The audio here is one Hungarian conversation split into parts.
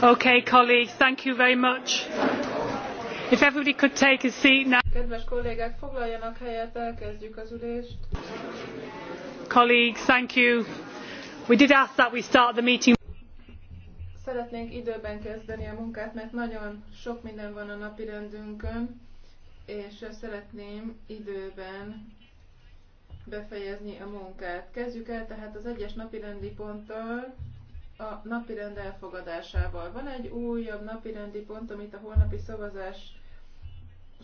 Kedves kollégák, foglaljanak helyet, elkezdjük az ülést. az, thank you. We Szeretnénk időben kezdeni a munkát, mert nagyon sok minden van a napi rendünkön, és szeretném időben befejezni a munkát. Kezdjük el tehát az egyes napirendi ponttal, a napirend elfogadásával. Van egy újabb napirendi pont, amit a holnapi szavazás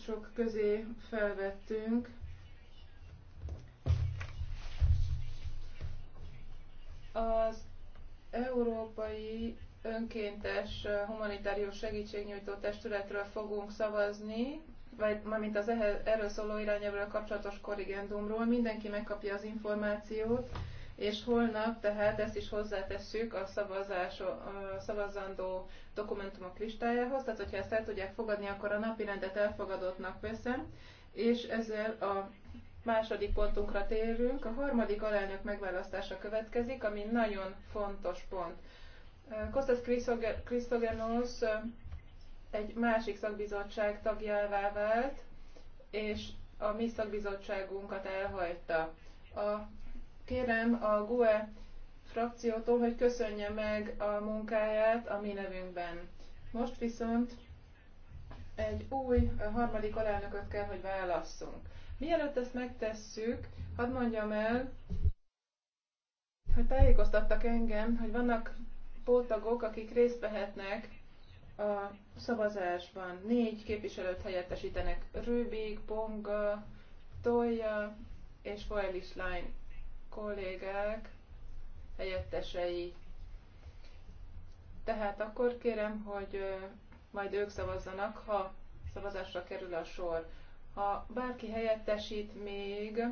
sok közé felvettünk. Az Európai Önkéntes Humanitárius Segítségnyújtó Testületről fogunk szavazni, vagy mint az erről szóló irányelvről kapcsolatos korrigendumról. Mindenki megkapja az információt és holnap tehát ezt is hozzátesszük a, szavazás, a szavazandó dokumentumok listájához, tehát hogyha ezt el tudják fogadni, akkor a napi rendet elfogadottnak veszem, és ezzel a második pontunkra térünk. A harmadik alelnök megválasztása következik, ami nagyon fontos pont. Kostas Krisztogenos egy másik szakbizottság tagjává vált, és a mi szakbizottságunkat elhagyta. A kérem a GUE frakciótól, hogy köszönje meg a munkáját a mi nevünkben. Most viszont egy új harmadik alelnököt kell, hogy válasszunk. Mielőtt ezt megtesszük, hadd mondjam el, hogy tájékoztattak engem, hogy vannak póltagok, akik részt vehetnek a szavazásban. Négy képviselőt helyettesítenek. Rübig, Ponga, Tolja és Foelis Line kollégák helyettesei. Tehát akkor kérem, hogy majd ők szavazzanak, ha szavazásra kerül a sor. Ha bárki helyettesít még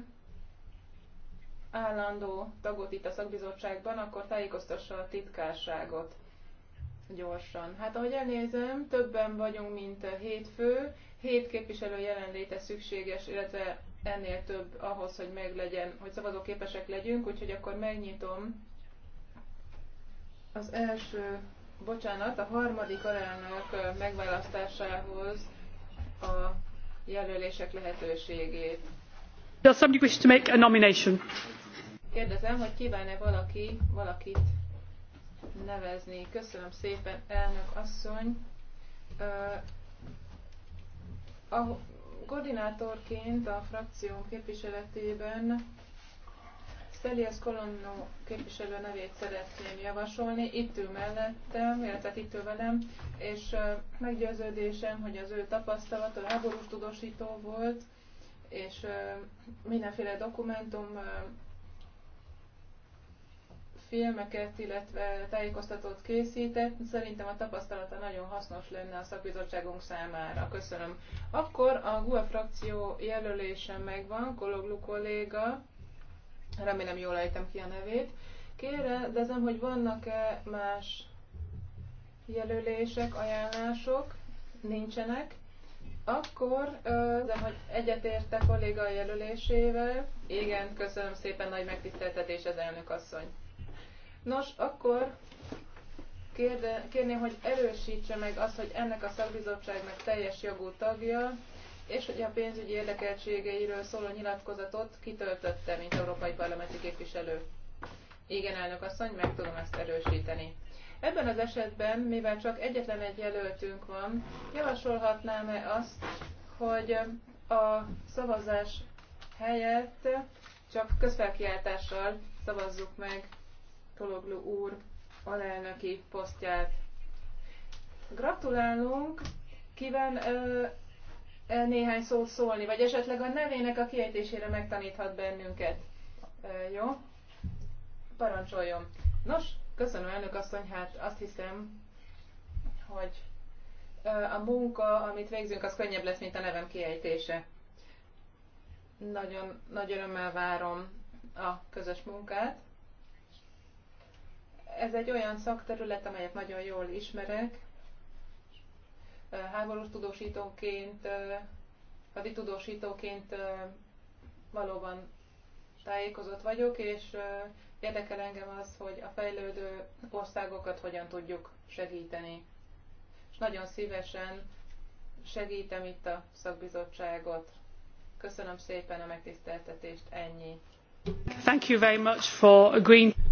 állandó tagot itt a szakbizottságban, akkor tájékoztassa a titkárságot gyorsan. Hát ahogy elnézem, többen vagyunk, mint hétfő. Hét képviselő jelenléte szükséges, illetve ennél több ahhoz, hogy meglegyen, hogy szavazóképesek legyünk, úgyhogy akkor megnyitom az első, bocsánat, a harmadik alelnök megválasztásához a jelölések lehetőségét. Does somebody wish to make a nomination? Kérdezem, hogy kíván-e valaki valakit nevezni. Köszönöm szépen, elnök asszony. Uh, Koordinátorként a frakció képviseletében Szelias Kolonnó képviselő nevét szeretném javasolni. Itt ül mellettem, illetve itt ül velem, és meggyőződésem, hogy az ő tapasztalata háborús tudósító volt, és mindenféle dokumentum filmeket, illetve tájékoztatót készített. Szerintem a tapasztalata nagyon hasznos lenne a szakbizottságunk számára. Köszönöm. Akkor a GUA frakció jelölése megvan, Kologlu kolléga, remélem jól ejtem ki a nevét. Kérdezem, hogy vannak-e más jelölések, ajánlások? Nincsenek. Akkor, de hogy egyetérte kolléga jelölésével, igen, köszönöm szépen, nagy megtiszteltetés az elnök asszony. Nos, akkor kérde, kérném, hogy erősítse meg azt, hogy ennek a szakbizottságnak teljes jogú tagja, és hogy a pénzügyi érdekeltségeiről szóló nyilatkozatot kitöltötte, mint európai parlamenti képviselő. Igen, elnök asszony, meg tudom ezt erősíteni. Ebben az esetben, mivel csak egyetlen egy jelöltünk van, javasolhatnám-e azt, hogy a szavazás helyett csak közfelkiáltással szavazzuk meg Tologlu úr alelnöki posztját. Gratulálunk! Kíván ö, néhány szót szólni, vagy esetleg a nevének a kiejtésére megtaníthat bennünket. Ö, jó? Parancsoljon! Nos, köszönöm elnök asszony, hát azt hiszem, hogy ö, a munka, amit végzünk, az könnyebb lesz, mint a nevem kiejtése. Nagyon nagy örömmel várom a közös munkát ez egy olyan szakterület, amelyet nagyon jól ismerek. Háborús tudósítóként, hadi tudósítóként valóban tájékozott vagyok, és érdekel engem az, hogy a fejlődő országokat hogyan tudjuk segíteni. És nagyon szívesen segítem itt a szakbizottságot. Köszönöm szépen a megtiszteltetést, ennyi.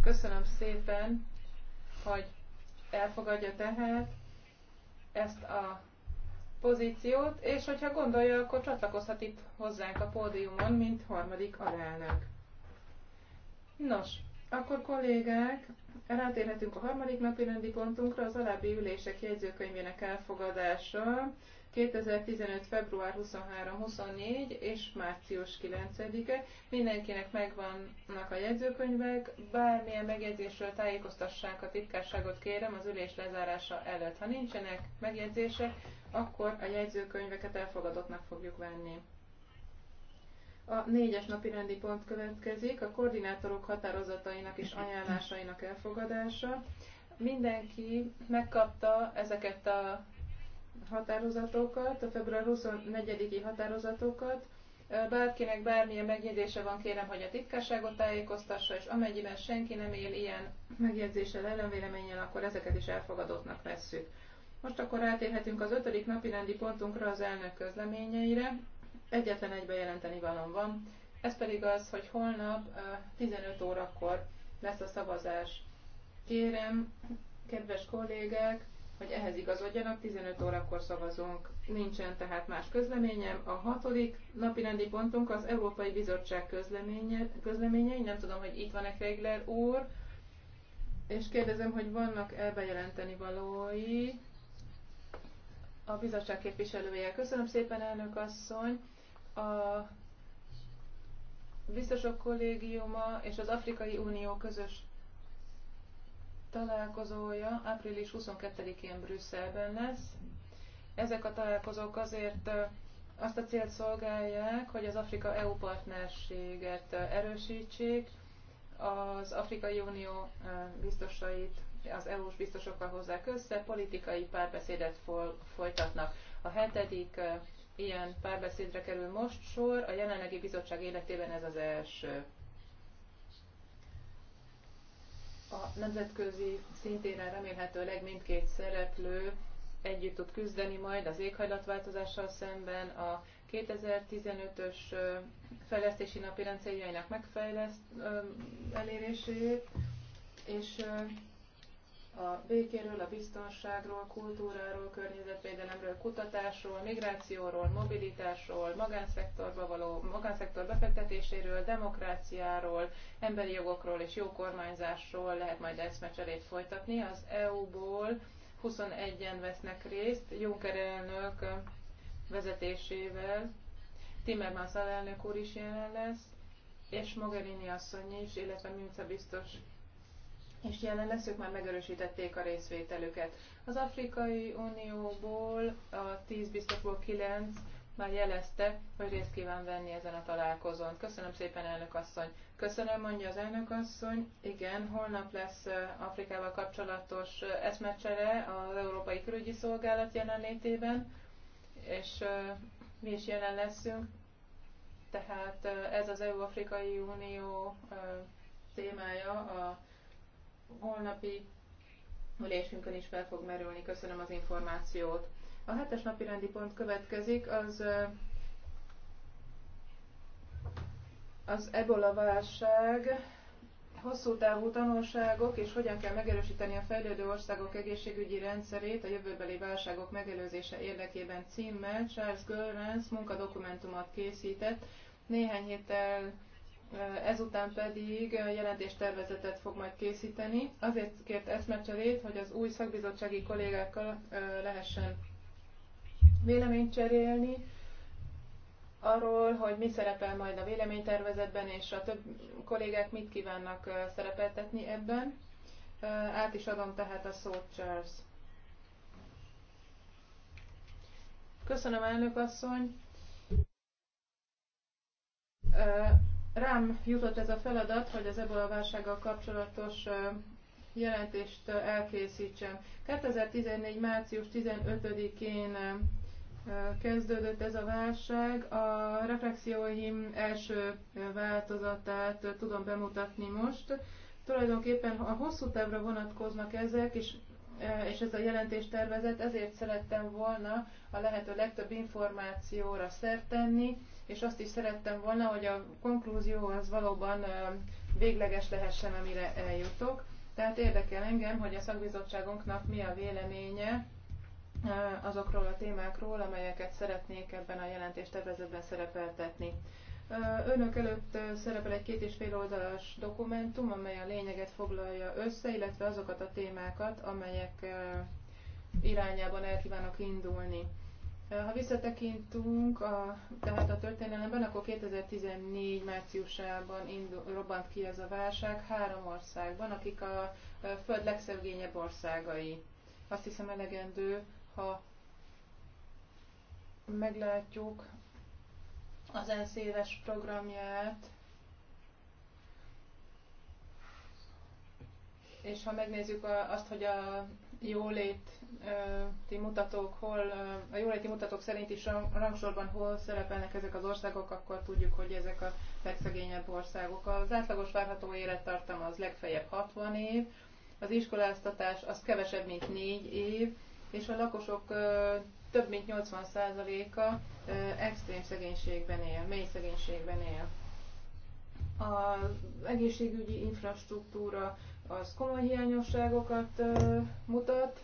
Köszönöm szépen, hogy elfogadja tehát ezt a pozíciót, és hogyha gondolja, akkor csatlakozhat itt hozzánk a pódiumon, mint harmadik alelnök. Nos, akkor kollégák, rátérhetünk a harmadik napi rendi pontunkra, az alábbi ülések jegyzőkönyvének elfogadása. 2015. február 23-24 és március 9-e. Mindenkinek megvannak a jegyzőkönyvek, bármilyen megjegyzésről tájékoztassák a titkárságot kérem az ülés lezárása előtt. Ha nincsenek megjegyzések, akkor a jegyzőkönyveket elfogadottnak fogjuk venni. A négyes napi rendi pont következik, a koordinátorok határozatainak és ajánlásainak elfogadása. Mindenki megkapta ezeket a határozatokat, a február 24-i határozatokat. Bárkinek bármilyen megjegyzése van, kérem, hogy a titkárságot tájékoztassa, és amennyiben senki nem él ilyen megjegyzéssel, ellenvéleménnyel, akkor ezeket is elfogadottnak vesszük. Most akkor átérhetünk az ötödik napi rendi pontunkra, az elnök közleményeire. Egyetlen egy bejelenteni valam van, ez pedig az, hogy holnap 15 órakor lesz a szavazás. Kérem, kedves kollégák, hogy ehhez igazodjanak, 15 órakor szavazunk. Nincsen tehát más közleményem. A hatodik rendi pontunk az Európai Bizottság közleménye, közleményei. Nem tudom, hogy itt van-e Fegler úr, és kérdezem, hogy vannak elbejelenteni valói a bizottság képviselője. Köszönöm szépen, elnök asszony. A biztosok kollégiuma és az Afrikai Unió közös találkozója április 22-én Brüsszelben lesz. Ezek a találkozók azért azt a célt szolgálják, hogy az Afrika-EU partnerséget erősítsék, az Afrikai Unió biztosait, az EU-s biztosokkal hozzák össze, politikai párbeszédet folytatnak. A hetedik ilyen párbeszédre kerül most sor, a jelenlegi bizottság életében ez az első. a nemzetközi szintéren remélhetőleg mindkét szereplő együtt tud küzdeni majd az éghajlatváltozással szemben, a 2015-ös fejlesztési napi rendszerjeinek megfejleszt eléréséért, és a békéről, a biztonságról, kultúráról, környezetvédelemről, kutatásról, migrációról, mobilitásról, magánszektorba való, magánszektor befektetéséről, demokráciáról, emberi jogokról és jó kormányzásról lehet majd eszmecserét folytatni. Az EU-ból 21-en vesznek részt, Juncker elnök vezetésével, Timmermans alelnök úr is jelen lesz, és Mogherini asszony is, illetve Műca biztos és jelen ők már megerősítették a részvételüket. Az Afrikai Unióból a 10 biztosból 9 már jelezte, hogy részt kíván venni ezen a találkozón. Köszönöm szépen, elnök asszony. Köszönöm, mondja az elnök asszony. Igen, holnap lesz Afrikával kapcsolatos eszmecsere az Európai Külügyi Szolgálat jelenlétében, és mi is jelen leszünk. Tehát ez az EU-Afrikai Unió témája a holnapi ülésünkön is fel fog merülni. Köszönöm az információt. A hetes napi rendi pont következik, az az ebola válság, hosszú távú tanulságok és hogyan kell megerősíteni a fejlődő országok egészségügyi rendszerét a jövőbeli válságok megelőzése érdekében címmel Charles Görens munkadokumentumot készített. Néhány héttel ezután pedig jelentéstervezetet fog majd készíteni. Azért kért eszmecserét, hogy az új szakbizottsági kollégákkal lehessen véleményt cserélni, arról, hogy mi szerepel majd a véleménytervezetben, és a több kollégák mit kívánnak szerepeltetni ebben. Át is adom tehát a szót Charles. Köszönöm, elnök asszony. Rám jutott ez a feladat, hogy az ebola válsággal kapcsolatos jelentést elkészítsem. 2014. március 15-én kezdődött ez a válság. A reflexióim első változatát tudom bemutatni most. Tulajdonképpen a hosszú távra vonatkoznak ezek, és és ez a tervezett, ezért szerettem volna a lehető legtöbb információra szert tenni, és azt is szerettem volna, hogy a konklúzió az valóban végleges lehessen, amire eljutok. Tehát érdekel engem, hogy a szakbizottságunknak mi a véleménye azokról a témákról, amelyeket szeretnék ebben a jelentéstervezetben szerepeltetni. Önök előtt szerepel egy két és fél oldalas dokumentum, amely a lényeget foglalja össze, illetve azokat a témákat, amelyek irányában el kívánok indulni. Ha visszatekintünk a, tehát a történelemben, akkor 2014 márciusában indul, robbant ki ez a válság három országban, akik a föld legszegényebb országai. Azt hiszem elegendő, ha meglátjuk az ENSZ éves programját, és ha megnézzük azt, hogy a jóléti mutatók, hol a jóléti mutatók szerint is rangsorban hol szerepelnek ezek az országok, akkor tudjuk, hogy ezek a legszegényebb országok. Az átlagos várható élettartam az legfeljebb 60 év, az iskoláztatás az kevesebb, mint 4 év, és a lakosok több mint 80%-a extrém szegénységben él, mély szegénységben él. Az egészségügyi infrastruktúra az komoly hiányosságokat mutat.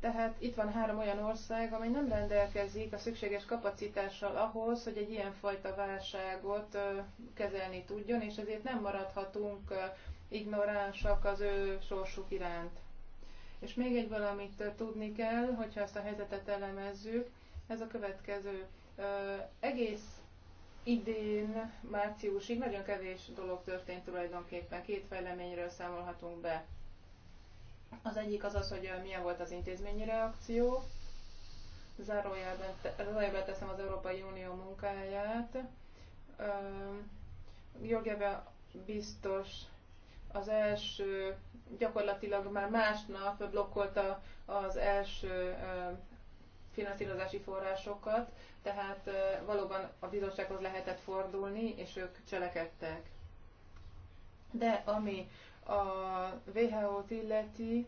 Tehát itt van három olyan ország, amely nem rendelkezik a szükséges kapacitással ahhoz, hogy egy ilyenfajta válságot kezelni tudjon, és ezért nem maradhatunk ignoránsak az ő sorsuk iránt. És még egy valamit tudni kell, hogyha ezt a helyzetet elemezzük, ez a következő. Egész idén márciusig nagyon kevés dolog történt tulajdonképpen, két fejleményről számolhatunk be. Az egyik az az, hogy milyen volt az intézményi reakció, zárójelben, teszem az Európai Unió munkáját. Jogjeve biztos az első, gyakorlatilag már másnap blokkolta az első finanszírozási forrásokat, tehát valóban a bizottsághoz lehetett fordulni, és ők cselekedtek. De ami a WHO-t illeti,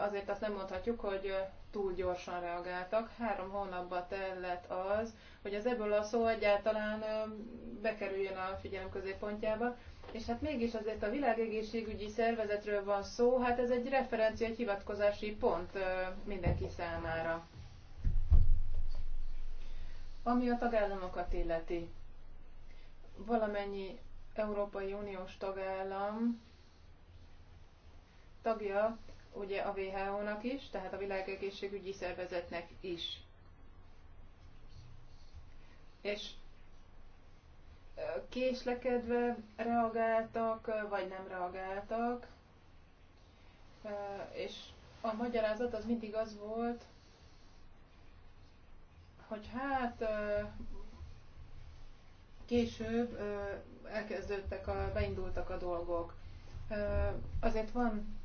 azért azt nem mondhatjuk, hogy túl gyorsan reagáltak. Három hónapba tellett az, hogy az ebből a szó egyáltalán bekerüljön a figyelem középpontjába. És hát mégis azért a világegészségügyi szervezetről van szó, hát ez egy referencia, egy hivatkozási pont mindenki számára. Ami a tagállamokat illeti, valamennyi Európai Uniós tagállam tagja ugye a WHO-nak is, tehát a Világegészségügyi Szervezetnek is. És késlekedve reagáltak, vagy nem reagáltak, és a magyarázat az mindig az volt, hogy hát később elkezdődtek, a, beindultak a dolgok. Azért van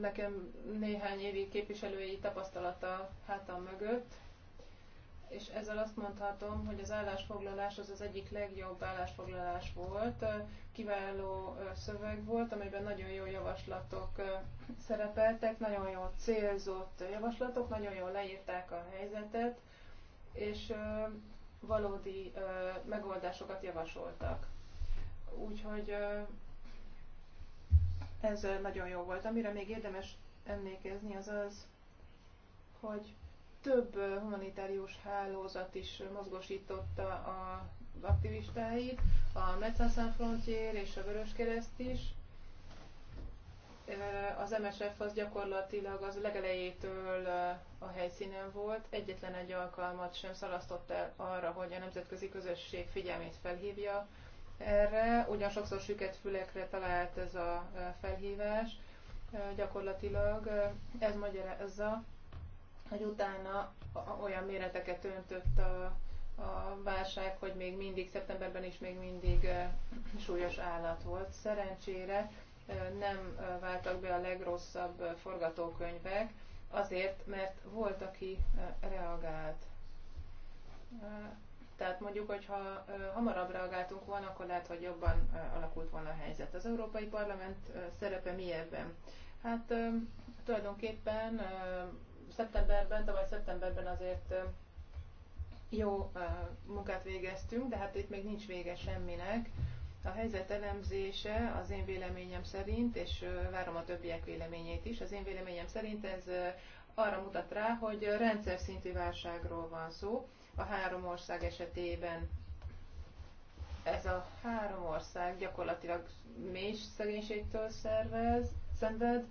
nekem néhány évi képviselői tapasztalata hátam mögött, és ezzel azt mondhatom, hogy az állásfoglalás az az egyik legjobb állásfoglalás volt, kiváló szöveg volt, amelyben nagyon jó javaslatok szerepeltek, nagyon jó célzott javaslatok, nagyon jól leírták a helyzetet, és valódi megoldásokat javasoltak. Úgyhogy ez nagyon jó volt. Amire még érdemes emlékezni, az az, hogy több humanitárius hálózat is mozgosította a aktivistáit, a Médecins Sans Frontier és a Kereszt is, az MSF az gyakorlatilag az legelejétől a helyszínen volt, egyetlen egy alkalmat sem szalasztott el arra, hogy a nemzetközi közösség figyelmét felhívja erre. Ugyan sokszor süket fülekre talált ez a felhívás, gyakorlatilag ez magyarázza, hogy utána olyan méreteket öntött a, a válság, hogy még mindig szeptemberben is még mindig súlyos állat volt. Szerencsére nem váltak be a legrosszabb forgatókönyvek, azért, mert volt, aki reagált. Tehát mondjuk, hogy ha hamarabb reagáltunk volna, akkor lehet, hogy jobban alakult volna a helyzet. Az Európai Parlament szerepe mi ebben? Hát tulajdonképpen szeptemberben, tavaly szeptemberben azért jó munkát végeztünk, de hát itt még nincs vége semminek. A helyzet elemzése az én véleményem szerint, és várom a többiek véleményét is, az én véleményem szerint ez arra mutat rá, hogy rendszer szintű válságról van szó. A három ország esetében ez a három ország gyakorlatilag mély szegénységtől szervez, szenved.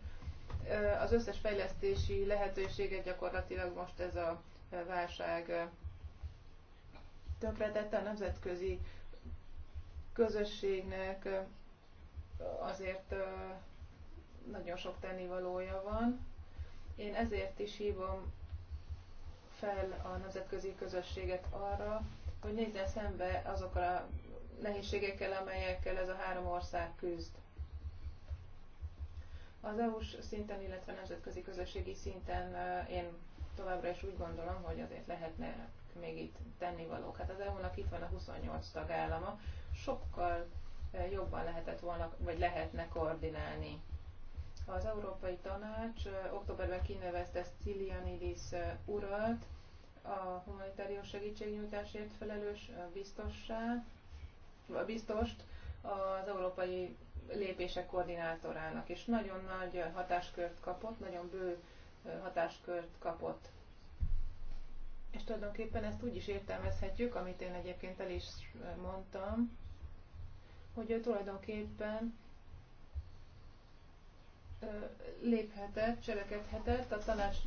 Az összes fejlesztési lehetőséget gyakorlatilag most ez a válság tönkretette a nemzetközi közösségnek azért nagyon sok tennivalója van. Én ezért is hívom fel a nemzetközi közösséget arra, hogy nézzen szembe azokkal a nehézségekkel, amelyekkel ez a három ország küzd. Az EU-s szinten, illetve nemzetközi közösségi szinten én továbbra is úgy gondolom, hogy azért lehetne még itt tennivalók. Hát az EU-nak itt van a 28 tagállama, sokkal eh, jobban lehetett volna, vagy lehetne koordinálni. Az Európai Tanács eh, októberben kinevezte Stylianidis eh, urat a humanitárius segítségnyújtásért felelős biztossá, biztost az európai lépések koordinátorának, és nagyon nagy hatáskört kapott, nagyon bő hatáskört kapott. És tulajdonképpen ezt úgy is értelmezhetjük, amit én egyébként el is mondtam, hogy tulajdonképpen léphetett, cselekedhetett a tanács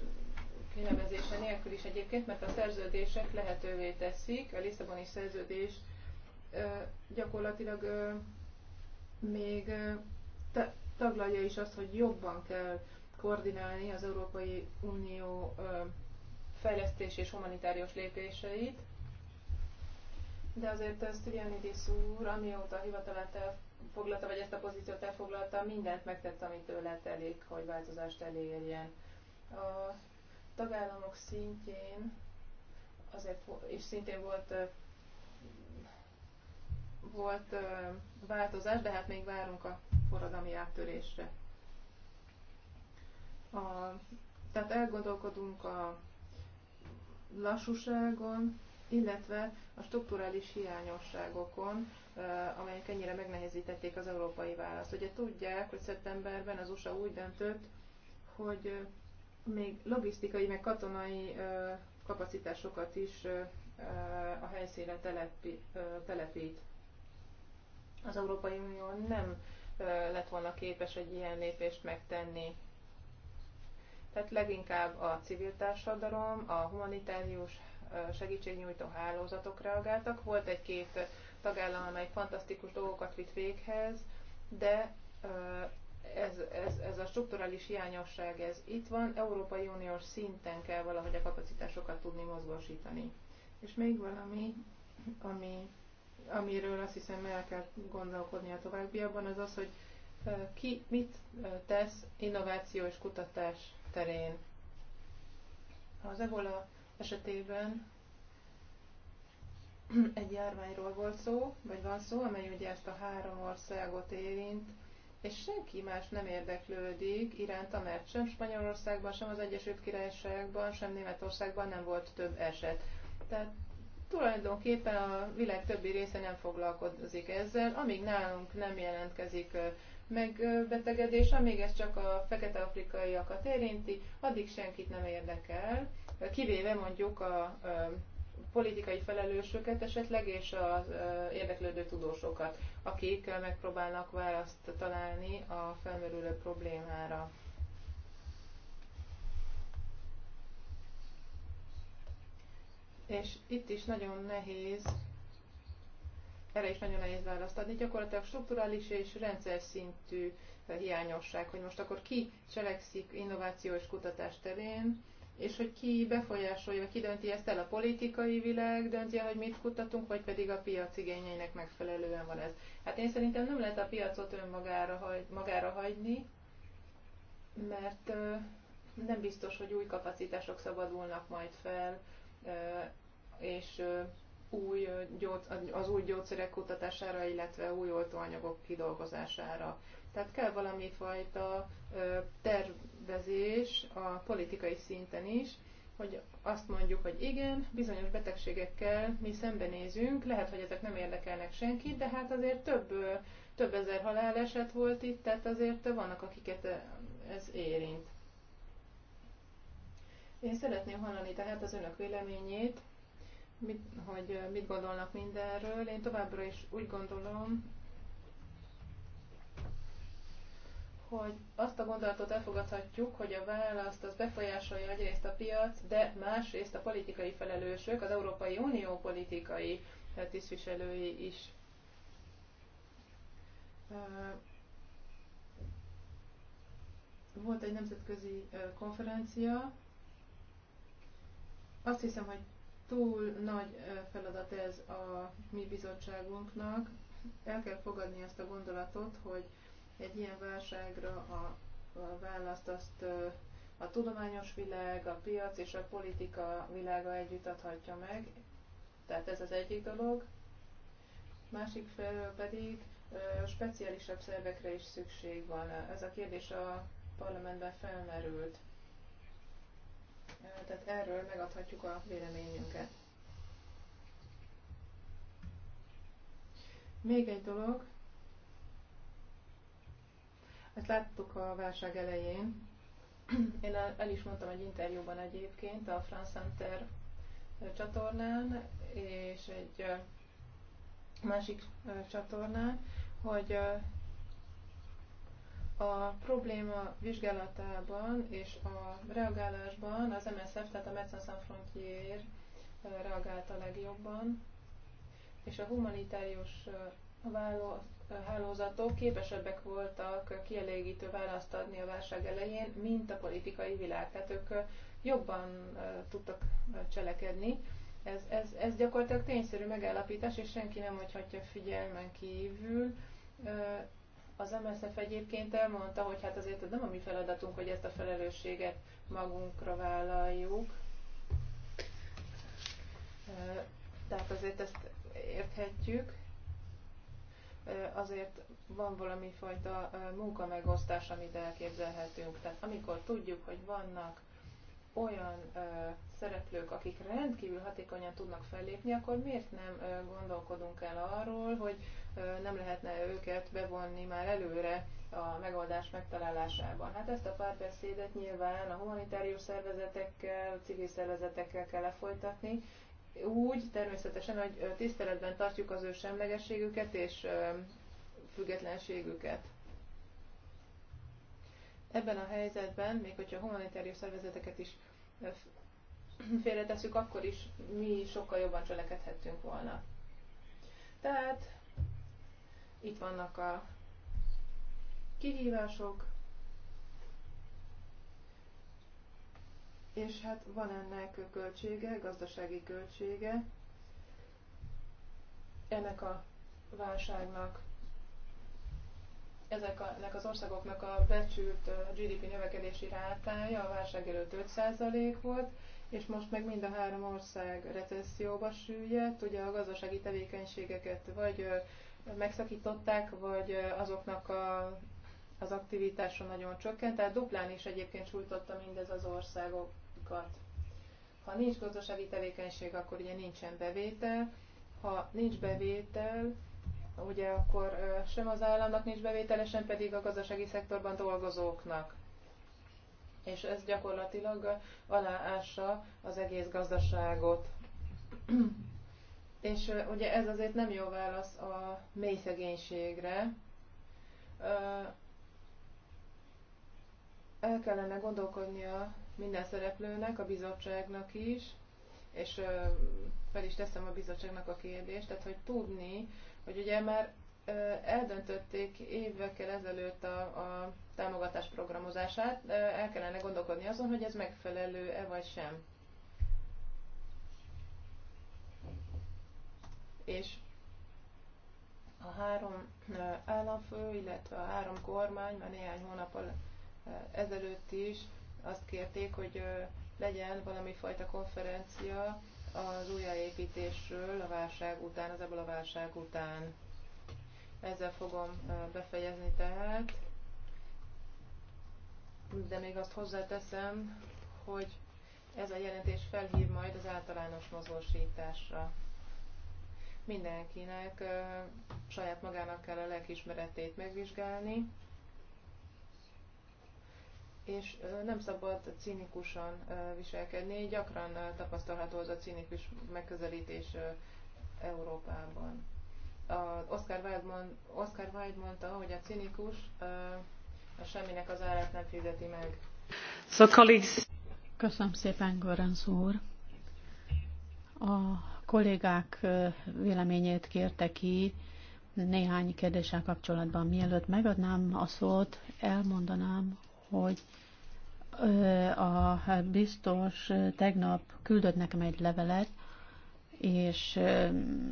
kinevezése nélkül is egyébként, mert a szerződések lehetővé teszik, a Lisszaboni szerződés gyakorlatilag még taglalja is azt, hogy jobban kell koordinálni az Európai Unió fejlesztés és humanitárius lépéseit, de azért ezt Stylianidis úr, amióta a hivatalát elfoglalta, vagy ezt a pozíciót elfoglalta, mindent megtett, amit tőle telik, hogy változást elérjen. A tagállamok szintjén azért, és szintén volt volt változás, de hát még várunk a forradalmi áttörésre. A, tehát elgondolkodunk a lassúságon, illetve a strukturális hiányosságokon, amelyek ennyire megnehezítették az európai választ. Ugye tudják, hogy szeptemberben az USA úgy döntött, hogy még logisztikai, meg katonai kapacitásokat is a helyszínre telepi, telepít. Az Európai Unió nem lett volna képes egy ilyen lépést megtenni. Tehát leginkább a civil társadalom, a humanitárius segítségnyújtó hálózatok reagáltak. Volt egy-két tagállam, amely fantasztikus dolgokat vitt véghez, de ez, ez, ez a strukturális hiányosság, ez itt van, Európai Uniós szinten kell valahogy a kapacitásokat tudni mozgósítani. És még valami, ami, amiről azt hiszem el kell gondolkodni a továbbiakban, az az, hogy ki mit tesz innováció és kutatás terén. Az ebola esetében egy járványról volt szó, vagy van szó, amely ugye ezt a három országot érint, és senki más nem érdeklődik iránta, mert sem Spanyolországban, sem az Egyesült Királyságban, sem Németországban nem volt több eset. Tehát tulajdonképpen a világ többi része nem foglalkozik ezzel, amíg nálunk nem jelentkezik megbetegedés, amíg ez csak a fekete afrikaiakat érinti, addig senkit nem érdekel, kivéve mondjuk a politikai felelősöket esetleg, és az érdeklődő tudósokat, akik megpróbálnak választ találni a felmerülő problémára. És itt is nagyon nehéz, erre is nagyon nehéz választ adni, gyakorlatilag strukturális és rendszer szintű hiányosság, hogy most akkor ki cselekszik innováció és kutatás terén, és hogy ki befolyásolja, ki dönti ezt el, a politikai világ dönti el, hogy mit kutatunk, vagy pedig a piac igényeinek megfelelően van ez. Hát én szerintem nem lehet a piacot önmagára hagy, magára hagyni, mert nem biztos, hogy új kapacitások szabadulnak majd fel, és új az új gyógyszerek kutatására, illetve új oltóanyagok kidolgozására. Tehát kell valami fajta terv tervezés a politikai szinten is, hogy azt mondjuk, hogy igen, bizonyos betegségekkel mi szembenézünk, lehet, hogy ezek nem érdekelnek senkit, de hát azért több, több ezer haláleset volt itt, tehát azért vannak, akiket ez érint. Én szeretném hallani tehát az önök véleményét, mit, hogy mit gondolnak mindenről. Én továbbra is úgy gondolom, hogy azt a gondolatot elfogadhatjuk, hogy a választ az befolyásolja egyrészt a piac, de másrészt a politikai felelősök, az Európai Unió politikai eh, tisztviselői is. Eh, volt egy nemzetközi eh, konferencia. Azt hiszem, hogy túl nagy feladat ez a mi bizottságunknak. El kell fogadni ezt a gondolatot, hogy egy ilyen válságra a, a választ azt a tudományos világ, a piac és a politika világa együtt adhatja meg. Tehát ez az egyik dolog. Másik felől pedig speciálisabb szervekre is szükség van. Ez a kérdés a parlamentben felmerült. Tehát erről megadhatjuk a véleményünket. Még egy dolog, ezt láttuk a válság elején. Én el is mondtam egy interjúban egyébként a France Center csatornán, és egy másik csatornán, hogy a probléma vizsgálatában és a reagálásban az MSF, tehát a Médecins Sans Frontier reagálta legjobban, és a humanitárius hálózatok képesebbek voltak kielégítő választ adni a válság elején, mint a politikai világ. Tehát ők jobban tudtak cselekedni. Ez, ez, ez gyakorlatilag tényszerű megállapítás, és senki nem hagyhatja figyelmen kívül. Az MSZF egyébként elmondta, hogy hát azért ez nem a mi feladatunk, hogy ezt a felelősséget magunkra vállaljuk. Tehát azért ezt érthetjük azért van valami fajta munkamegosztás, amit elképzelhetünk. Tehát amikor tudjuk, hogy vannak olyan szereplők, akik rendkívül hatékonyan tudnak fellépni, akkor miért nem gondolkodunk el arról, hogy nem lehetne őket bevonni már előre a megoldás megtalálásában. Hát ezt a párbeszédet nyilván a humanitárius szervezetekkel, civil szervezetekkel kell lefolytatni, úgy természetesen, hogy tiszteletben tartjuk az ő semlegességüket és függetlenségüket. Ebben a helyzetben, még hogyha humanitárius szervezeteket is félretesszük, akkor is mi sokkal jobban cselekedhettünk volna. Tehát itt vannak a kihívások, és hát van ennek költsége, gazdasági költsége. Ennek a válságnak, ezek a, ennek az országoknak a becsült GDP növekedési rátája a válság előtt 5% volt, és most meg mind a három ország recesszióba süllyedt, ugye a gazdasági tevékenységeket vagy megszakították, vagy azoknak a az aktivitása nagyon csökkent, tehát duplán is egyébként sújtotta mindez az országokat. Ha nincs gazdasági tevékenység, akkor ugye nincsen bevétel, ha nincs bevétel, ugye akkor sem az államnak nincs bevétele, sem pedig a gazdasági szektorban dolgozóknak. És ez gyakorlatilag aláássa az egész gazdaságot. És ugye ez azért nem jó válasz a mély szegénységre el kellene gondolkodnia minden szereplőnek, a bizottságnak is, és fel is teszem a bizottságnak a kérdést, tehát hogy tudni, hogy ugye már eldöntötték évekkel ezelőtt a, a támogatás programozását, el kellene gondolkodni azon, hogy ez megfelelő-e vagy sem. És a három államfő, illetve a három kormány már néhány alatt ezelőtt is azt kérték, hogy legyen valami fajta konferencia az újjáépítésről a válság után, az ebből a válság után. Ezzel fogom befejezni tehát, de még azt hozzáteszem, hogy ez a jelentés felhív majd az általános mozgósításra. Mindenkinek saját magának kell a lelkismeretét megvizsgálni, és nem szabad cinikusan viselkedni, gyakran tapasztalható az a cinikus megközelítés Európában. Oscar Wilde, mond, Oscar Wilde mondta, hogy a cinikus a semminek az árát nem fizeti meg. So colleagues. Köszönöm szépen, Gorenz úr. A kollégák véleményét kérte ki néhány kérdéssel kapcsolatban. Mielőtt megadnám a szót, elmondanám, hogy a biztos tegnap küldött nekem egy levelet, és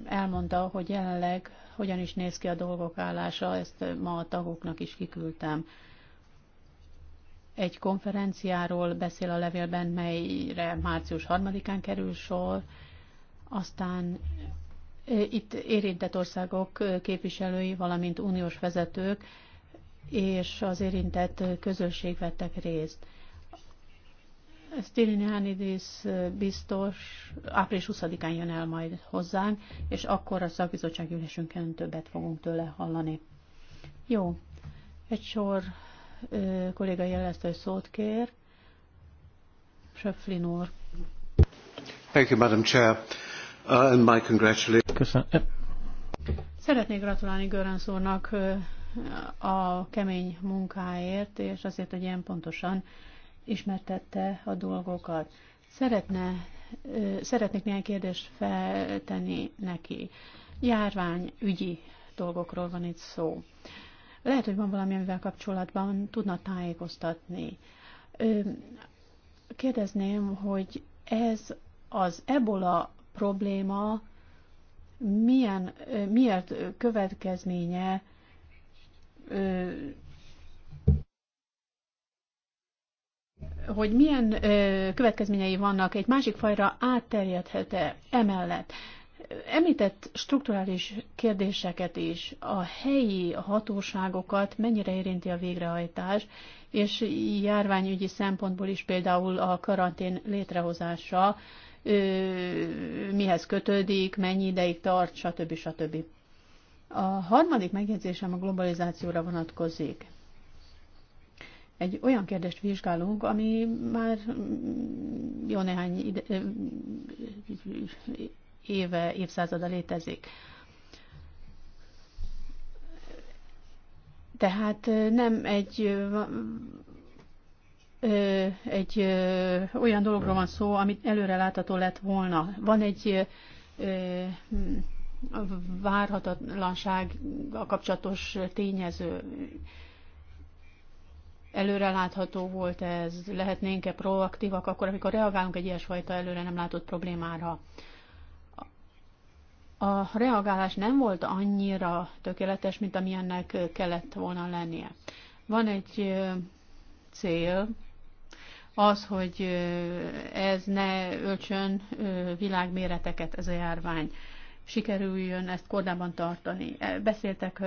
elmondta, hogy jelenleg hogyan is néz ki a dolgok állása, ezt ma a tagoknak is kiküldtem. Egy konferenciáról beszél a levélben, melyre március 3-án kerül sor, aztán itt érintett országok képviselői, valamint uniós vezetők és az érintett közösség vettek részt. Stylianidis biztos április 20-án jön el majd hozzánk, és akkor a szakbizottságülésünkön többet fogunk tőle hallani. Jó, egy sor ö, kolléga jelezte, hogy szót kér. Söpflin úr. Thank you, Madam Chair, uh, and my congratulations. Köszönöm. Szeretnék gratulálni Görönsz úrnak a kemény munkáért, és azért, hogy ilyen pontosan ismertette a dolgokat. Szeretne, szeretnék néhány kérdést feltenni neki. Járvány ügyi dolgokról van itt szó. Lehet, hogy van valami, amivel kapcsolatban tudna tájékoztatni. Kérdezném, hogy ez az ebola probléma milyen, miért következménye hogy milyen következményei vannak egy másik fajra átterjedhet-e emellett. Említett strukturális kérdéseket is, a helyi hatóságokat mennyire érinti a végrehajtás, és járványügyi szempontból is például a karantén létrehozása mihez kötődik, mennyi ideig tart, stb. stb. A harmadik megjegyzésem a globalizációra vonatkozik. Egy olyan kérdést vizsgálunk, ami már jó néhány ide, éve, évszázada létezik. Tehát nem egy egy olyan dologról van szó, amit előre látható lett volna. Van egy várhatatlanság a kapcsolatos tényező. Előrelátható volt ez, lehetnénk-e proaktívak akkor, amikor reagálunk egy ilyesfajta előre nem látott problémára. A reagálás nem volt annyira tökéletes, mint amilyennek kellett volna lennie. Van egy cél, az, hogy ez ne ölcsön világméreteket ez a járvány sikerüljön ezt kordában tartani. Beszéltek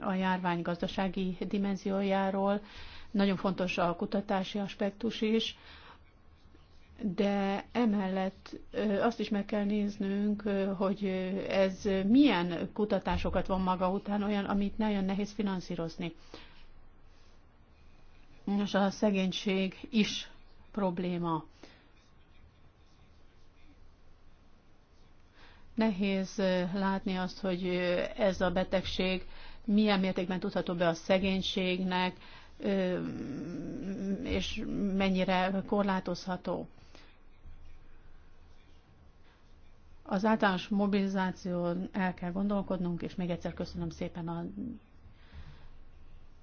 a járvány gazdasági dimenziójáról, nagyon fontos a kutatási aspektus is, de emellett azt is meg kell néznünk, hogy ez milyen kutatásokat van maga után, olyan, amit nagyon nehéz finanszírozni. És a szegénység is probléma. Nehéz látni azt, hogy ez a betegség milyen mértékben tudható be a szegénységnek, és mennyire korlátozható. Az általános mobilizáción el kell gondolkodnunk, és még egyszer köszönöm szépen a...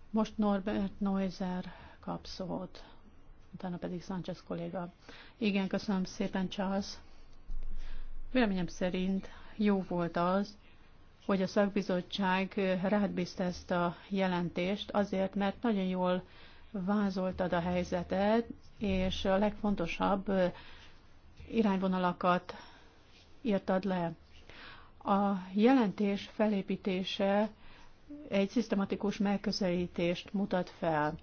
Most Norbert Neuser kap szót, utána pedig Sánchez kolléga. Igen, köszönöm szépen, Charles. Véleményem szerint jó volt az, hogy a szakbizottság rád bízta ezt a jelentést, azért, mert nagyon jól vázoltad a helyzetet, és a legfontosabb irányvonalakat írtad le. A jelentés felépítése egy szisztematikus megközelítést mutat fel.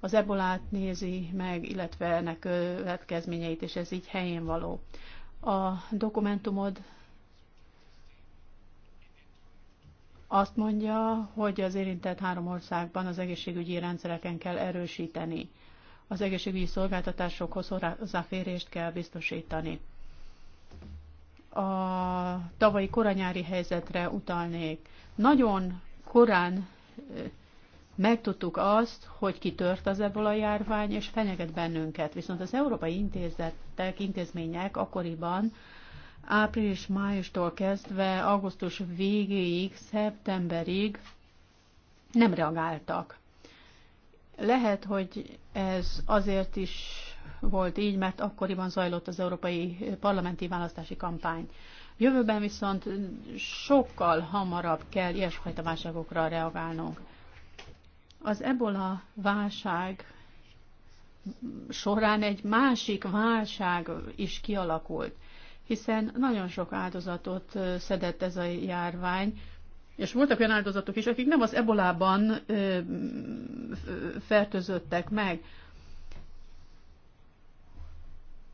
Az ebolát nézi meg, illetve ennek következményeit, és ez így helyén való a dokumentumod azt mondja, hogy az érintett három országban az egészségügyi rendszereken kell erősíteni. Az egészségügyi szolgáltatásokhoz hozzáférést kell biztosítani. A tavalyi koranyári helyzetre utalnék. Nagyon korán megtudtuk azt, hogy kitört az ebola járvány, és fenyeget bennünket. Viszont az európai intézetek, intézmények akkoriban április-májustól kezdve augusztus végéig, szeptemberig nem reagáltak. Lehet, hogy ez azért is volt így, mert akkoriban zajlott az európai parlamenti választási kampány. Jövőben viszont sokkal hamarabb kell ilyesfajta válságokra reagálnunk. Az ebola válság során egy másik válság is kialakult, hiszen nagyon sok áldozatot szedett ez a járvány, és voltak olyan áldozatok is, akik nem az ebolában fertőzöttek meg.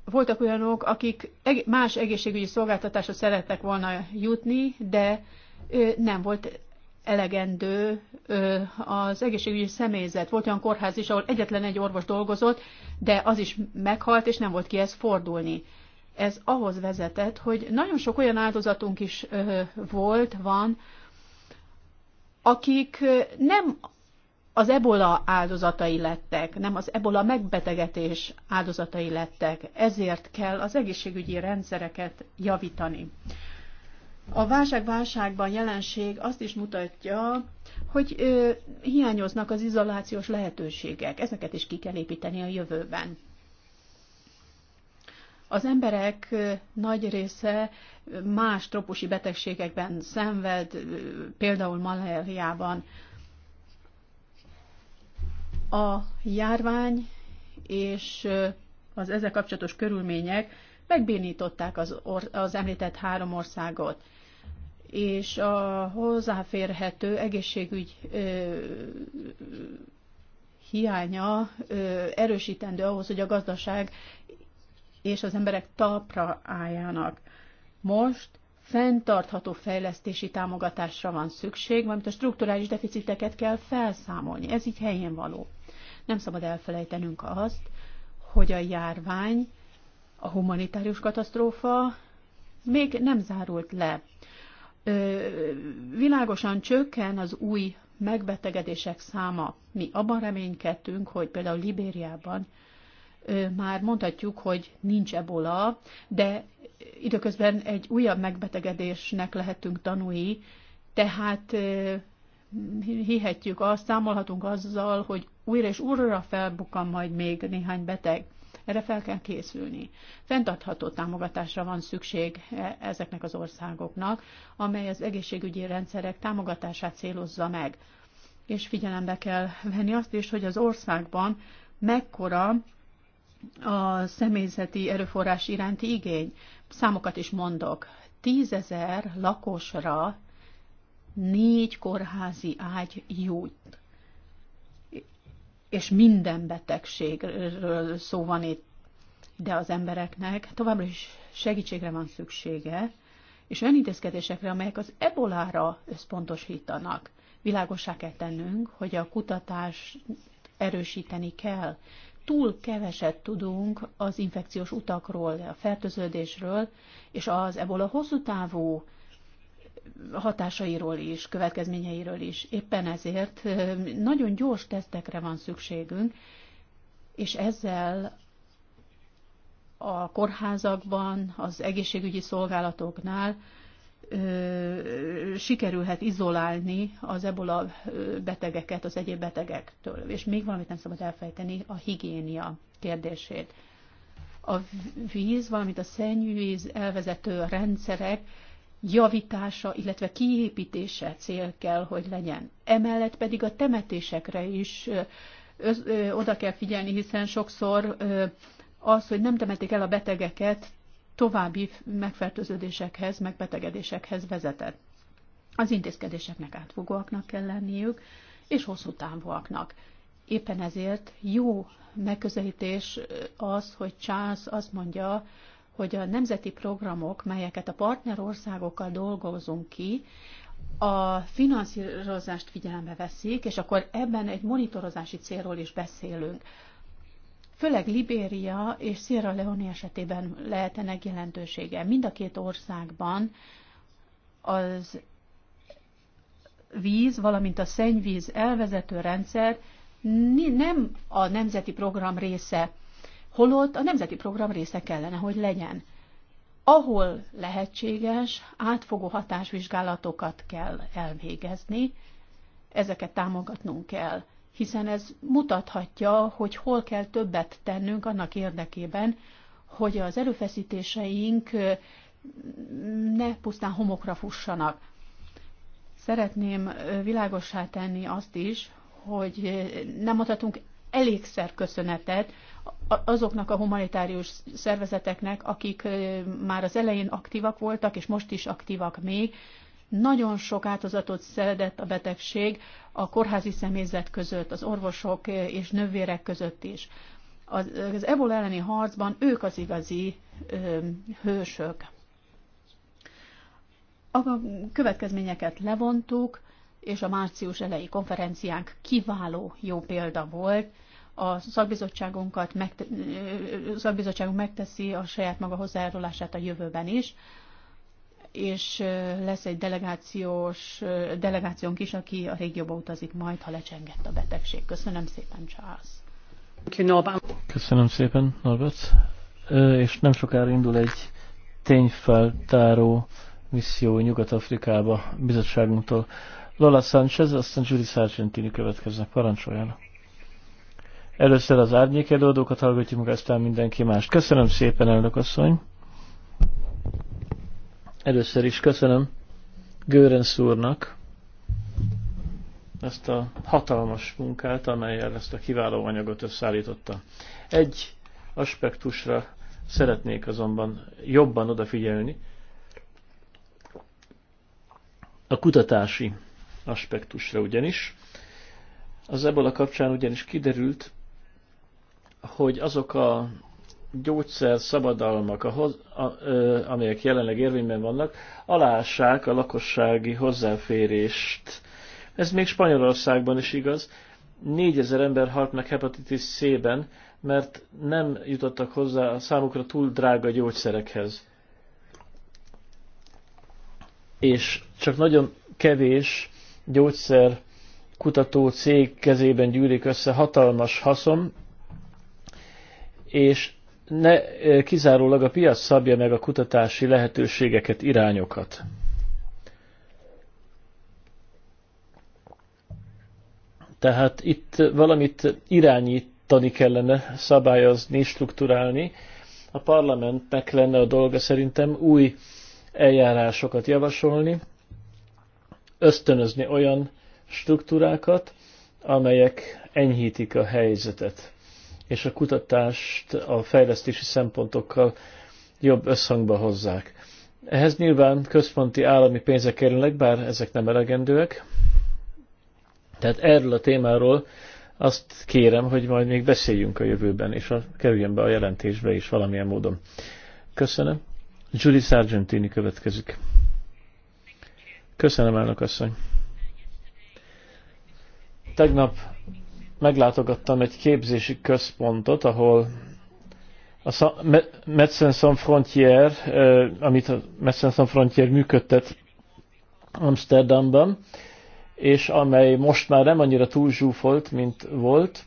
Voltak olyanok, akik más egészségügyi szolgáltatásra szerettek volna jutni, de nem volt elegendő az egészségügyi személyzet. Volt olyan kórház is, ahol egyetlen egy orvos dolgozott, de az is meghalt, és nem volt kihez fordulni. Ez ahhoz vezetett, hogy nagyon sok olyan áldozatunk is volt, van, akik nem az ebola áldozatai lettek, nem az ebola megbetegetés áldozatai lettek. Ezért kell az egészségügyi rendszereket javítani. A válság-válságban jelenség azt is mutatja, hogy ö, hiányoznak az izolációs lehetőségek. Ezeket is ki kell építeni a jövőben. Az emberek nagy része más tropusi betegségekben szenved, például maláriában. A járvány és az ezzel kapcsolatos körülmények megbénították az, az említett három országot és a hozzáférhető egészségügy hiánya erősítendő ahhoz, hogy a gazdaság és az emberek talpra álljanak. Most fenntartható fejlesztési támogatásra van szükség, valamint a strukturális deficiteket kell felszámolni. Ez így helyén való. Nem szabad elfelejtenünk azt, hogy a járvány, a humanitárius katasztrófa még nem zárult le világosan csökken az új megbetegedések száma. Mi abban reménykedtünk, hogy például Libériában már mondhatjuk, hogy nincs ebola, de időközben egy újabb megbetegedésnek lehetünk tanúi, tehát hihetjük azt, számolhatunk azzal, hogy újra és újra felbukkan majd még néhány beteg. Erre fel kell készülni. Fentartható támogatásra van szükség e, ezeknek az országoknak, amely az egészségügyi rendszerek támogatását célozza meg. És figyelembe kell venni azt is, hogy az országban mekkora a személyzeti erőforrás iránti igény. Számokat is mondok. Tízezer lakosra négy kórházi ágy jut és minden betegségről szó van itt, de az embereknek továbbra is segítségre van szüksége, és olyan intézkedésekre, amelyek az ebolára összpontosítanak. Világosá kell tennünk, hogy a kutatás erősíteni kell. Túl keveset tudunk az infekciós utakról, a fertőződésről, és az ebola hosszú távú hatásairól is, következményeiről is. Éppen ezért nagyon gyors tesztekre van szükségünk, és ezzel a kórházakban, az egészségügyi szolgálatoknál ö, sikerülhet izolálni az ebola betegeket az egyéb betegektől. És még valamit nem szabad elfejteni, a higiénia kérdését. A víz, valamint a szennyvíz elvezető rendszerek javítása, illetve kiépítése cél kell, hogy legyen. Emellett pedig a temetésekre is ö, ö, oda kell figyelni, hiszen sokszor ö, az, hogy nem temetik el a betegeket, további megfertőződésekhez, megbetegedésekhez vezetett. Az intézkedéseknek átfogóaknak kell lenniük, és hosszú távúaknak. Éppen ezért jó megközelítés az, hogy Charles azt mondja, hogy a nemzeti programok, melyeket a partnerországokkal dolgozunk ki, a finanszírozást figyelembe veszik, és akkor ebben egy monitorozási célról is beszélünk. Főleg Libéria és Sierra Leone esetében lehet ennek jelentősége. Mind a két országban az víz, valamint a szennyvíz elvezető rendszer nem a nemzeti program része holott a nemzeti program része kellene, hogy legyen. Ahol lehetséges, átfogó hatásvizsgálatokat kell elvégezni, ezeket támogatnunk kell, hiszen ez mutathatja, hogy hol kell többet tennünk annak érdekében, hogy az erőfeszítéseink ne pusztán homokra fussanak. Szeretném világossá tenni azt is, hogy nem adhatunk elégszer köszönetet azoknak a humanitárius szervezeteknek, akik már az elején aktívak voltak, és most is aktívak még. Nagyon sok áltozatot szedett a betegség a kórházi személyzet között, az orvosok és nővérek között is. Az, az ebola elleni harcban ők az igazi ö, hősök. A következményeket levontuk, és a március elejé konferenciánk kiváló jó példa volt, a szakbizottságunkat megte- szakbizottságunk megteszi a saját maga hozzájárulását a jövőben is, és lesz egy delegációs, delegációnk is, aki a régióba utazik majd, ha lecsengett a betegség. Köszönöm szépen, Charles. Köszönöm szépen, Norbert. És nem sokára indul egy tényfeltáró misszió Nyugat-Afrikába bizottságunktól. Lola Sanchez, aztán Judy Sargentini következnek. Parancsoljanak. Először az árnyék előadókat hallgatjuk meg, aztán mindenki mást. Köszönöm szépen, elnök asszony. Először is köszönöm Görens úrnak ezt a hatalmas munkát, amelyel ezt a kiváló anyagot összeállította. Egy aspektusra szeretnék azonban jobban odafigyelni, a kutatási aspektusra ugyanis. Az ebola kapcsán ugyanis kiderült, hogy azok a gyógyszer szabadalmak, a, a, ö, amelyek jelenleg érvényben vannak, alássák a lakossági hozzáférést. Ez még Spanyolországban is igaz. 4000 ember halt meg hepatitis C-ben, mert nem jutottak hozzá a számukra túl drága gyógyszerekhez. És csak nagyon kevés gyógyszer kutató cég kezében gyűlik össze hatalmas haszon, és ne kizárólag a piac szabja meg a kutatási lehetőségeket, irányokat. Tehát itt valamit irányítani kellene, szabályozni, strukturálni. A parlamentnek lenne a dolga szerintem új eljárásokat javasolni, ösztönözni olyan struktúrákat, amelyek enyhítik a helyzetet és a kutatást a fejlesztési szempontokkal jobb összhangba hozzák. Ehhez nyilván központi állami pénzek kerülnek, bár ezek nem elegendőek. Tehát erről a témáról azt kérem, hogy majd még beszéljünk a jövőben, és a, kerüljön be a jelentésbe is valamilyen módon. Köszönöm. Judy Sargentini következik. Köszönöm, elnök asszony. Tegnap meglátogattam egy képzési központot, ahol a Medicine Sans Frontier, amit a Medicine Sans Frontier működtet Amsterdamban, és amely most már nem annyira túl zsúfolt, mint volt.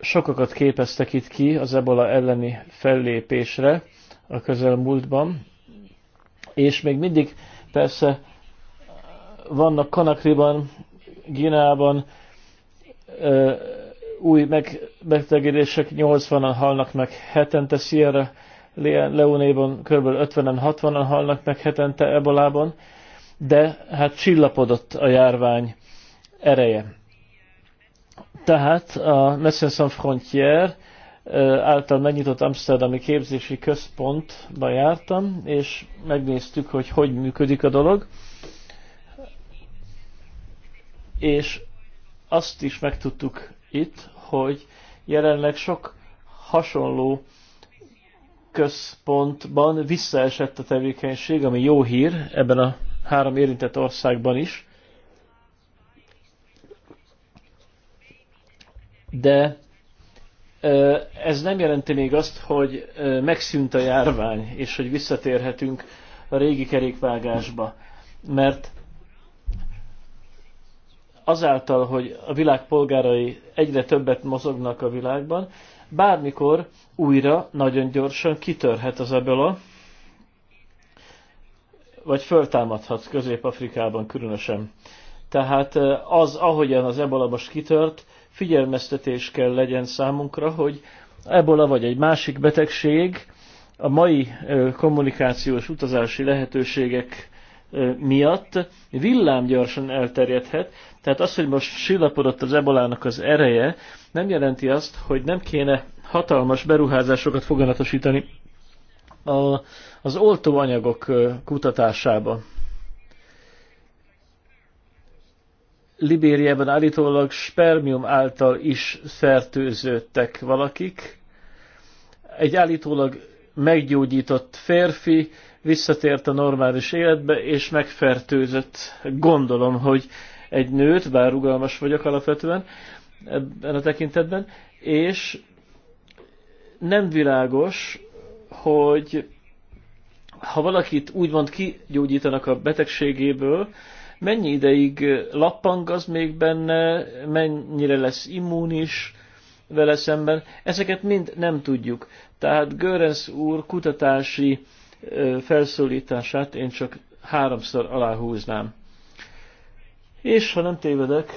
Sokakat képeztek itt ki az ebola elleni fellépésre a közelmúltban, és még mindig persze vannak Kanakriban, Ginában, új meg, megtegedések 80-an halnak meg hetente Sierra Leone-ban kb. 50-en, 60-an halnak meg hetente ebolában, de hát csillapodott a járvány ereje. Tehát a Médecins Sans Frontier által megnyitott Amsterdami képzési központba jártam, és megnéztük, hogy hogy működik a dolog. És azt is megtudtuk itt, hogy jelenleg sok hasonló központban visszaesett a tevékenység, ami jó hír ebben a három érintett országban is. De ez nem jelenti még azt, hogy megszűnt a járvány, és hogy visszatérhetünk a régi kerékvágásba. Mert azáltal, hogy a világ polgárai egyre többet mozognak a világban, bármikor újra nagyon gyorsan kitörhet az ebola, vagy föltámadhat Közép-Afrikában különösen. Tehát az, ahogyan az ebola most kitört, figyelmeztetés kell legyen számunkra, hogy ebola vagy egy másik betegség a mai kommunikációs utazási lehetőségek miatt villámgyorsan elterjedhet. Tehát az, hogy most sillapodott az ebolának az ereje, nem jelenti azt, hogy nem kéne hatalmas beruházásokat foganatosítani a, az oltóanyagok kutatásába. Libériában állítólag spermium által is fertőződtek valakik. Egy állítólag meggyógyított férfi visszatért a normális életbe, és megfertőzött. Gondolom, hogy egy nőt, bár rugalmas vagyok alapvetően ebben a tekintetben, és nem világos, hogy ha valakit úgymond kigyógyítanak a betegségéből, mennyi ideig lappang az még benne, mennyire lesz immunis vele szemben, ezeket mind nem tudjuk. Tehát Görens úr kutatási felszólítását én csak háromszor aláhúznám. És ha nem tévedek,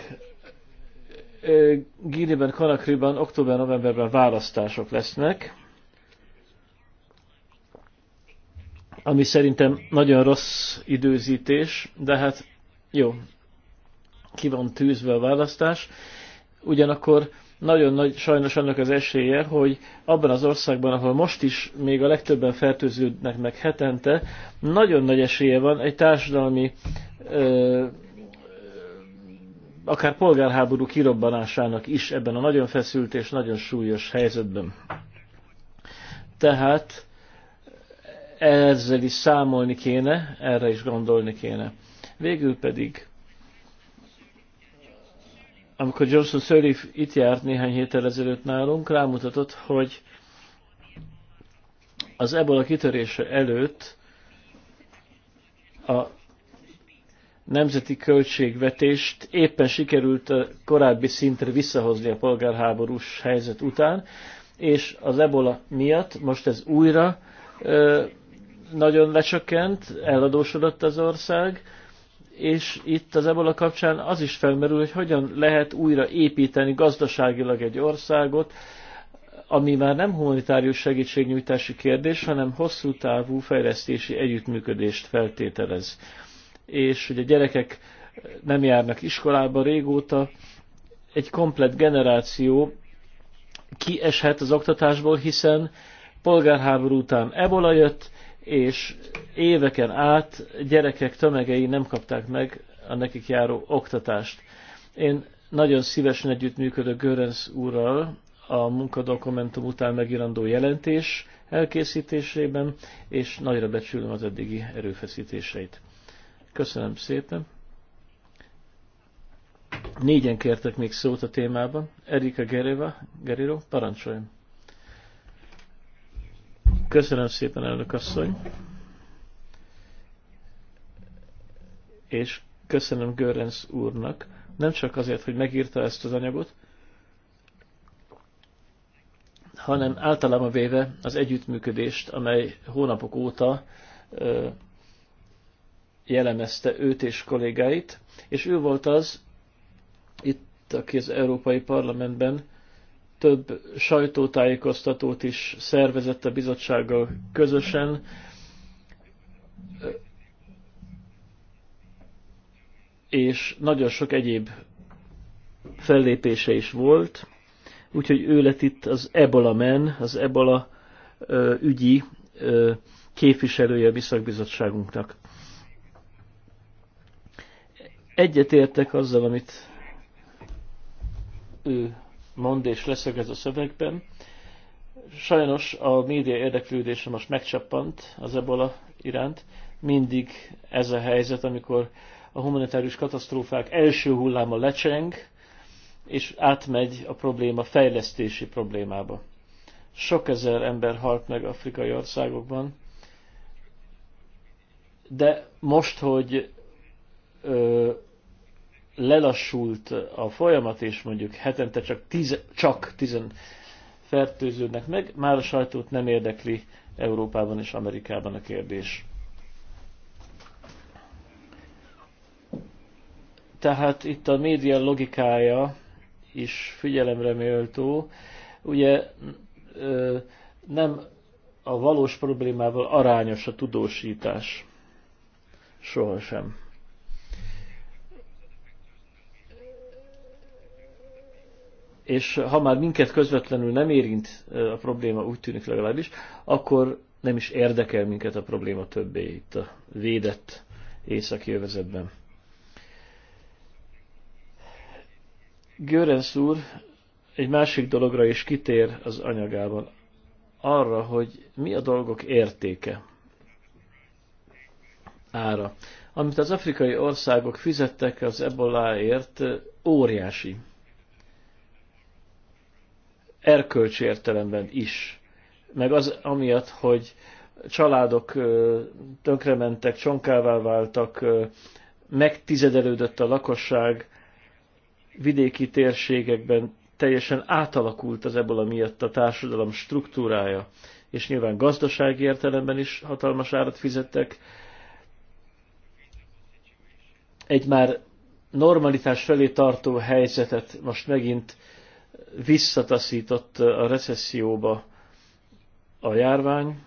Gíriben, Kanakriban, október-novemberben választások lesznek, ami szerintem nagyon rossz időzítés, de hát jó, ki van tűzve a választás. Ugyanakkor nagyon nagy sajnos annak az esélye, hogy abban az országban, ahol most is még a legtöbben fertőződnek meg hetente, nagyon nagy esélye van egy társadalmi ö, akár polgárháború kirobbanásának is ebben a nagyon feszült és nagyon súlyos helyzetben. Tehát ezzel is számolni kéne, erre is gondolni kéne. Végül pedig amikor Johnson Sirleaf itt járt néhány héttel ezelőtt nálunk, rámutatott, hogy az ebola kitörése előtt a nemzeti költségvetést éppen sikerült a korábbi szintre visszahozni a polgárháborús helyzet után, és az ebola miatt most ez újra ö, nagyon lecsökkent, eladósodott az ország, és itt az ebola kapcsán az is felmerül, hogy hogyan lehet újra építeni gazdaságilag egy országot, ami már nem humanitárius segítségnyújtási kérdés, hanem hosszú távú fejlesztési együttműködést feltételez. És hogy a gyerekek nem járnak iskolába régóta, egy komplet generáció kieshet az oktatásból, hiszen polgárháború után ebola jött, és éveken át gyerekek tömegei nem kapták meg a nekik járó oktatást. Én nagyon szívesen együttműködök Görenc úrral a munkadokumentum után megirandó jelentés elkészítésében, és nagyra becsülöm az eddigi erőfeszítéseit. Köszönöm szépen! Négyen kértek még szót a témában. Erika Gereva, Geriro, parancsoljon! Köszönöm szépen, elnök asszony. És köszönöm Görrens úrnak, nem csak azért, hogy megírta ezt az anyagot, hanem általában véve az együttműködést, amely hónapok óta ö, jellemezte őt és kollégáit, és ő volt az, itt, aki az Európai Parlamentben több sajtótájékoztatót is szervezett a bizottsággal közösen. És nagyon sok egyéb fellépése is volt, úgyhogy ő lett itt az Ebola men, az Ebola ö, ügyi ö, képviselője a Biszakbizottságunknak. Egyetértek azzal, amit ő mond és leszögez a szövegben. Sajnos a média érdeklődése most megcsappant az ebola iránt. Mindig ez a helyzet, amikor a humanitárius katasztrófák első hulláma lecseng, és átmegy a probléma fejlesztési problémába. Sok ezer ember halt meg afrikai országokban, de most, hogy lelassult a folyamat, és mondjuk hetente csak tíz, csak tizen fertőződnek meg, már a sajtót nem érdekli Európában és Amerikában a kérdés. Tehát itt a média logikája is figyelemre méltó. Ugye nem a valós problémával arányos a tudósítás. Sohasem. és ha már minket közvetlenül nem érint a probléma, úgy tűnik legalábbis, akkor nem is érdekel minket a probléma többé itt a védett északi övezetben. Görensz úr egy másik dologra is kitér az anyagában, arra, hogy mi a dolgok értéke, ára. Amit az afrikai országok fizettek az eboláért, óriási erkölcsi értelemben is, meg az amiatt, hogy családok tönkrementek, csonkává váltak, megtizedelődött a lakosság, vidéki térségekben teljesen átalakult az a miatt a társadalom struktúrája, és nyilván gazdasági értelemben is hatalmas árat fizettek. Egy már normalitás felé tartó helyzetet most megint visszataszított a recesszióba a járvány,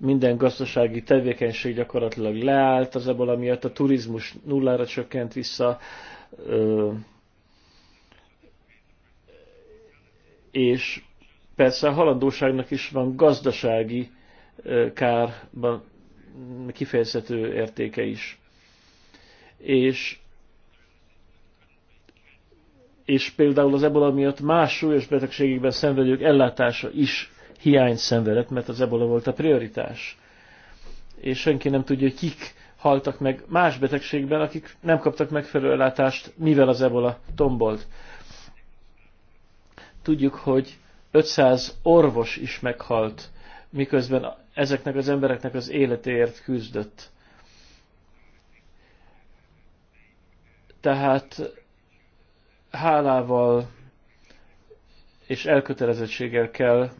minden gazdasági tevékenység gyakorlatilag leállt az ebola miatt, a turizmus nullára csökkent vissza, és persze a halandóságnak is van gazdasági kárban kifejezhető értéke is. És és például az ebola miatt más súlyos betegségekben szenvedők ellátása is hiány szenvedett, mert az ebola volt a prioritás. És senki nem tudja, hogy kik haltak meg más betegségben, akik nem kaptak megfelelő ellátást, mivel az ebola tombolt. Tudjuk, hogy 500 orvos is meghalt, miközben ezeknek az embereknek az életéért küzdött. Tehát hálával és elkötelezettséggel kell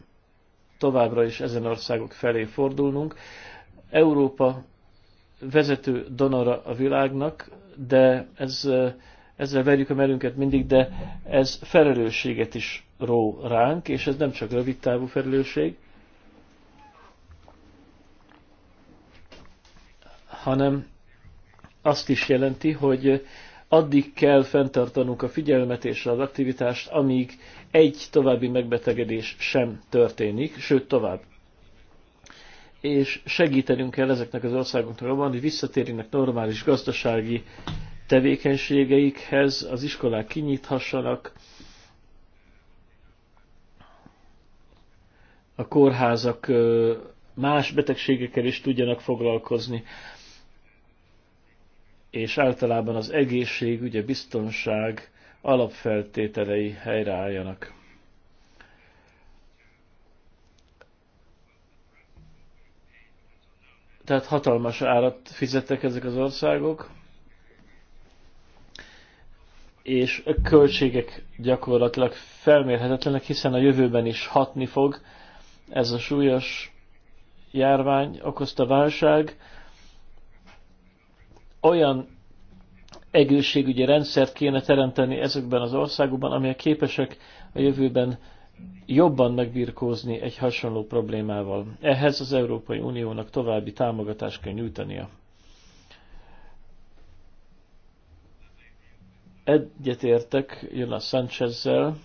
továbbra is ezen országok felé fordulnunk. Európa vezető donora a világnak, de ez, ezzel verjük a merünket mindig, de ez felelősséget is ró ránk, és ez nem csak rövid távú felelősség, hanem azt is jelenti, hogy addig kell fenntartanunk a figyelmet és az aktivitást, amíg egy további megbetegedés sem történik, sőt tovább. És segítenünk kell ezeknek az országoknak abban, hogy visszatérjenek normális gazdasági tevékenységeikhez, az iskolák kinyithassanak, a kórházak más betegségekkel is tudjanak foglalkozni és általában az egészség, ugye biztonság alapfeltételei helyreálljanak. Tehát hatalmas árat fizettek ezek az országok, és a költségek gyakorlatilag felmérhetetlenek, hiszen a jövőben is hatni fog ez a súlyos járvány okozta válság, olyan egészségügyi rendszert kéne teremteni ezekben az országokban, amelyek képesek a jövőben jobban megbirkózni egy hasonló problémával. Ehhez az Európai Uniónak további támogatást kell nyújtania. Egyetértek sanchez zel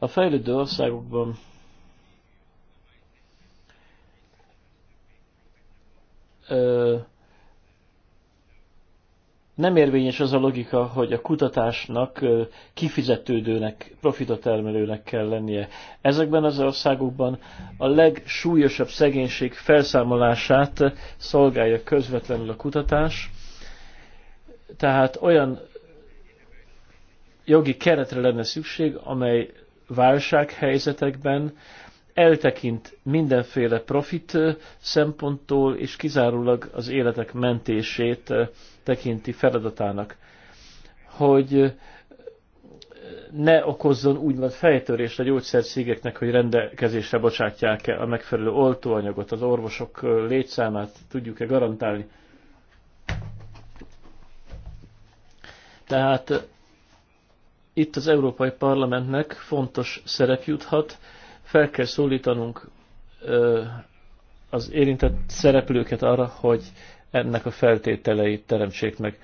A fejlődő országokban ö, nem érvényes az a logika, hogy a kutatásnak ö, kifizetődőnek, profitotermelőnek kell lennie. Ezekben az országokban a legsúlyosabb szegénység felszámolását szolgálja közvetlenül a kutatás, tehát olyan jogi keretre lenne szükség, amely válsághelyzetekben eltekint mindenféle profit szemponttól, és kizárólag az életek mentését tekinti feladatának. Hogy ne okozzon úgymond fejtörést a gyógyszercégeknek, hogy rendelkezésre bocsátják-e a megfelelő oltóanyagot, az orvosok létszámát tudjuk-e garantálni. Tehát itt az Európai Parlamentnek fontos szerep juthat, fel kell szólítanunk az érintett szereplőket arra, hogy ennek a feltételeit teremtsék meg.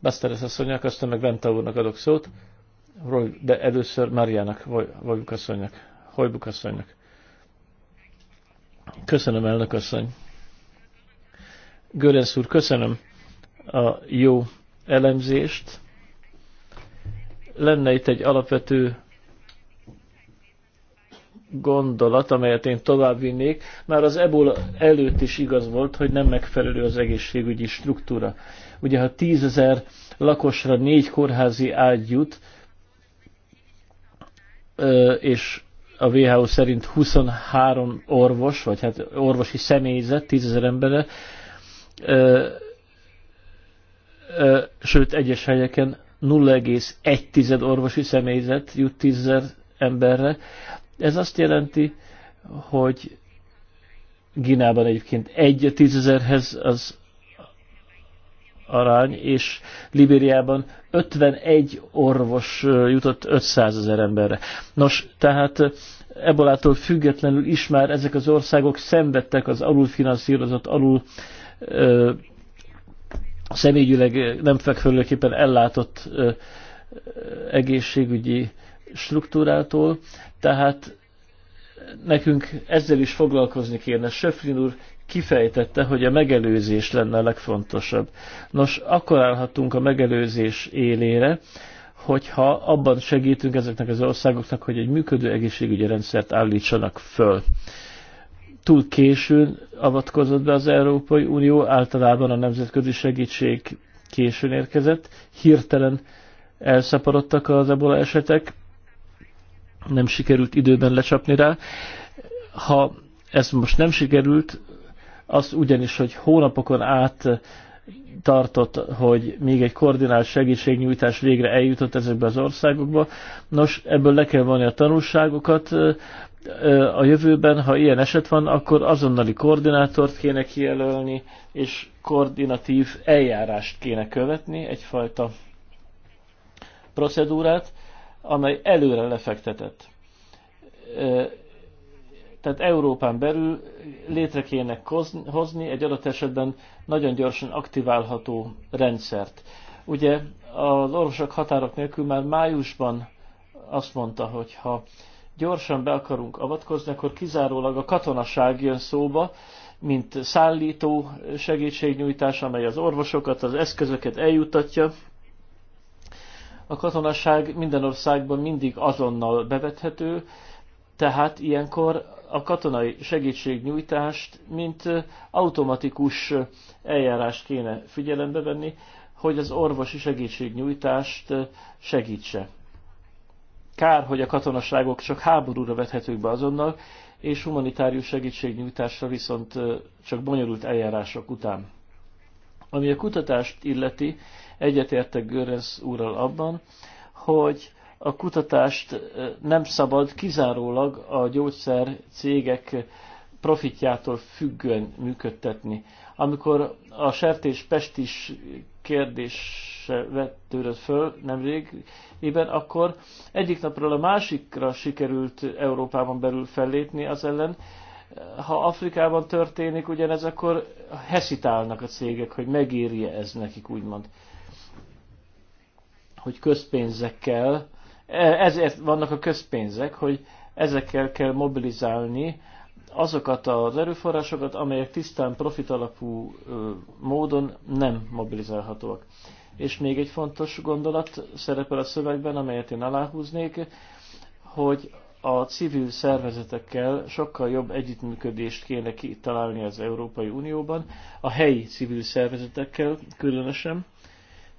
Basteres asszonyak, aztán meg Venta úrnak adok szót, de először Mariának, Vajbuk asszonynak, Hojbuk asszonynak. Köszönöm, elnök asszony. Görensz úr, köszönöm a jó elemzést. Lenne itt egy alapvető gondolat, amelyet én továbbvinnék, már az ebola előtt is igaz volt, hogy nem megfelelő az egészségügyi struktúra. Ugye ha tízezer lakosra négy kórházi ágy jut, és a WHO szerint 23 orvos, vagy hát orvosi személyzet, tízezer embere, sőt egyes helyeken 0,1 orvosi személyzet jut tízezer emberre, ez azt jelenti, hogy Ginában egyébként egy tízezerhez az arány, és Libériában 51 orvos jutott 500 ezer emberre. Nos, tehát ebolától függetlenül is már ezek az országok szenvedtek az alulfinanszírozott, alul ö, személyügyileg nem megfelelőképpen ellátott ö, egészségügyi struktúrától, tehát nekünk ezzel is foglalkozni kéne. Söfrin úr kifejtette, hogy a megelőzés lenne a legfontosabb. Nos, akkor állhatunk a megelőzés élére, hogyha abban segítünk ezeknek az országoknak, hogy egy működő egészségügyi rendszert állítsanak föl. Túl későn avatkozott be az Európai Unió, általában a nemzetközi segítség későn érkezett, hirtelen elszaporodtak az ebola esetek, nem sikerült időben lecsapni rá. Ha ez most nem sikerült, az ugyanis, hogy hónapokon át tartott, hogy még egy koordinált segítségnyújtás végre eljutott ezekbe az országokba. Nos, ebből le kell vonni a tanulságokat. A jövőben, ha ilyen eset van, akkor azonnali koordinátort kéne kijelölni, és koordinatív eljárást kéne követni, egyfajta procedúrát, amely előre lefektetett. Tehát Európán belül létre kéne hozni egy adott esetben nagyon gyorsan aktiválható rendszert. Ugye az orvosok határok nélkül már májusban azt mondta, hogy ha gyorsan be akarunk avatkozni, akkor kizárólag a katonaság jön szóba, mint szállító segítségnyújtás, amely az orvosokat, az eszközöket eljutatja a katonaság minden országban mindig azonnal bevethető, tehát ilyenkor a katonai segítségnyújtást, mint automatikus eljárást kéne figyelembe venni, hogy az orvosi segítségnyújtást segítse. Kár, hogy a katonaságok csak háborúra vethetők be azonnal, és humanitárius segítségnyújtásra viszont csak bonyolult eljárások után. Ami a kutatást illeti, Egyetértek Görens úrral abban, hogy a kutatást eh, nem szabad kizárólag a gyógyszer cégek eh, profitjától függően működtetni. Amikor a sertés pestis kérdése vettőröd föl nemrég, éppen akkor egyik napról a másikra sikerült Európában belül fellépni az ellen. Ha Afrikában történik ugyanez, akkor hesitálnak a cégek, hogy megéri -e ez nekik, úgymond hogy közpénzekkel, e, ezért vannak a közpénzek, hogy ezekkel kell mobilizálni azokat az erőforrásokat, amelyek tisztán profit alapú módon nem mobilizálhatóak. És még egy fontos gondolat szerepel a szövegben, amelyet én aláhúznék, hogy a civil szervezetekkel sokkal jobb együttműködést kéne találni az Európai Unióban, a helyi civil szervezetekkel különösen,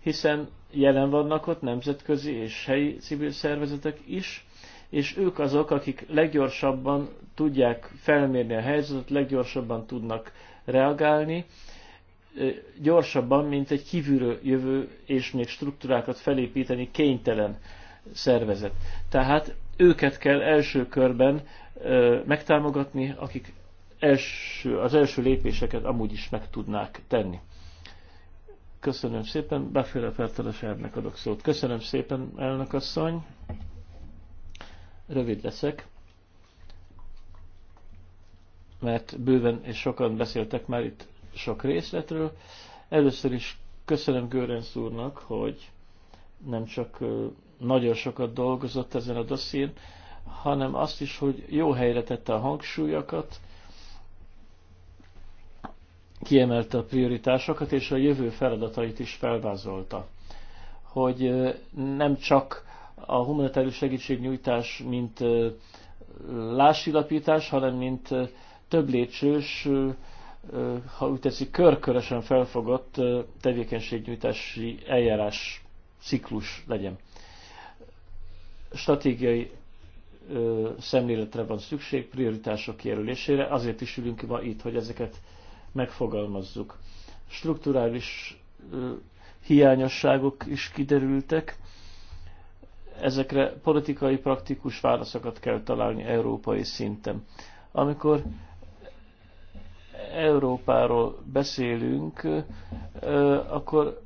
hiszen jelen vannak ott nemzetközi és helyi civil szervezetek is, és ők azok, akik leggyorsabban tudják felmérni a helyzetet, leggyorsabban tudnak reagálni, gyorsabban, mint egy kívülről jövő és még struktúrákat felépíteni kénytelen szervezet. Tehát őket kell első körben ö, megtámogatni, akik első, az első lépéseket amúgy is meg tudnák tenni. Köszönöm szépen, Beféle Fertelesernek adok szót. Köszönöm szépen, elnök asszony. Rövid leszek, mert bőven és sokan beszéltek már itt sok részletről. Először is köszönöm Görenc úrnak, hogy nem csak nagyon sokat dolgozott ezen a dosszín, hanem azt is, hogy jó helyre tette a hangsúlyokat, kiemelte a prioritásokat, és a jövő feladatait is felvázolta. Hogy nem csak a humanitárius segítségnyújtás, mint lássilapítás, hanem mint több lépcsős, ha úgy tetszik, körkörösen felfogott tevékenységnyújtási eljárás ciklus legyen. Stratégiai szemléletre van szükség, prioritások kijelölésére, azért is ülünk ma itt, hogy ezeket megfogalmazzuk. Strukturális hiányosságok is kiderültek, ezekre politikai praktikus válaszokat kell találni európai szinten. Amikor Európáról beszélünk, akkor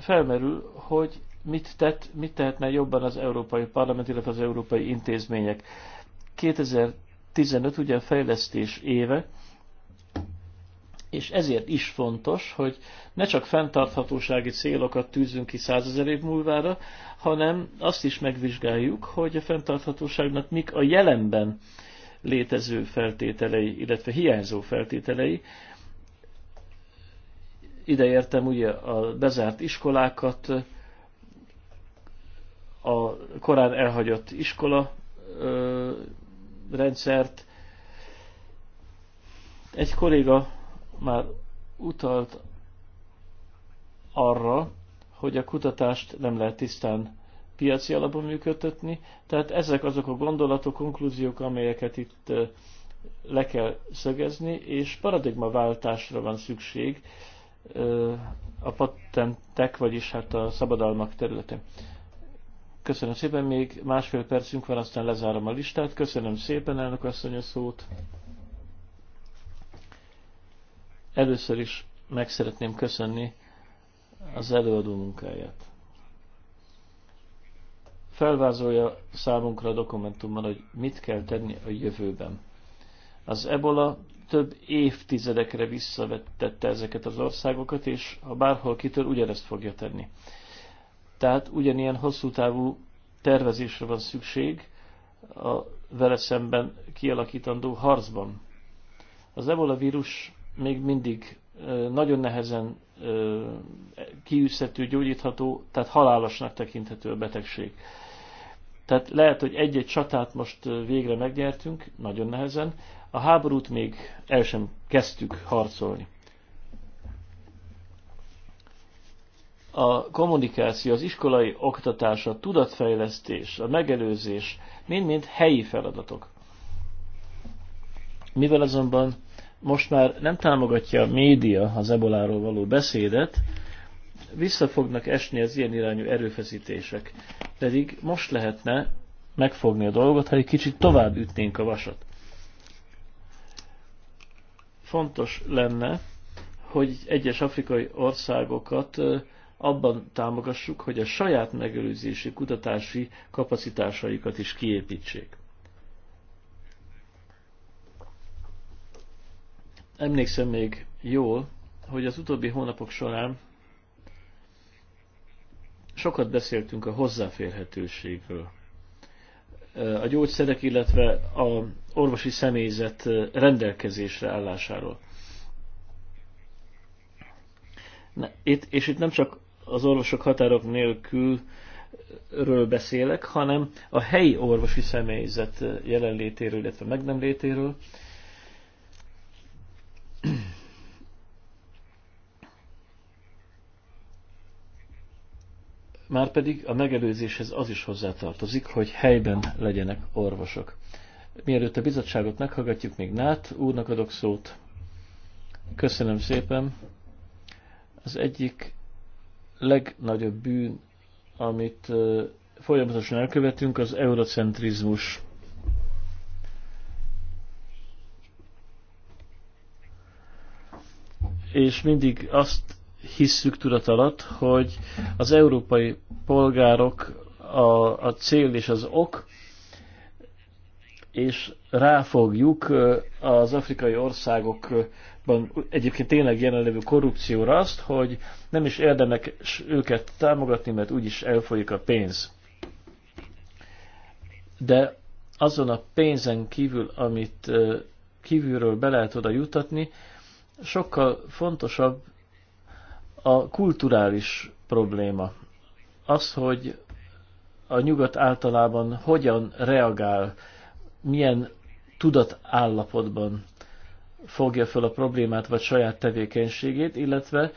felmerül, hogy mit tett, mit tehetne jobban az Európai Parlament, illetve az európai intézmények. 2015 ugye a fejlesztés éve, és ezért is fontos, hogy ne csak fenntarthatósági célokat tűzünk ki százezer év múlvára, hanem azt is megvizsgáljuk, hogy a fenntarthatóságnak mik a jelenben létező feltételei, illetve hiányzó feltételei. Ide értem ugye a bezárt iskolákat, a korán elhagyott iskola ö, rendszert. Egy kolléga már utalt arra, hogy a kutatást nem lehet tisztán piaci alapon működtetni, tehát ezek azok a gondolatok, konklúziók, amelyeket itt le kell szögezni, és paradigmaváltásra van szükség a patentek, vagyis hát a szabadalmak területén. Köszönöm szépen, még másfél percünk van, aztán lezárom a listát. Köszönöm szépen, elnök asszony a szót. Először is meg szeretném köszönni az előadó munkáját. Felvázolja számunkra a dokumentummal, hogy mit kell tenni a jövőben. Az ebola több évtizedekre visszavettette ezeket az országokat, és ha bárhol kitör, ugyanezt fogja tenni. Tehát ugyanilyen hosszú távú tervezésre van szükség a vele szemben kialakítandó harcban. Az ebola vírus még mindig nagyon nehezen kiűzhető, gyógyítható, tehát halálosnak tekinthető a betegség. Tehát lehet, hogy egy-egy csatát most végre megnyertünk, nagyon nehezen. A háborút még el sem kezdtük harcolni. A kommunikáció, az iskolai oktatás, a tudatfejlesztés, a megelőzés mind-mind helyi feladatok. Mivel azonban most már nem támogatja a média az eboláról való beszédet, vissza fognak esni az ilyen irányú erőfeszítések. Pedig most lehetne megfogni a dolgot, ha egy kicsit tovább ütnénk a vasat. Fontos lenne, hogy egyes afrikai országokat abban támogassuk, hogy a saját megelőzési, kutatási kapacitásaikat is kiépítsék. Emlékszem még jól, hogy az utóbbi hónapok során sokat beszéltünk a hozzáférhetőségről. A gyógyszerek, illetve a orvosi személyzet rendelkezésre állásáról. Na, itt, és itt nem csak az orvosok határok nélkül ről beszélek, hanem a helyi orvosi személyzet jelenlétéről, illetve meg nem létéről, Márpedig a megelőzéshez az is hozzátartozik, hogy helyben legyenek orvosok. Mielőtt a bizottságot meghallgatjuk, még Nát úrnak adok szót. Köszönöm szépen. Az egyik legnagyobb bűn, amit folyamatosan elkövetünk, az eurocentrizmus. És mindig azt hisszük tudat alatt, hogy az európai polgárok a, a cél és az ok, és ráfogjuk az afrikai országokban egyébként tényleg jelenlevő korrupcióra azt, hogy nem is érdemes őket támogatni, mert úgyis elfolyik a pénz. De azon a pénzen kívül, amit kívülről be lehet oda jutatni, sokkal fontosabb a kulturális probléma. Az, hogy a nyugat általában hogyan reagál, milyen tudatállapotban fogja fel a problémát vagy saját tevékenységét, illetve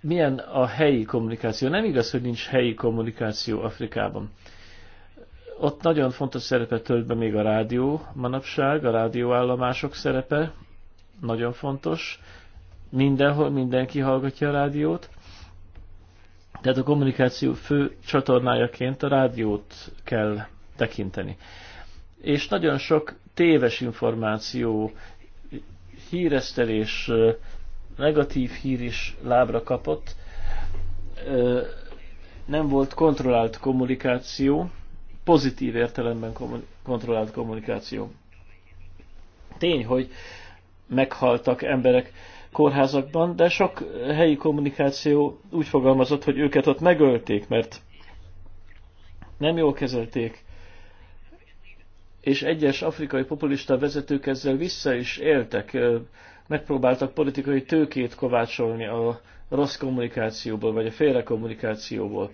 milyen a helyi kommunikáció. Nem igaz, hogy nincs helyi kommunikáció Afrikában. Ott nagyon fontos szerepet tölt be még a rádió manapság, a rádióállomások szerepe, nagyon fontos mindenhol mindenki hallgatja a rádiót, tehát a kommunikáció fő csatornájaként a rádiót kell tekinteni. És nagyon sok téves információ, híresztelés, negatív hír is lábra kapott, nem volt kontrollált kommunikáció, pozitív értelemben kontrollált kommunikáció. Tény, hogy meghaltak emberek, kórházakban, de sok helyi kommunikáció úgy fogalmazott, hogy őket ott megölték, mert nem jól kezelték. És egyes afrikai populista vezetők ezzel vissza is éltek, megpróbáltak politikai tőkét kovácsolni a rossz kommunikációból, vagy a félre kommunikációból.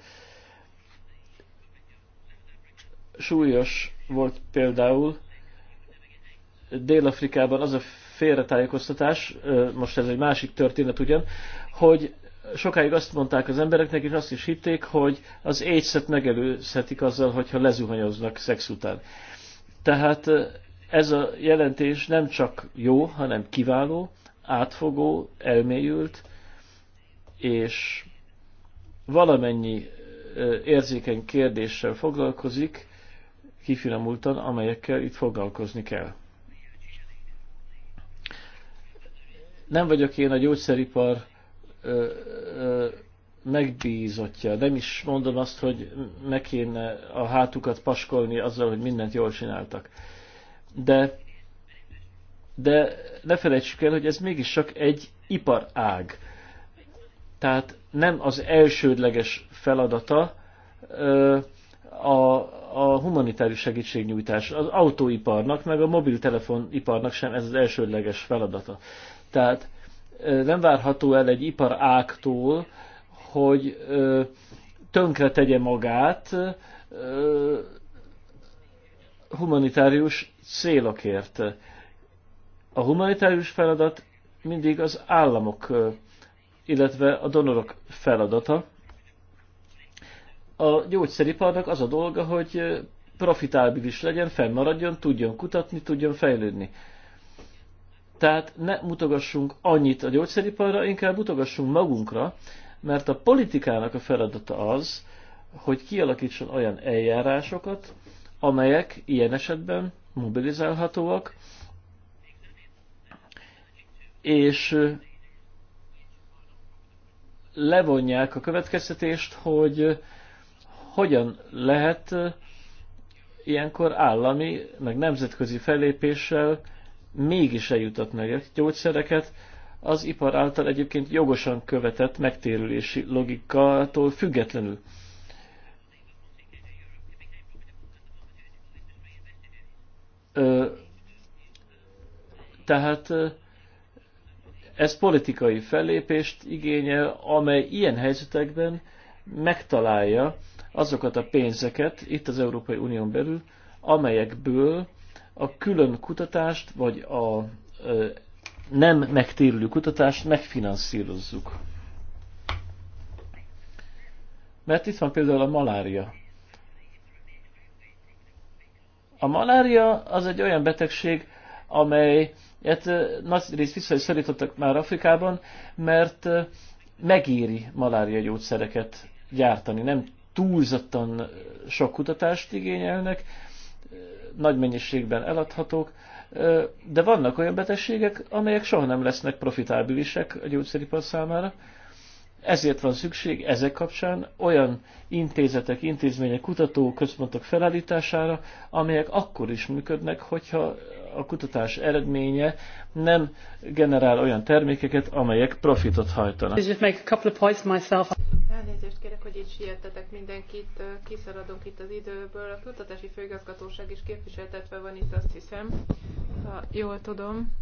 Súlyos volt például Dél-Afrikában az a félretájékoztatás, most ez egy másik történet ugyan, hogy sokáig azt mondták az embereknek, és azt is hitték, hogy az AIDS-et megelőzhetik azzal, hogyha lezuhanyoznak szex után. Tehát ez a jelentés nem csak jó, hanem kiváló, átfogó, elmélyült, és valamennyi érzékeny kérdéssel foglalkozik, kifinomultan, amelyekkel itt foglalkozni kell. Nem vagyok én a gyógyszeripar ö, ö, megbízottja. Nem is mondom azt, hogy ne kéne a hátukat paskolni azzal, hogy mindent jól csináltak. De, de ne felejtsük el, hogy ez mégis csak egy iparág. Tehát nem az elsődleges feladata ö, a, a humanitárius segítségnyújtás. Az autóiparnak, meg a mobiltelefoniparnak sem ez az elsődleges feladata. Tehát nem várható el egy ipar áktól, hogy tönkre tegye magát humanitárius célokért. A humanitárius feladat mindig az államok, illetve a donorok feladata. A gyógyszeriparnak az a dolga, hogy profitábilis legyen, fennmaradjon, tudjon kutatni, tudjon fejlődni. Tehát ne mutogassunk annyit a gyógyszeriparra, inkább mutogassunk magunkra, mert a politikának a feladata az, hogy kialakítson olyan eljárásokat, amelyek ilyen esetben mobilizálhatóak, és levonják a következtetést, hogy hogyan lehet ilyenkor állami, meg nemzetközi fellépéssel mégis a gyógyszereket, az ipar által egyébként jogosan követett megtérülési logikától függetlenül. Ö, tehát ez politikai fellépést igényel, amely ilyen helyzetekben megtalálja azokat a pénzeket itt az Európai Unión belül, amelyekből a külön kutatást, vagy a nem megtérülő kutatást megfinanszírozzuk. Mert itt van például a malária. A malária az egy olyan betegség, amelyet hát, nagy részt vissza is már Afrikában, mert megéri malária gyógyszereket gyártani. Nem túlzottan sok kutatást igényelnek, nagy mennyiségben eladhatók, de vannak olyan betegségek, amelyek soha nem lesznek profitábilisek a gyógyszeripar számára, ezért van szükség ezek kapcsán olyan intézetek, intézmények, kutató központok felállítására, amelyek akkor is működnek, hogyha a kutatás eredménye nem generál olyan termékeket, amelyek profitot hajtanak. Elnézést kérek, hogy így sietetek mindenkit, kiszaladunk itt az időből. A kutatási főigazgatóság is képviseltetve van itt, azt hiszem, ha jól tudom.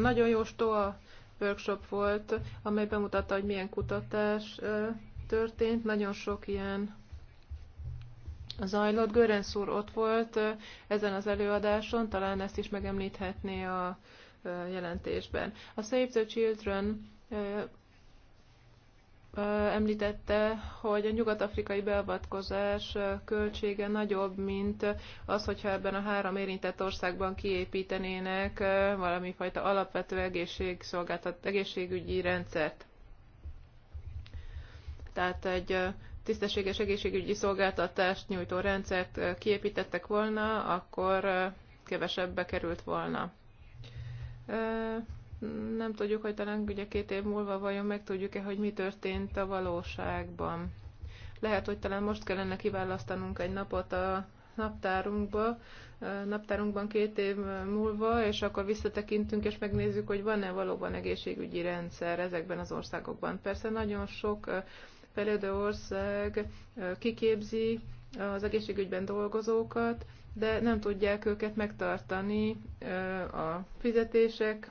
Nagyon jó a workshop volt, amely bemutatta, hogy milyen kutatás történt. Nagyon sok ilyen zajlott. Görensz úr ott volt ezen az előadáson, talán ezt is megemlíthetné a jelentésben. A Save the Children említette, hogy a nyugat-afrikai beavatkozás költsége nagyobb, mint az, hogyha ebben a három érintett országban kiépítenének valami fajta alapvető egészségszolgáltat, egészségügyi rendszert. Tehát egy tisztességes egészségügyi szolgáltatást nyújtó rendszert kiépítettek volna, akkor kevesebbe került volna nem tudjuk, hogy talán ugye két év múlva vajon meg tudjuk-e, hogy mi történt a valóságban. Lehet, hogy talán most kellene kiválasztanunk egy napot a naptárunkba, naptárunkban két év múlva, és akkor visszatekintünk, és megnézzük, hogy van-e valóban egészségügyi rendszer ezekben az országokban. Persze nagyon sok felődő ország kiképzi az egészségügyben dolgozókat, de nem tudják őket megtartani a fizetések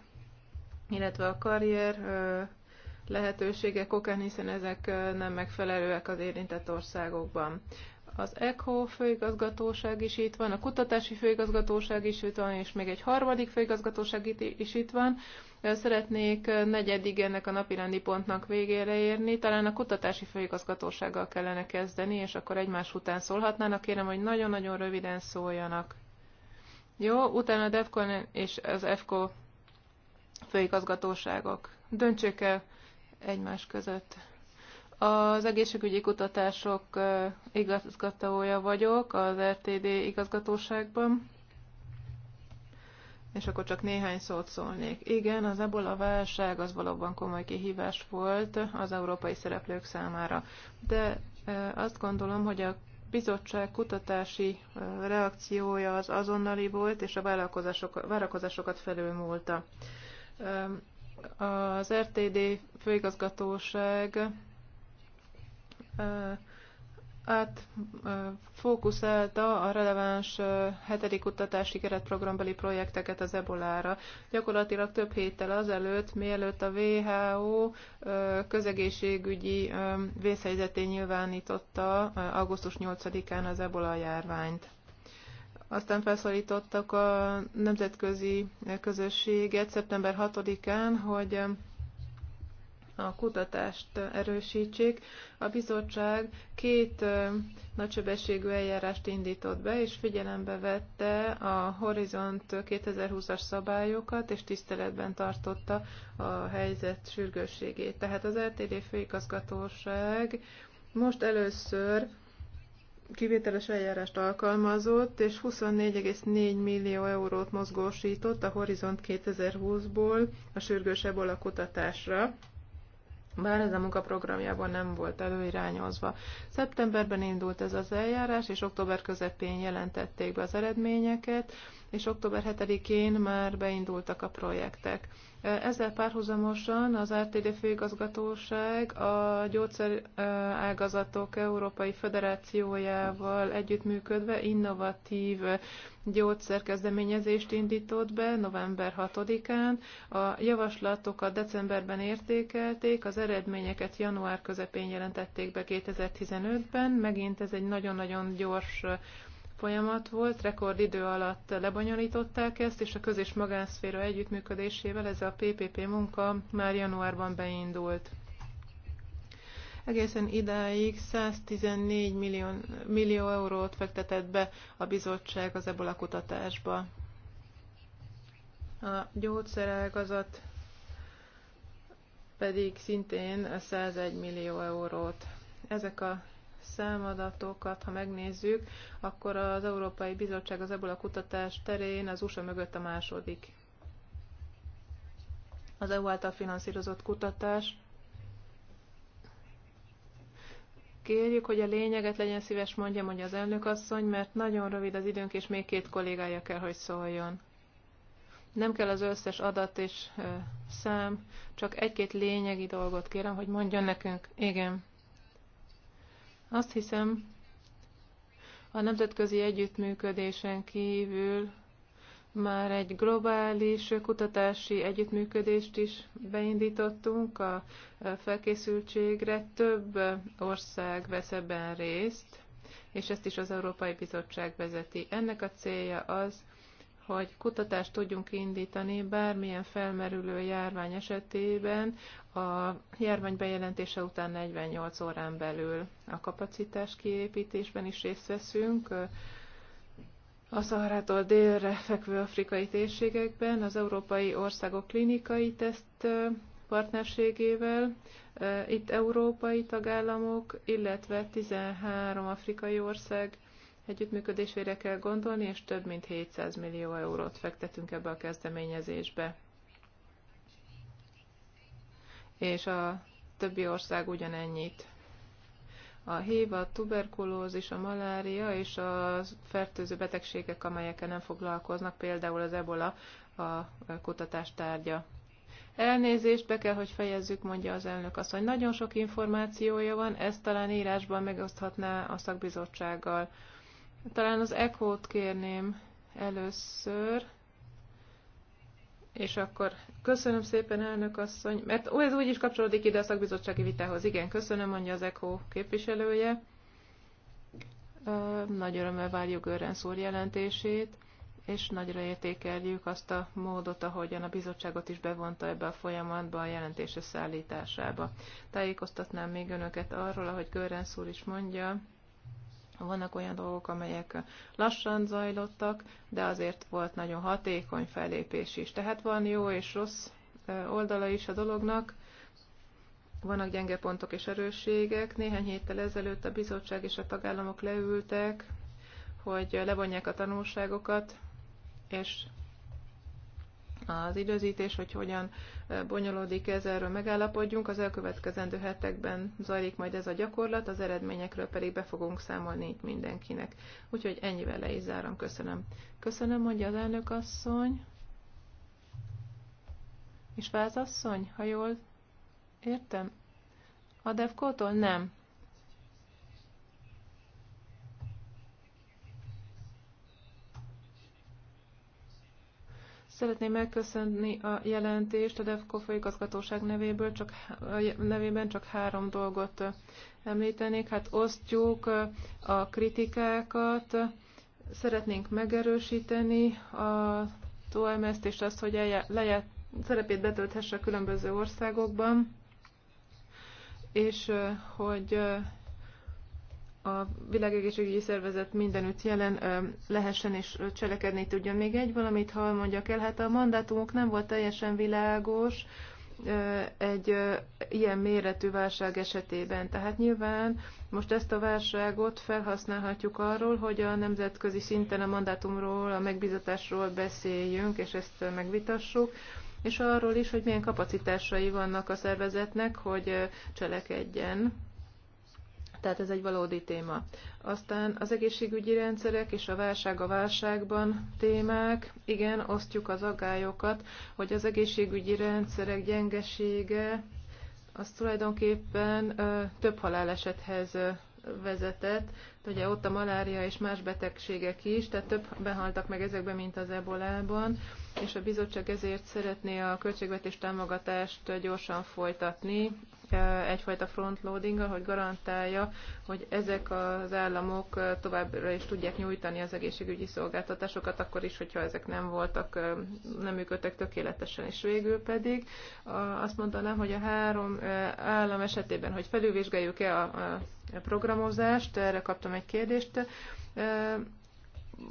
illetve a karrier lehetőségek okán, hiszen ezek nem megfelelőek az érintett országokban. Az ECHO főigazgatóság is itt van, a kutatási főigazgatóság is itt van, és még egy harmadik főigazgatóság is itt van. Szeretnék negyedig ennek a napirendi pontnak végére érni. Talán a kutatási főigazgatósággal kellene kezdeni, és akkor egymás után szólhatnának. Kérem, hogy nagyon-nagyon röviden szóljanak. Jó, utána a DEFCON és az EFCO főigazgatóságok döntsék el egymás között. Az egészségügyi kutatások igazgatója vagyok az RTD igazgatóságban, és akkor csak néhány szót szólnék. Igen, az ebola válság az valóban komoly kihívás volt az európai szereplők számára, de azt gondolom, hogy a bizottság kutatási reakciója az azonnali volt, és a várakozásokat felülmúlta. Az RTD főigazgatóság át fókuszálta a releváns hetedik kutatási keretprogrambeli projekteket az ebolára. Gyakorlatilag több héttel azelőtt, mielőtt a WHO közegészségügyi vészhelyzetén nyilvánította augusztus 8-án az ebola járványt. Aztán felszólítottak a nemzetközi közösséget szeptember 6-án, hogy um, a kutatást erősítsék. A bizottság két um, nagysebességű eljárást indított be, és figyelembe vette a Horizont 2020-as szabályokat, és tiszteletben tartotta a helyzet sürgősségét. Tehát az RTD főigazgatóság most először kivételes eljárást alkalmazott, és 24,4 millió eurót mozgósított a Horizont 2020-ból a sürgősebb kutatásra, bár ez a munkaprogramjában nem volt előirányozva. Szeptemberben indult ez az eljárás, és október közepén jelentették be az eredményeket és október 7-én már beindultak a projektek. Ezzel párhuzamosan az RTD főigazgatóság a gyógyszerágazatok Európai Federációjával együttműködve innovatív gyógyszerkezdeményezést indított be november 6-án. A javaslatokat decemberben értékelték, az eredményeket január közepén jelentették be 2015-ben. Megint ez egy nagyon-nagyon gyors folyamat volt, rekordidő alatt lebonyolították ezt, és a köz- és magánszféra együttműködésével ez a PPP munka már januárban beindult. Egészen idáig 114 millió, millió eurót fektetett be a bizottság az ebola kutatásba. A gyógyszerágazat pedig szintén 101 millió eurót. Ezek a számadatokat, ha megnézzük, akkor az Európai Bizottság az ebből a kutatás terén az USA mögött a második. Az EU által finanszírozott kutatás. Kérjük, hogy a lényeget legyen szíves mondja, mondja az elnökasszony, mert nagyon rövid az időnk, és még két kollégája kell, hogy szóljon. Nem kell az összes adat és szám, csak egy-két lényegi dolgot kérem, hogy mondjon nekünk. Igen. Azt hiszem, a nemzetközi együttműködésen kívül már egy globális kutatási együttműködést is beindítottunk a felkészültségre. Több ország vesz ebben részt, és ezt is az Európai Bizottság vezeti. Ennek a célja az, hogy kutatást tudjunk indítani bármilyen felmerülő járvány esetében a járvány bejelentése után 48 órán belül a kapacitás kiépítésben is részt veszünk. A Szaharától délre fekvő afrikai térségekben az európai országok klinikai teszt partnerségével, itt európai tagállamok, illetve 13 afrikai ország együttműködésére kell gondolni, és több mint 700 millió eurót fektetünk ebbe a kezdeményezésbe. És a többi ország ugyanennyit. A HIV, a tuberkulózis, a malária és a fertőző betegségek, amelyekkel nem foglalkoznak, például az ebola a kutatás tárgya. Elnézést, be kell, hogy fejezzük, mondja az elnök asszony. Nagyon sok információja van, ezt talán írásban megoszthatná a szakbizottsággal. Talán az ECHO-t kérném először. És akkor köszönöm szépen, elnök asszony, mert ez úgy is kapcsolódik ide a szakbizottsági vitához. Igen, köszönöm, mondja az ECHO képviselője. Nagy örömmel várjuk Örrensz úr jelentését, és nagyra értékeljük azt a módot, ahogyan a bizottságot is bevonta ebbe a folyamatba a jelentés szállításába. Tájékoztatnám még önöket arról, ahogy Görrensz úr is mondja, vannak olyan dolgok, amelyek lassan zajlottak, de azért volt nagyon hatékony fellépés is. Tehát van jó és rossz oldala is a dolognak. Vannak gyenge pontok és erősségek. Néhány héttel ezelőtt a bizottság és a tagállamok leültek, hogy levonják a tanulságokat, és az időzítés, hogy hogyan bonyolódik ez, erről megállapodjunk. Az elkövetkezendő hetekben zajlik majd ez a gyakorlat, az eredményekről pedig be fogunk számolni itt mindenkinek. Úgyhogy ennyivel le is zárom. Köszönöm. Köszönöm, mondja az elnök asszony. És vázasszony, ha jól értem? A Devkótól nem. Szeretném megköszönni a jelentést a DEFCO főigazgatóság nevéből, csak, nevében csak három dolgot említenék. Hát osztjuk a kritikákat, szeretnénk megerősíteni a OMS-t és azt, hogy lejárt szerepét betölthesse a különböző országokban, és hogy a világegészségügyi szervezet mindenütt jelen lehessen és cselekedni tudjon. Még egy valamit, ha mondjak el, hát a mandátumok nem volt teljesen világos egy ilyen méretű válság esetében. Tehát nyilván most ezt a válságot felhasználhatjuk arról, hogy a nemzetközi szinten a mandátumról, a megbizatásról beszéljünk, és ezt megvitassuk és arról is, hogy milyen kapacitásai vannak a szervezetnek, hogy cselekedjen tehát ez egy valódi téma. Aztán az egészségügyi rendszerek és a válság a válságban témák. Igen, osztjuk az aggályokat, hogy az egészségügyi rendszerek gyengesége az tulajdonképpen ö, több halálesethez ö, vezetett. Ugye ott a malária és más betegségek is, tehát több behaltak meg ezekben, mint az ebolában, és a bizottság ezért szeretné a költségvetés támogatást gyorsan folytatni egyfajta frontloading, hogy garantálja, hogy ezek az államok továbbra is tudják nyújtani az egészségügyi szolgáltatásokat, akkor is, hogyha ezek nem voltak, nem működtek tökéletesen. És végül pedig azt mondanám, hogy a három állam esetében, hogy felülvizsgáljuk-e a programozást, erre kaptam egy kérdést,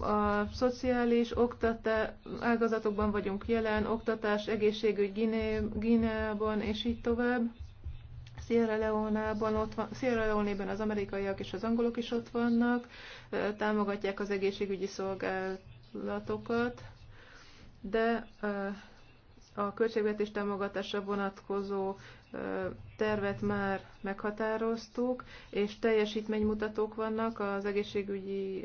a szociális oktatás ágazatokban vagyunk jelen, oktatás, egészségügy Gineában és így tovább. Sierra Leone-ban ott van, Sierra Leone-ben az amerikaiak és az angolok is ott vannak, támogatják az egészségügyi szolgálatokat, de a költségvetés támogatásra vonatkozó tervet már meghatároztuk, és teljesítménymutatók vannak az egészségügyi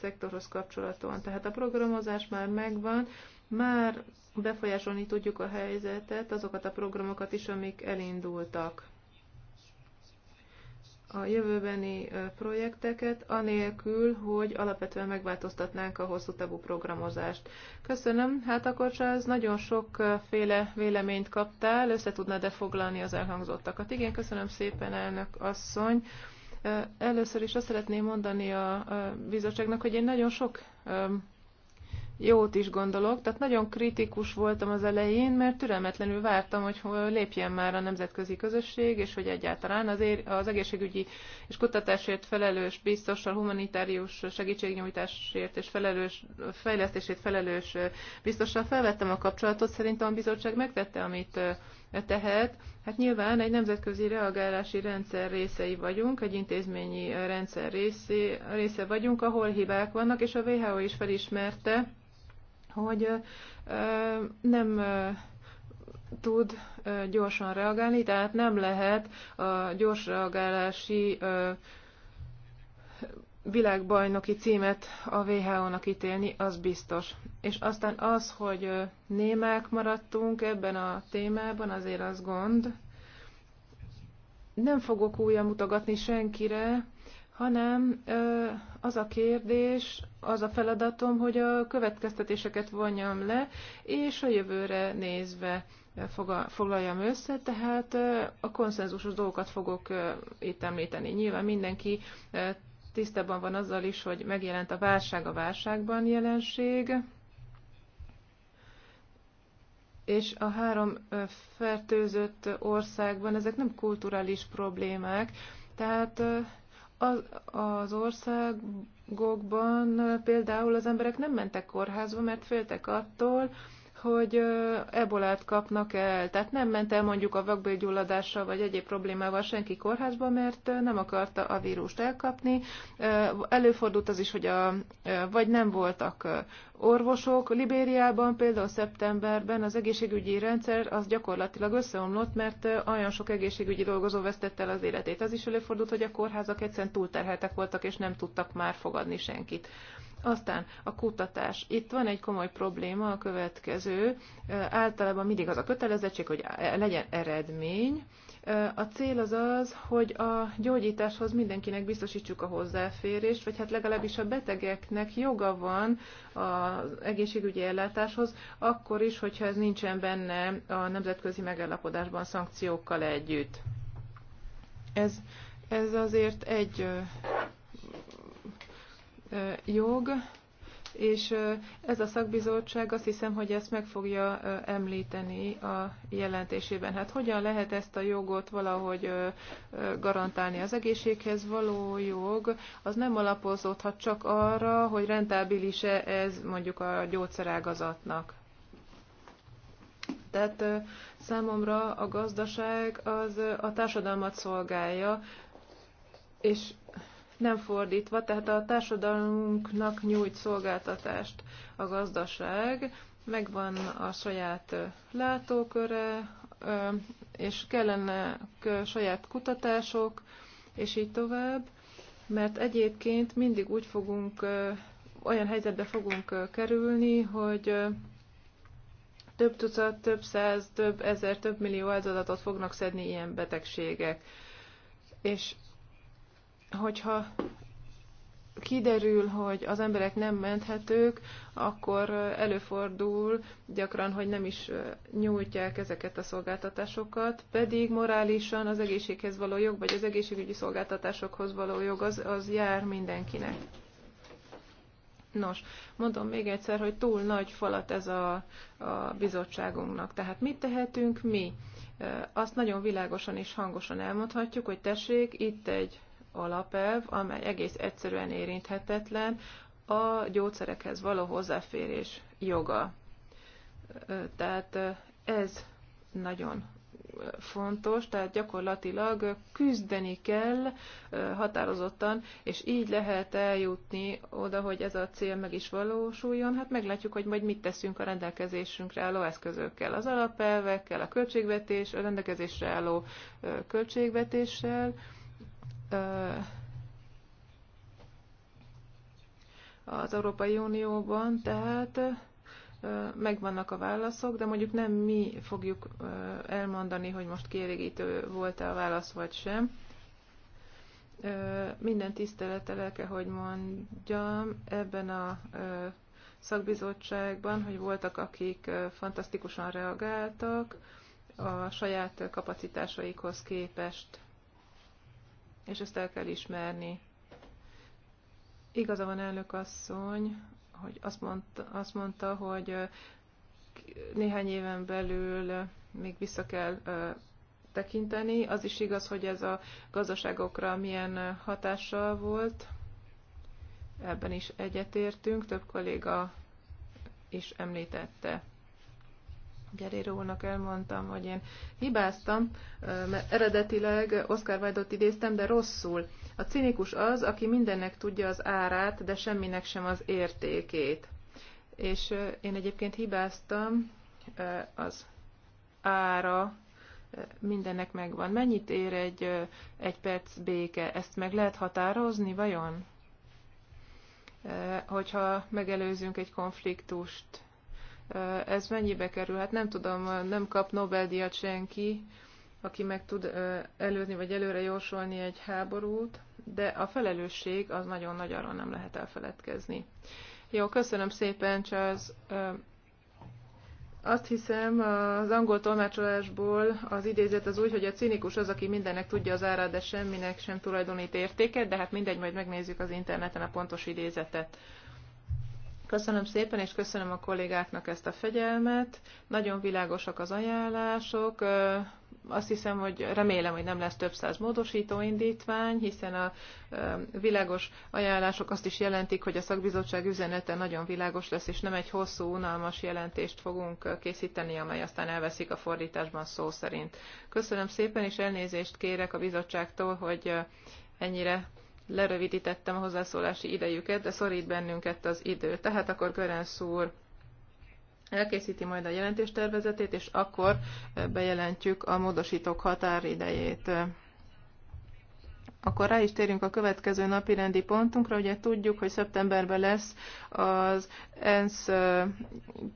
szektorhoz kapcsolatban. Tehát a programozás már megvan, már befolyásolni tudjuk a helyzetet, azokat a programokat is, amik elindultak. A jövőbeni projekteket, anélkül, hogy alapvetően megváltoztatnánk a hosszú távú programozást. Köszönöm. Hát akkor ez nagyon sokféle véleményt kaptál, össze tudnád-e foglalni az elhangzottakat? Igen, köszönöm szépen, elnök asszony. Először is azt szeretném mondani a bizottságnak, hogy én nagyon sok jót is gondolok, tehát nagyon kritikus voltam az elején, mert türelmetlenül vártam, hogy lépjen már a nemzetközi közösség, és hogy egyáltalán az, ér, az egészségügyi és kutatásért felelős, biztossal humanitárius segítségnyújtásért és felelős, fejlesztését felelős biztossal felvettem a kapcsolatot, szerintem a bizottság megtette, amit E tehát hát nyilván egy nemzetközi reagálási rendszer részei vagyunk, egy intézményi rendszer részé, része vagyunk, ahol hibák vannak, és a WHO is felismerte, hogy nem tud gyorsan reagálni, tehát nem lehet a gyors reagálási világbajnoki címet a WHO-nak ítélni, az biztos. És aztán az, hogy némák maradtunk ebben a témában, azért az gond. Nem fogok újra mutogatni senkire, hanem az a kérdés, az a feladatom, hogy a következtetéseket vonjam le, és a jövőre nézve foglaljam össze, tehát a konszenzusos dolgokat fogok itt említeni. Nyilván mindenki tisztában van azzal is, hogy megjelent a válság a válságban jelenség, és a három fertőzött országban ezek nem kulturális problémák, tehát az, országokban például az emberek nem mentek kórházba, mert féltek attól, hogy ebolát kapnak el. Tehát nem ment el mondjuk a vakbőgyulladással vagy egyéb problémával senki kórházba, mert nem akarta a vírust elkapni. Előfordult az is, hogy a, vagy nem voltak orvosok. Libériában például szeptemberben az egészségügyi rendszer az gyakorlatilag összeomlott, mert olyan sok egészségügyi dolgozó vesztette el az életét. Az is előfordult, hogy a kórházak egyszerűen túlterheltek voltak, és nem tudtak már fogadni senkit. Aztán a kutatás. Itt van egy komoly probléma, a következő. Általában mindig az a kötelezettség, hogy legyen eredmény. A cél az az, hogy a gyógyításhoz mindenkinek biztosítsuk a hozzáférést, vagy hát legalábbis a betegeknek joga van az egészségügyi ellátáshoz, akkor is, hogyha ez nincsen benne a nemzetközi megállapodásban szankciókkal együtt. Ez, ez azért egy jog, és ez a szakbizottság azt hiszem, hogy ezt meg fogja említeni a jelentésében. Hát hogyan lehet ezt a jogot valahogy garantálni? Az egészséghez való jog az nem alapozódhat csak arra, hogy rentábilis-e ez mondjuk a gyógyszerágazatnak. Tehát számomra a gazdaság az a társadalmat szolgálja, és nem fordítva, tehát a társadalmunknak nyújt szolgáltatást a gazdaság, megvan a saját látóköre, és kellene saját kutatások, és így tovább, mert egyébként mindig úgy fogunk, olyan helyzetbe fogunk kerülni, hogy több tucat, több száz, több ezer, több millió áldozatot fognak szedni ilyen betegségek. És hogyha kiderül, hogy az emberek nem menthetők, akkor előfordul gyakran, hogy nem is nyújtják ezeket a szolgáltatásokat, pedig morálisan az egészséghez való jog, vagy az egészségügyi szolgáltatásokhoz való jog az, az jár mindenkinek. Nos, mondom még egyszer, hogy túl nagy falat ez a, a bizottságunknak. Tehát mit tehetünk mi? Azt nagyon világosan és hangosan elmondhatjuk, hogy tessék, itt egy alapelv, amely egész egyszerűen érinthetetlen, a gyógyszerekhez való hozzáférés joga. Tehát ez nagyon fontos, tehát gyakorlatilag küzdeni kell határozottan, és így lehet eljutni oda, hogy ez a cél meg is valósuljon. Hát meglátjuk, hogy majd mit teszünk a rendelkezésünkre álló eszközökkel, az alapelvekkel, a költségvetés, a rendelkezésre álló költségvetéssel, az Európai Unióban, tehát megvannak a válaszok, de mondjuk nem mi fogjuk elmondani, hogy most kielégítő volt-e a válasz vagy sem. Minden tisztelettel el kell, hogy mondjam, ebben a szakbizottságban, hogy voltak, akik fantasztikusan reagáltak a saját kapacitásaikhoz képest és ezt el kell ismerni. Igaza van elnök asszony, hogy azt mondta, azt mondta hogy néhány éven belül még vissza kell tekinteni. Az is igaz, hogy ez a gazdaságokra milyen hatással volt. Ebben is egyetértünk, több kolléga is említette. Gerér úrnak elmondtam, hogy én hibáztam, mert eredetileg Oscar Wilde-ot idéztem, de rosszul. A cinikus az, aki mindennek tudja az árát, de semminek sem az értékét. És én egyébként hibáztam, az ára mindennek megvan. Mennyit ér egy, egy perc béke? Ezt meg lehet határozni, vajon? Hogyha megelőzünk egy konfliktust, ez mennyibe kerül? Hát nem tudom, nem kap Nobel-díjat senki, aki meg tud előzni vagy előre jósolni egy háborút, de a felelősség az nagyon nagy, arról nem lehet elfeledkezni. Jó, köszönöm szépen, Charles. Azt hiszem, az angol tolmácsolásból az idézet az úgy, hogy a cinikus az, aki mindennek tudja az árát, de semminek sem tulajdonít értéket, de hát mindegy, majd megnézzük az interneten a pontos idézetet. Köszönöm szépen, és köszönöm a kollégáknak ezt a fegyelmet. Nagyon világosak az ajánlások. Azt hiszem, hogy remélem, hogy nem lesz több száz módosító indítvány, hiszen a világos ajánlások azt is jelentik, hogy a szakbizottság üzenete nagyon világos lesz, és nem egy hosszú, unalmas jelentést fogunk készíteni, amely aztán elveszik a fordításban szó szerint. Köszönöm szépen, és elnézést kérek a bizottságtól, hogy ennyire lerövidítettem a hozzászólási idejüket, de szorít bennünket az idő. Tehát akkor Görensz úr elkészíti majd a jelentéstervezetét, és akkor bejelentjük a módosítók határidejét. Akkor rá is térünk a következő napi rendi pontunkra. Ugye tudjuk, hogy szeptemberben lesz az ENSZ,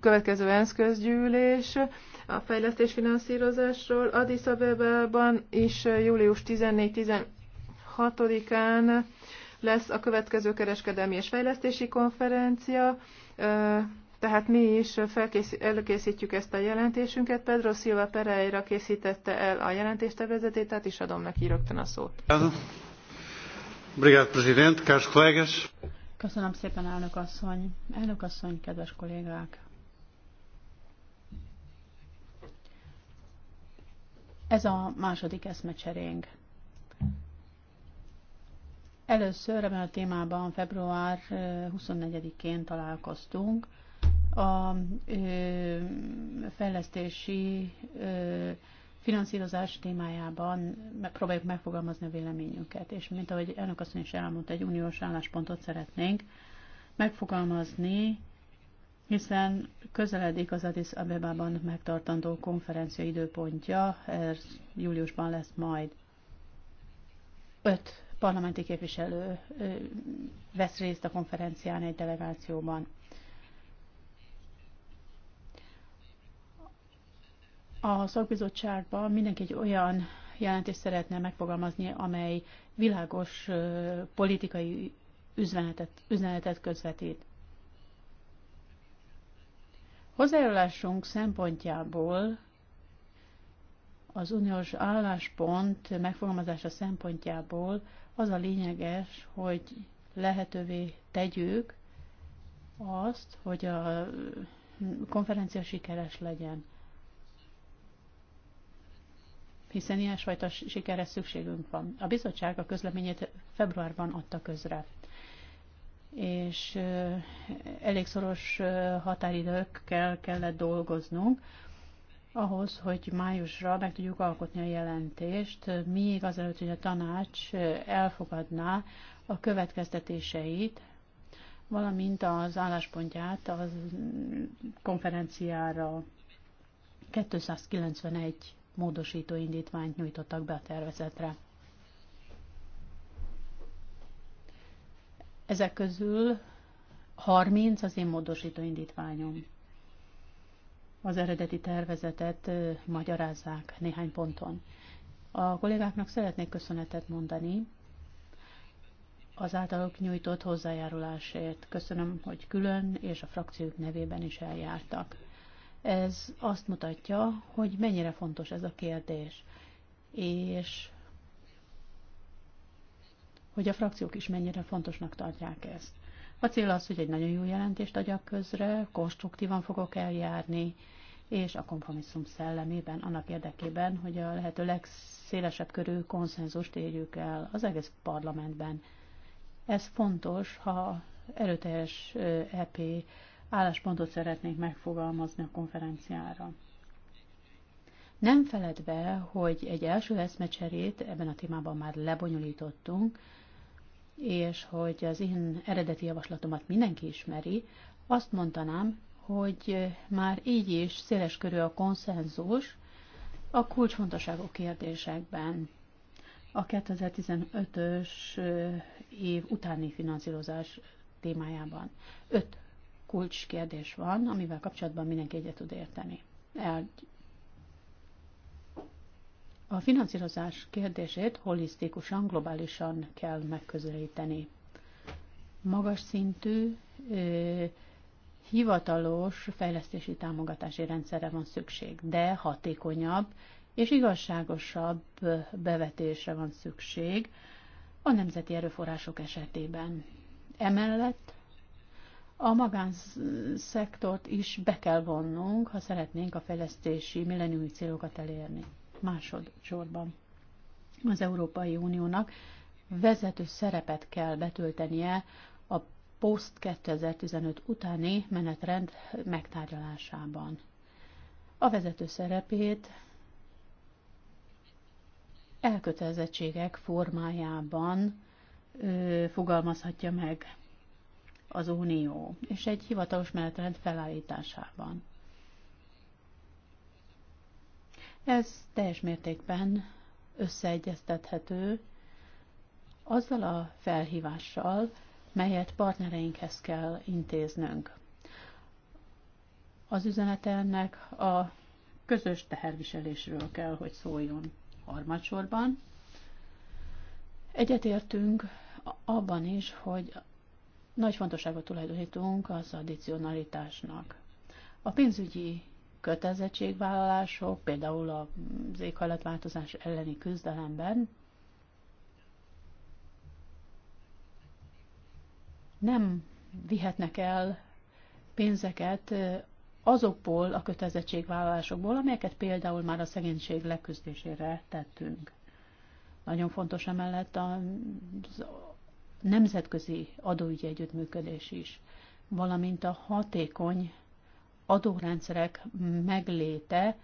következő ENSZ közgyűlés a fejlesztésfinanszírozásról. Addis Abebában is július 14 6-án lesz a következő kereskedelmi és fejlesztési konferencia, tehát mi is előkészítjük ezt a jelentésünket. Pedro Silva Pereira készítette el a jelentéstevezetét, tehát is adom neki rögtön a szót. Köszönöm szépen, elnök asszony. Elnök asszony, kedves kollégák! Ez a második eszmecserénk. Először ebben a témában február 24-én találkoztunk. A fejlesztési finanszírozás témájában próbáljuk megfogalmazni a véleményünket, és mint ahogy elnök asszony is elmondta, egy uniós álláspontot szeretnénk megfogalmazni, hiszen közeledik az Addis Abebában megtartandó konferencia időpontja, ez júliusban lesz majd. Öt parlamenti képviselő vesz részt a konferencián egy delegációban. A szakbizottságban mindenki egy olyan jelentést szeretne megfogalmazni, amely világos politikai üzenetet, üzenetet közvetít. Hozzájárulásunk szempontjából az uniós álláspont megfogalmazása szempontjából az a lényeges, hogy lehetővé tegyük azt, hogy a konferencia sikeres legyen. Hiszen ilyesfajta sikerre szükségünk van. A bizottság a közleményét februárban adta közre és elég szoros határidőkkel kellett dolgoznunk, ahhoz, hogy májusra meg tudjuk alkotni a jelentést, még azelőtt, hogy a tanács elfogadná a következtetéseit, valamint az álláspontját a konferenciára 291 módosító indítványt nyújtottak be a tervezetre. Ezek közül 30 az én módosító indítványom az eredeti tervezetet magyarázzák néhány ponton. A kollégáknak szeretnék köszönetet mondani az általuk nyújtott hozzájárulásért. Köszönöm, hogy külön és a frakciók nevében is eljártak. Ez azt mutatja, hogy mennyire fontos ez a kérdés, és hogy a frakciók is mennyire fontosnak tartják ezt. A cél az, hogy egy nagyon jó jelentést adjak közre, konstruktívan fogok eljárni, és a kompromisszum szellemében, annak érdekében, hogy a lehető legszélesebb körű konszenzust érjük el az egész parlamentben. Ez fontos, ha erőteljes EP álláspontot szeretnénk megfogalmazni a konferenciára. Nem feledve, hogy egy első eszmecserét ebben a témában már lebonyolítottunk, és hogy az én eredeti javaslatomat mindenki ismeri, azt mondanám, hogy már így is széles körű a konszenzus a kulcsfontosságú kérdésekben. A 2015-ös év utáni finanszírozás témájában öt kulcskérdés van, amivel kapcsolatban mindenki egyet tud érteni. El, a finanszírozás kérdését holisztikusan, globálisan kell megközelíteni. Magas szintű, hivatalos fejlesztési támogatási rendszerre van szükség, de hatékonyabb és igazságosabb bevetésre van szükség a nemzeti erőforrások esetében. Emellett a magánszektort is be kell vonnunk, ha szeretnénk a fejlesztési milleniumi célokat elérni. Másodszorban az Európai Uniónak vezető szerepet kell betöltenie post 2015 utáni menetrend megtárgyalásában. A vezető szerepét elkötelezettségek formájában ö, fogalmazhatja meg az Unió, és egy hivatalos menetrend felállításában. Ez teljes mértékben összeegyeztethető azzal a felhívással, melyet partnereinkhez kell intéznünk. Az üzenete ennek a közös teherviselésről kell, hogy szóljon harmadsorban. Egyetértünk abban is, hogy nagy fontosságot tulajdonítunk az addicionalitásnak. A pénzügyi kötelezettségvállalások, például az éghajlatváltozás elleni küzdelemben nem vihetnek el pénzeket azokból a kötelezettségvállalásokból, amelyeket például már a szegénység leküzdésére tettünk. Nagyon fontos emellett a nemzetközi adóügyi együttműködés is, valamint a hatékony adórendszerek megléte,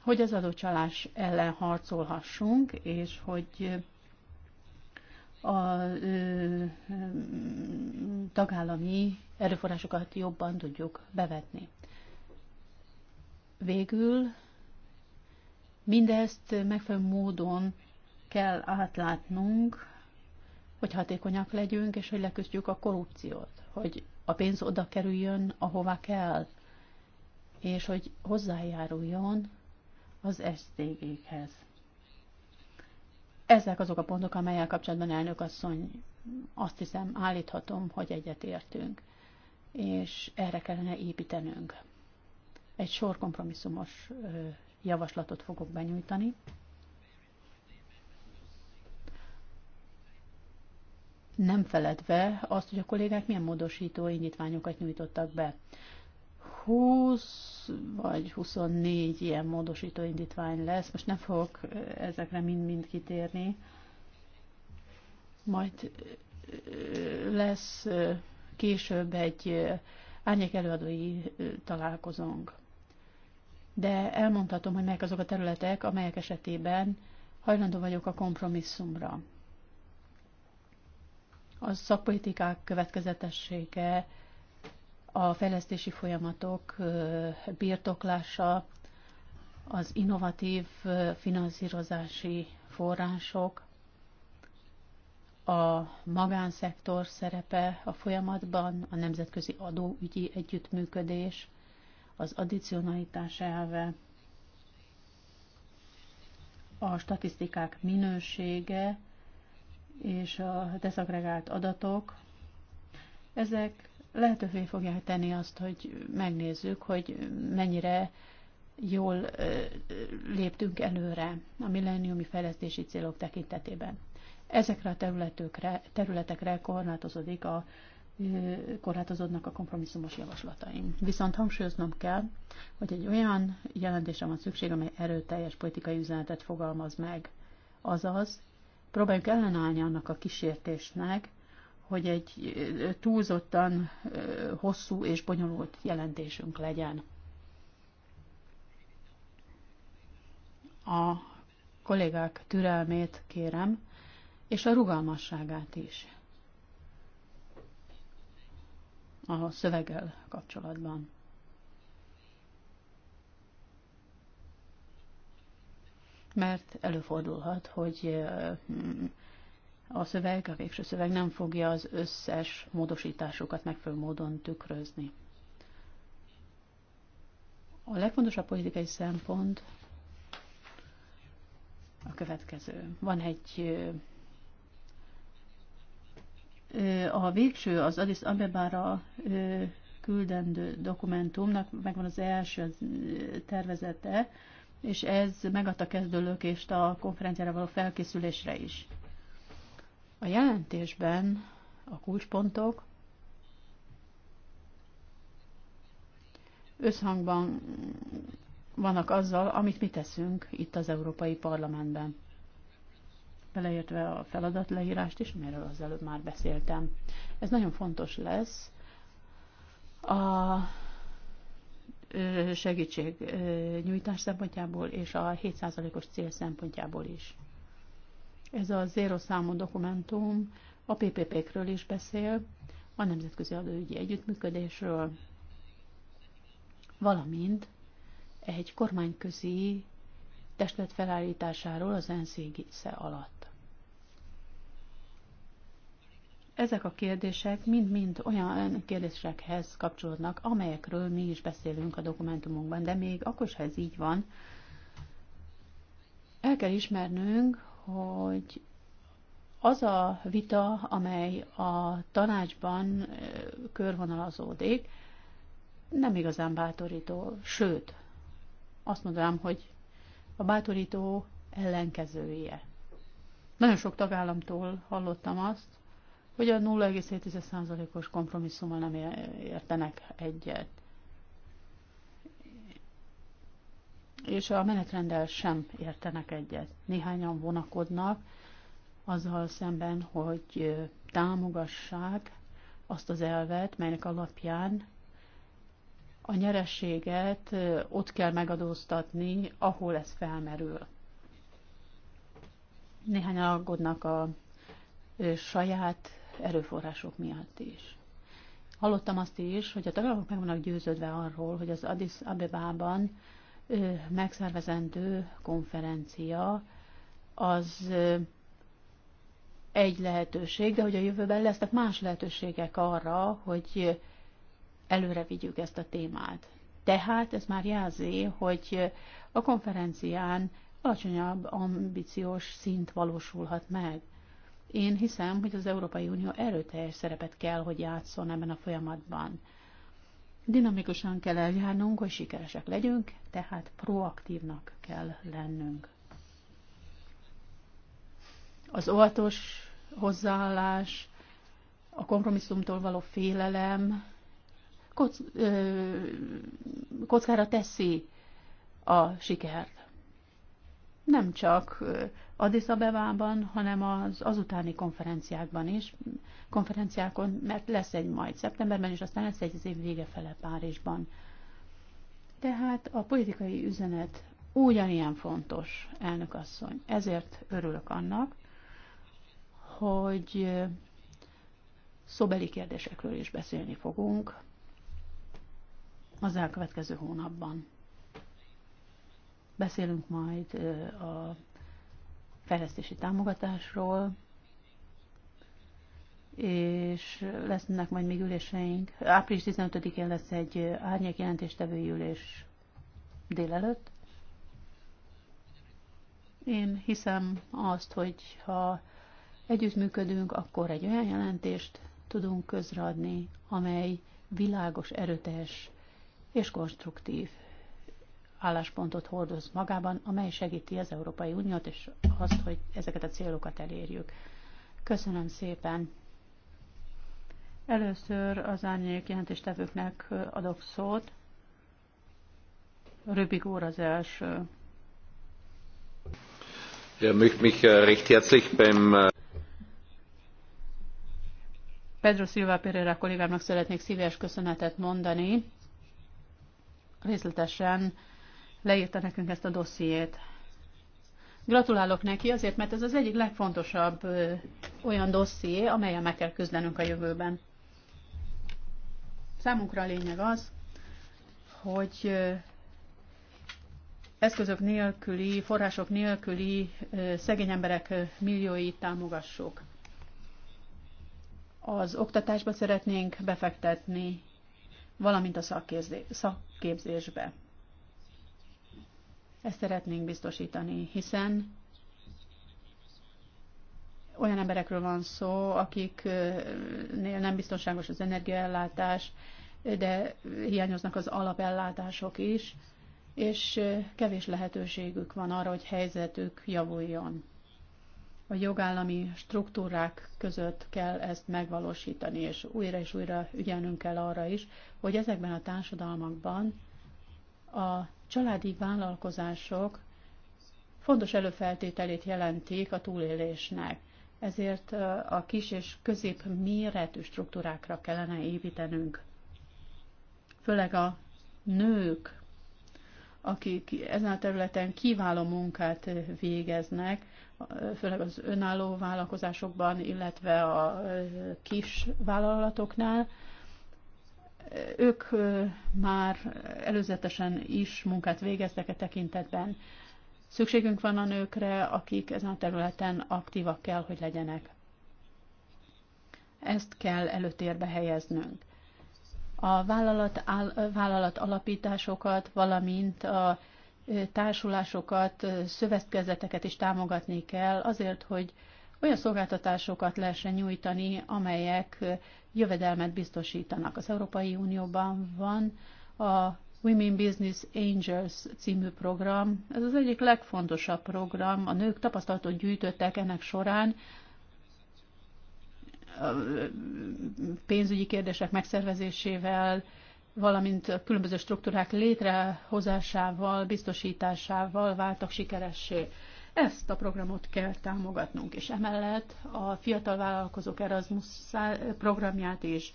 hogy az adócsalás ellen harcolhassunk, és hogy a ö, tagállami erőforrásokat jobban tudjuk bevetni. Végül mindezt megfelelő módon kell átlátnunk, hogy hatékonyak legyünk, és hogy leküzdjük a korrupciót, hogy a pénz oda kerüljön, ahová kell, és hogy hozzájáruljon az sztg khez ezek azok a pontok, amelyel kapcsolatban elnök asszony azt hiszem állíthatom, hogy egyetértünk, és erre kellene építenünk. Egy sor kompromisszumos javaslatot fogok benyújtani. Nem feledve azt, hogy a kollégák milyen módosító indítványokat nyújtottak be. 20 vagy 24 ilyen módosító indítvány lesz. Most nem fogok ezekre mind-mind kitérni. Majd lesz később egy árnyék előadói találkozónk. De elmondhatom, hogy melyek azok a területek, amelyek esetében hajlandó vagyok a kompromisszumra. A szakpolitikák következetessége a fejlesztési folyamatok birtoklása, az innovatív finanszírozási források, a magánszektor szerepe a folyamatban, a nemzetközi adóügyi együttműködés, az addicionalitás elve, a statisztikák minősége és a deszagregált adatok. Ezek lehetővé fogják tenni azt, hogy megnézzük, hogy mennyire jól léptünk előre a milleniumi fejlesztési célok tekintetében. Ezekre a területekre, területekre korlátozódik a, korlátozódnak a kompromisszumos javaslataim. Viszont hangsúlyoznom kell, hogy egy olyan jelentésre van szükség, amely erőteljes politikai üzenetet fogalmaz meg. Azaz, próbáljuk ellenállni annak a kísértésnek, hogy egy túlzottan hosszú és bonyolult jelentésünk legyen. A kollégák türelmét kérem, és a rugalmasságát is a szöveggel kapcsolatban. Mert előfordulhat, hogy a szöveg, a végső szöveg nem fogja az összes módosításokat megfelelő módon tükrözni. A legfontosabb politikai szempont a következő. Van egy a végső, az Addis Abebára küldendő dokumentumnak megvan az első tervezete, és ez megadta kezdőlökést a konferenciára való felkészülésre is. A jelentésben a kulcspontok összhangban vannak azzal, amit mi teszünk itt az Európai Parlamentben. Beleértve a feladatleírást is, amiről az előbb már beszéltem. Ez nagyon fontos lesz a segítség nyújtás szempontjából és a 7%-os cél szempontjából is. Ez a zéro számú dokumentum a PPP-kről is beszél, a Nemzetközi Adóügyi Együttműködésről, valamint egy kormányközi testület felállításáról az ENSZ égisze alatt. Ezek a kérdések mind-mind olyan kérdésekhez kapcsolódnak, amelyekről mi is beszélünk a dokumentumunkban, de még akkor, ha ez így van, el kell ismernünk, hogy az a vita, amely a tanácsban körvonalazódik, nem igazán bátorító, sőt, azt mondanám, hogy a bátorító ellenkezője. Nagyon sok tagállamtól hallottam azt, hogy a 0,7%-os kompromisszummal nem értenek egyet. és a menetrendel sem értenek egyet. Néhányan vonakodnak azzal szemben, hogy támogassák azt az elvet, melynek alapján a nyerességet ott kell megadóztatni, ahol ez felmerül. Néhányan aggódnak a saját erőforrások miatt is. Hallottam azt is, hogy a tagállamok meg vannak győződve arról, hogy az Addis Abebában megszervezendő konferencia az egy lehetőség, de hogy a jövőben lesznek más lehetőségek arra, hogy előre vigyük ezt a témát. Tehát ez már jelzi, hogy a konferencián alacsonyabb ambiciós szint valósulhat meg. Én hiszem, hogy az Európai Unió erőteljes szerepet kell, hogy játszon ebben a folyamatban. Dinamikusan kell eljárnunk, hogy sikeresek legyünk, tehát proaktívnak kell lennünk. Az óvatos hozzáállás, a kompromisszumtól való félelem kock, ö, kockára teszi a sikert. Nem csak Addis Abebában, hanem az azutáni konferenciákban is, konferenciákon, mert lesz egy majd szeptemberben, és aztán lesz egy az év vége fele Párizsban. Tehát a politikai üzenet ugyanilyen fontos, elnök asszony. Ezért örülök annak, hogy szobeli kérdésekről is beszélni fogunk az elkövetkező hónapban. Beszélünk majd a fejlesztési támogatásról, és lesznek majd még üléseink. Április 15-én lesz egy árnyék jelentéstevői ülés délelőtt. Én hiszem azt, hogy ha együttműködünk, akkor egy olyan jelentést tudunk közradni, amely világos, erőtes és konstruktív álláspontot hordoz magában, amely segíti az Európai Uniót és azt, hogy ezeket a célokat elérjük. Köszönöm szépen! Először az árnyék jelentéstevőknek adok szót. Rübig úr az első. Ja, mich, mich äh, recht herzlich beim äh, Pedro Silva Pereira kollégámnak szeretnék szíves köszönetet mondani. Részletesen leírta nekünk ezt a dossziét. Gratulálok neki azért, mert ez az egyik legfontosabb olyan dosszié, amelyen meg kell küzdenünk a jövőben. Számunkra a lényeg az, hogy eszközök nélküli, források nélküli szegény emberek millióit támogassuk. Az oktatásba szeretnénk befektetni, valamint a szakképzésbe. Ezt szeretnénk biztosítani, hiszen olyan emberekről van szó, akiknél nem biztonságos az energiaellátás, de hiányoznak az alapellátások is, és kevés lehetőségük van arra, hogy helyzetük javuljon. A jogállami struktúrák között kell ezt megvalósítani, és újra és újra ügyelnünk kell arra is, hogy ezekben a társadalmakban a családi vállalkozások fontos előfeltételét jelentik a túlélésnek. Ezért a kis és közép méretű struktúrákra kellene építenünk. Főleg a nők, akik ezen a területen kiváló munkát végeznek, főleg az önálló vállalkozásokban, illetve a kis vállalatoknál, ők már előzetesen is munkát végeztek e tekintetben. Szükségünk van a nőkre, akik ezen a területen aktívak kell, hogy legyenek. Ezt kell előtérbe helyeznünk. A vállalat, áll, vállalat alapításokat, valamint a társulásokat, szövetkezeteket is támogatni kell azért, hogy olyan szolgáltatásokat lehessen nyújtani, amelyek jövedelmet biztosítanak. Az Európai Unióban van a Women Business Angels című program. Ez az egyik legfontosabb program. A nők tapasztalatot gyűjtöttek ennek során, pénzügyi kérdések megszervezésével, valamint különböző struktúrák létrehozásával, biztosításával váltak sikeressé. Ezt a programot kell támogatnunk, és emellett a Fiatal Vállalkozók Erasmus programját is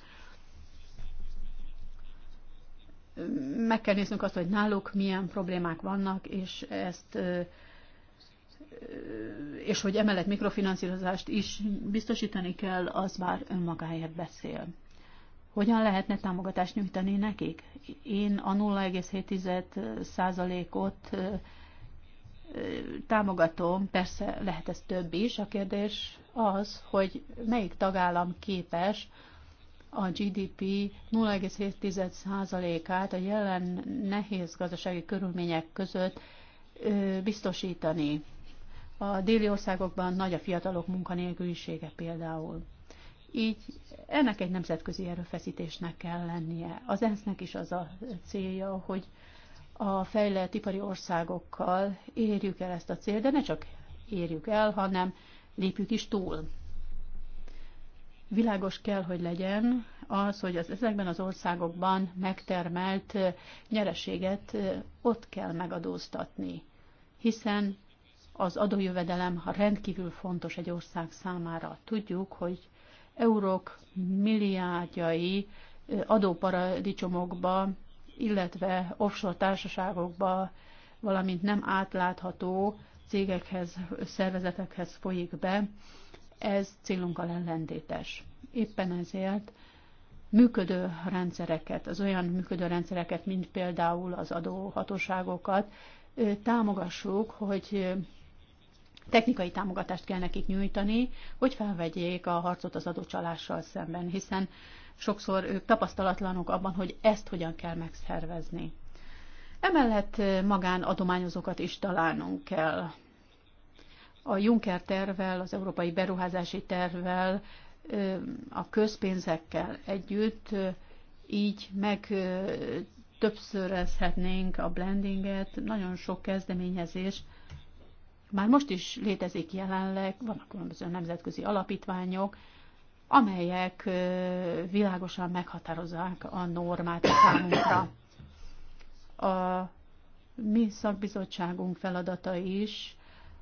meg kell néznünk azt, hogy náluk milyen problémák vannak, és ezt és hogy emellett mikrofinanszírozást is biztosítani kell, az már önmagáért beszél. Hogyan lehetne támogatást nyújtani nekik? Én a 0,7%-ot támogatom, persze lehet ez több is, a kérdés az, hogy melyik tagállam képes a GDP 0,7%-át a jelen nehéz gazdasági körülmények között biztosítani. A déli országokban nagy a fiatalok munkanélkülisége például. Így ennek egy nemzetközi erőfeszítésnek kell lennie. Az ENSZ-nek is az a célja, hogy a fejlett ipari országokkal érjük el ezt a célt, de ne csak érjük el, hanem lépjük is túl. Világos kell, hogy legyen az, hogy az ezekben az országokban megtermelt nyereséget ott kell megadóztatni, hiszen az adójövedelem rendkívül fontos egy ország számára. Tudjuk, hogy eurók milliárdjai adóparadicsomokba illetve offshore társaságokba, valamint nem átlátható cégekhez, szervezetekhez folyik be, ez célunkkal ellentétes. Éppen ezért működő rendszereket, az olyan működő rendszereket, mint például az adóhatóságokat, támogassuk, hogy technikai támogatást kell nekik nyújtani, hogy felvegyék a harcot az adócsalással szemben, hiszen sokszor ők tapasztalatlanok abban, hogy ezt hogyan kell megszervezni. Emellett magánadományozókat is találnunk kell. A Juncker tervvel, az Európai Beruházási tervvel, a közpénzekkel együtt így meg többszörözhetnénk a blendinget, nagyon sok kezdeményezés. Már most is létezik jelenleg, vannak különböző nemzetközi alapítványok, amelyek világosan meghatározzák a normát a számunkra. A mi szakbizottságunk feladata is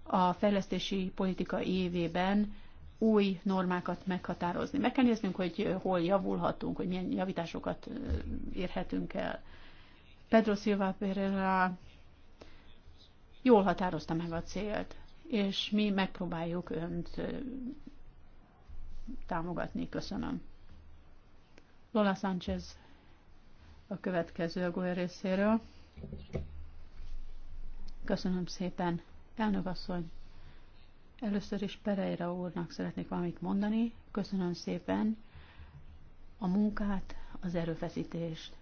a fejlesztési politika évében új normákat meghatározni. Meg kell néznünk, hogy hol javulhatunk, hogy milyen javításokat érhetünk el. Pedro Silva Pereira jól határozta meg a célt, és mi megpróbáljuk önt támogatni. Köszönöm. Lola Sánchez a következő a GUE részéről. Köszönöm szépen. Elnök asszony, először is Pereira úrnak szeretnék valamit mondani. Köszönöm szépen a munkát, az erőfeszítést.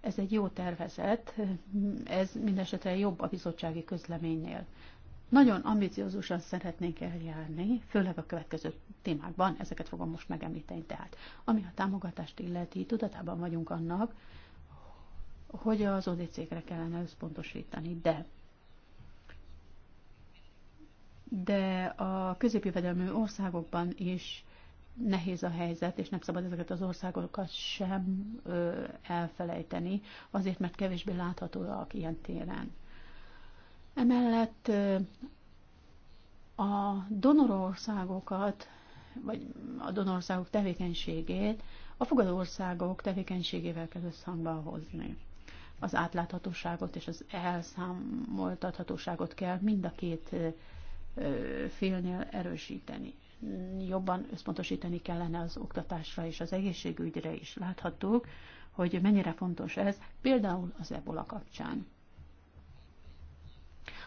Ez egy jó tervezet, ez mindesetre jobb a bizottsági közleménynél. Nagyon ambiciózusan szeretnénk eljárni, főleg a következő témákban, ezeket fogom most megemlíteni. Tehát, ami a támogatást illeti, tudatában vagyunk annak, hogy az ODC-kre kellene összpontosítani, de de a középjövedelmű országokban is nehéz a helyzet, és nem szabad ezeket az országokat sem ö, elfelejteni, azért mert kevésbé láthatóak ilyen téren. Emellett a donorországokat, vagy a donorországok tevékenységét a fogadóországok tevékenységével kell összhangba hozni. Az átláthatóságot és az elszámoltathatóságot kell mind a két félnél erősíteni. Jobban összpontosítani kellene az oktatásra és az egészségügyre is. Láthattuk, hogy mennyire fontos ez, például az ebola kapcsán.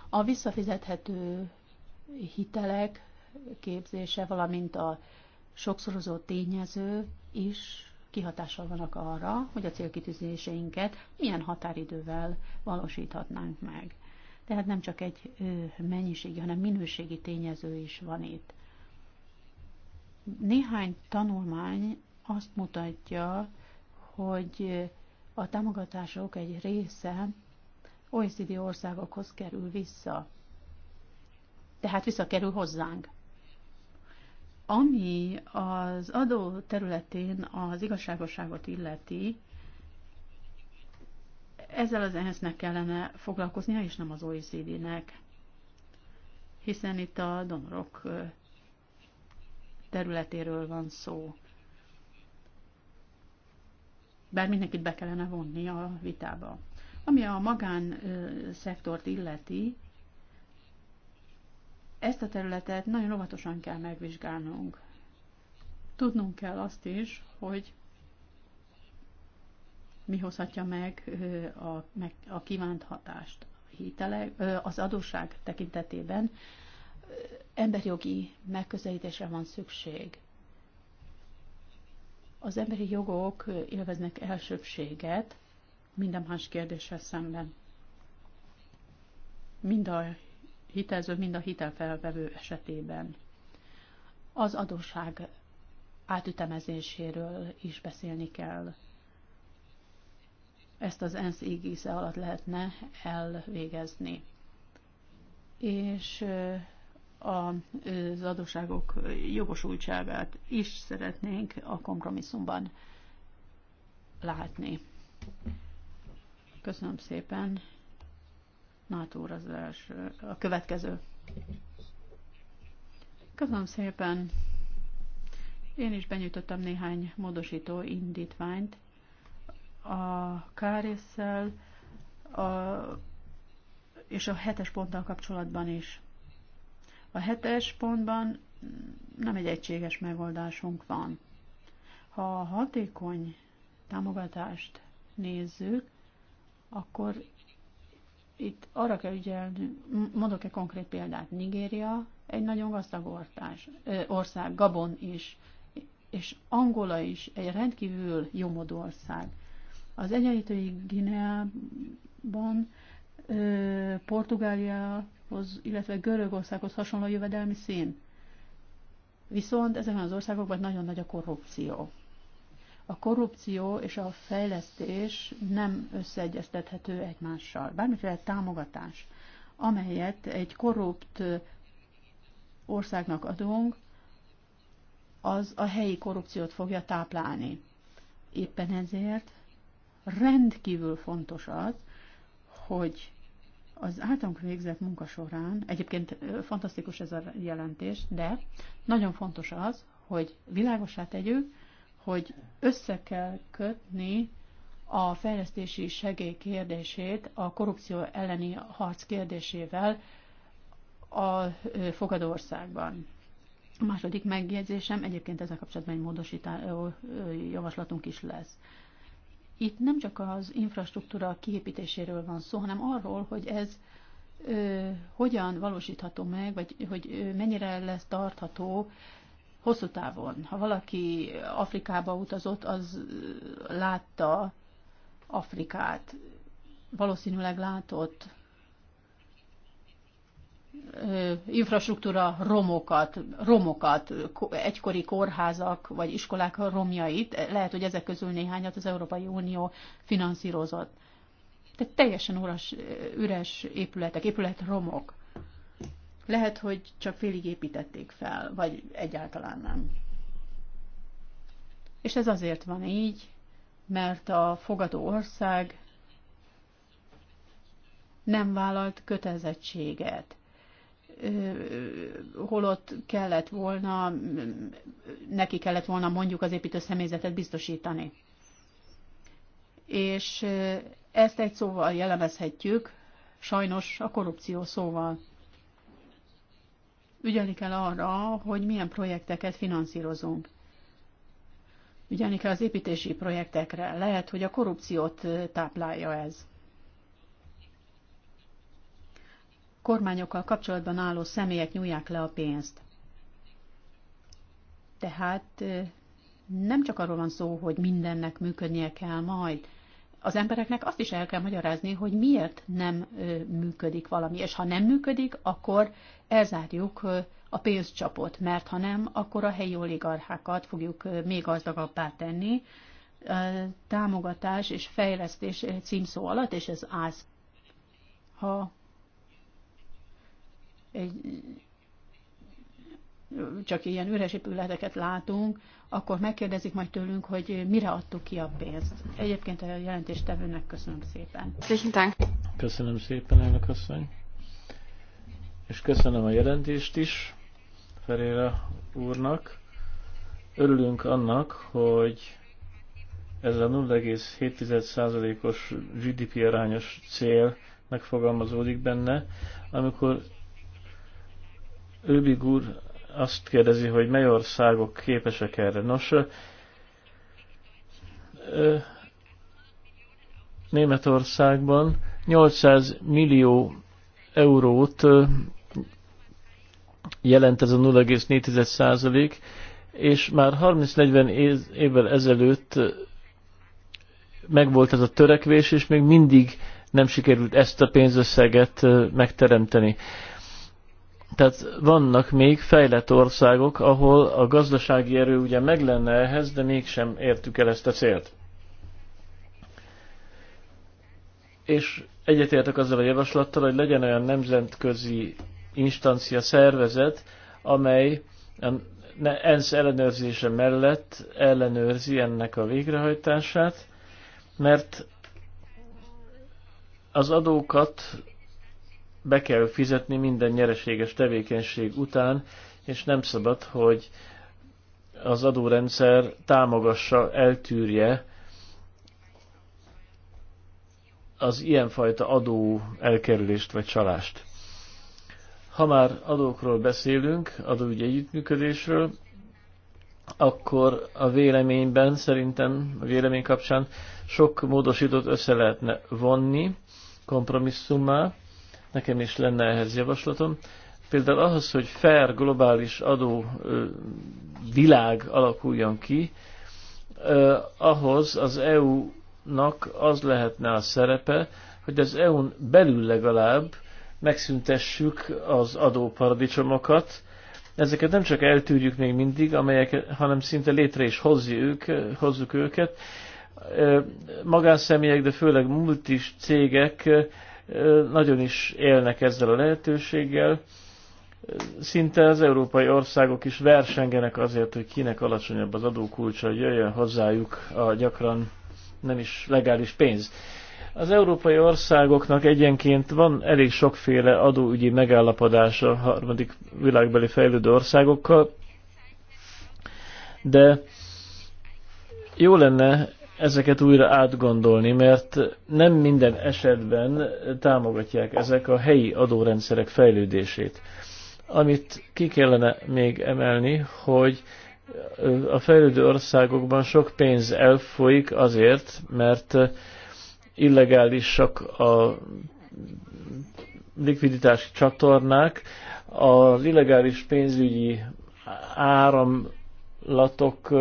A visszafizethető hitelek képzése, valamint a sokszorozó tényező is kihatással vannak arra, hogy a célkitűzéseinket milyen határidővel valósíthatnánk meg. Tehát nem csak egy mennyiségi, hanem minőségi tényező is van itt. Néhány tanulmány azt mutatja, hogy a támogatások egy része OECD országokhoz kerül vissza. Tehát visszakerül hozzánk. Ami az adó területén az igazságosságot illeti, ezzel az ensz kellene foglalkoznia, és nem az OECD-nek. Hiszen itt a donorok területéről van szó. Bár mindenkit be kellene vonni a vitába. Ami a szektort illeti, ezt a területet nagyon óvatosan kell megvizsgálnunk. Tudnunk kell azt is, hogy mi hozhatja meg a, meg a kívánt hatást hitele, az adósság tekintetében. Emberjogi megközelítésre van szükség. Az emberi jogok élveznek elsőbséget, minden más kérdéssel szemben. Mind a hitelző, mind a hitelfelvevő esetében. Az adósság átütemezéséről is beszélni kell. Ezt az ENSZ égisze alatt lehetne elvégezni. És az adósságok jogosultságát is szeretnénk a kompromisszumban látni. Köszönöm szépen. Nátúr az első, a következő. Köszönöm szépen. Én is benyújtottam néhány módosító indítványt a kárészel a, és a hetes ponttal kapcsolatban is. A hetes pontban nem egy egységes megoldásunk van. Ha a hatékony támogatást nézzük, akkor itt arra kell ügyelni, mondok egy konkrét példát, Nigéria egy nagyon gazdag ortás, ország, Gabon is, és Angola is egy rendkívül jomodó ország. Az egyenlítői Gineában Portugáliához, illetve Görögországhoz hasonló jövedelmi szín. Viszont ezekben az országokban nagyon nagy a korrupció. A korrupció és a fejlesztés nem összeegyeztethető egymással. Bármiféle támogatás, amelyet egy korrupt országnak adunk, az a helyi korrupciót fogja táplálni. Éppen ezért rendkívül fontos az, hogy az általunk végzett munka során, egyébként fantasztikus ez a jelentés, de nagyon fontos az, hogy világosá tegyük, hogy össze kell kötni a fejlesztési segély kérdését a korrupció elleni harc kérdésével a fogadóországban. A második megjegyzésem, egyébként ezzel kapcsolatban egy módosító javaslatunk is lesz. Itt nem csak az infrastruktúra kiépítéséről van szó, hanem arról, hogy ez ö, hogyan valósítható meg, vagy hogy ö, mennyire lesz tartható hosszú távon. Ha valaki Afrikába utazott, az látta Afrikát. Valószínűleg látott infrastruktúra romokat, romokat, egykori kórházak vagy iskolák romjait, lehet, hogy ezek közül néhányat az Európai Unió finanszírozott. Tehát teljesen uras, üres épületek, épület romok. Lehet, hogy csak félig építették fel, vagy egyáltalán nem. És ez azért van így, mert a fogadó ország nem vállalt kötelezettséget, holott kellett volna, neki kellett volna mondjuk az építő személyzetet biztosítani. És ezt egy szóval jellemezhetjük, sajnos a korrupció szóval ügyelni kell arra, hogy milyen projekteket finanszírozunk. Ügyelni kell az építési projektekre. Lehet, hogy a korrupciót táplálja ez. Kormányokkal kapcsolatban álló személyek nyúlják le a pénzt. Tehát nem csak arról van szó, hogy mindennek működnie kell majd, az embereknek azt is el kell magyarázni, hogy miért nem működik valami, és ha nem működik, akkor elzárjuk a pénzcsapot, mert ha nem, akkor a helyi oligarchákat fogjuk még gazdagabbá tenni, támogatás és fejlesztés címszó alatt, és ez az, Ha egy csak ilyen üres épületeket látunk, akkor megkérdezik majd tőlünk, hogy mire adtuk ki a pénzt. Egyébként a jelentéstevőnek köszönöm szépen. Köszönöm szépen, elnök asszony. És köszönöm a jelentést is Ferére úrnak. Örülünk annak, hogy ez a 0,7%-os GDP arányos cél megfogalmazódik benne, amikor Öbig úr azt kérdezi, hogy mely országok képesek erre. Nos, Németországban 800 millió eurót jelent ez a 0,4 százalék, és már 30-40 évvel ezelőtt megvolt ez a törekvés, és még mindig nem sikerült ezt a pénzösszeget megteremteni. Tehát vannak még fejlett országok, ahol a gazdasági erő ugye meg lenne ehhez, de mégsem értük el ezt a célt. És egyetértek azzal a javaslattal, hogy legyen olyan nemzetközi instancia szervezet, amely a ENSZ ellenőrzése mellett ellenőrzi ennek a végrehajtását, mert az adókat be kell fizetni minden nyereséges tevékenység után, és nem szabad, hogy az adórendszer támogassa, eltűrje az ilyenfajta adó elkerülést vagy csalást. Ha már adókról beszélünk, adóügyi együttműködésről, akkor a véleményben szerintem, a vélemény kapcsán sok módosítót össze lehetne vonni kompromisszummal, Nekem is lenne ehhez javaslatom. Például ahhoz, hogy fair globális adó világ alakuljon ki, ahhoz az EU-nak az lehetne a szerepe, hogy az EU-n belül legalább megszüntessük az adóparadicsomokat. Ezeket nem csak eltűrjük még mindig, amelyek, hanem szinte létre is hozzuk, hozzuk őket. Magánszemélyek, de főleg multis cégek nagyon is élnek ezzel a lehetőséggel. Szinte az európai országok is versengenek azért, hogy kinek alacsonyabb az adókulcsa, hogy jöjjön hozzájuk a gyakran nem is legális pénz. Az európai országoknak egyenként van elég sokféle adóügyi megállapodása a harmadik világbeli fejlődő országokkal, de jó lenne ezeket újra átgondolni, mert nem minden esetben támogatják ezek a helyi adórendszerek fejlődését. Amit ki kellene még emelni, hogy a fejlődő országokban sok pénz elfolyik azért, mert illegálisak a likviditási csatornák, az illegális pénzügyi áramlatok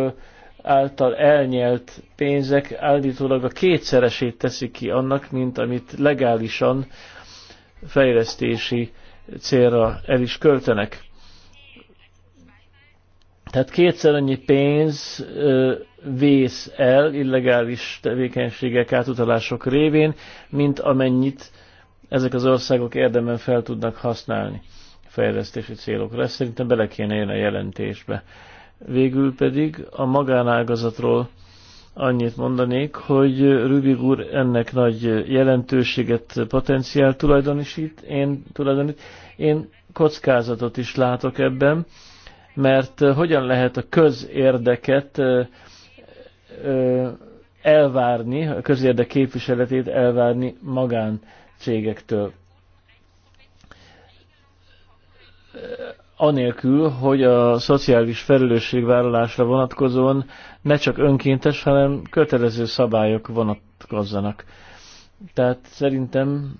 által elnyelt pénzek állítólag a kétszeresét teszik ki annak, mint amit legálisan fejlesztési célra el is költenek. Tehát kétszer annyi pénz ö, vész el illegális tevékenységek átutalások révén, mint amennyit ezek az országok érdemben fel tudnak használni fejlesztési célokra. Ezt szerintem bele kéne jön a jelentésbe. Végül pedig a magánágazatról annyit mondanék, hogy Rübig úr ennek nagy jelentőséget, potenciál tulajdonít, én, tulajdonít. én kockázatot is látok ebben, mert eh, hogyan lehet a közérdeket eh, eh, elvárni, a közérdek képviseletét elvárni magáncégektől anélkül, hogy a szociális felelősségvállalásra vonatkozóan ne csak önkéntes, hanem kötelező szabályok vonatkozzanak. Tehát szerintem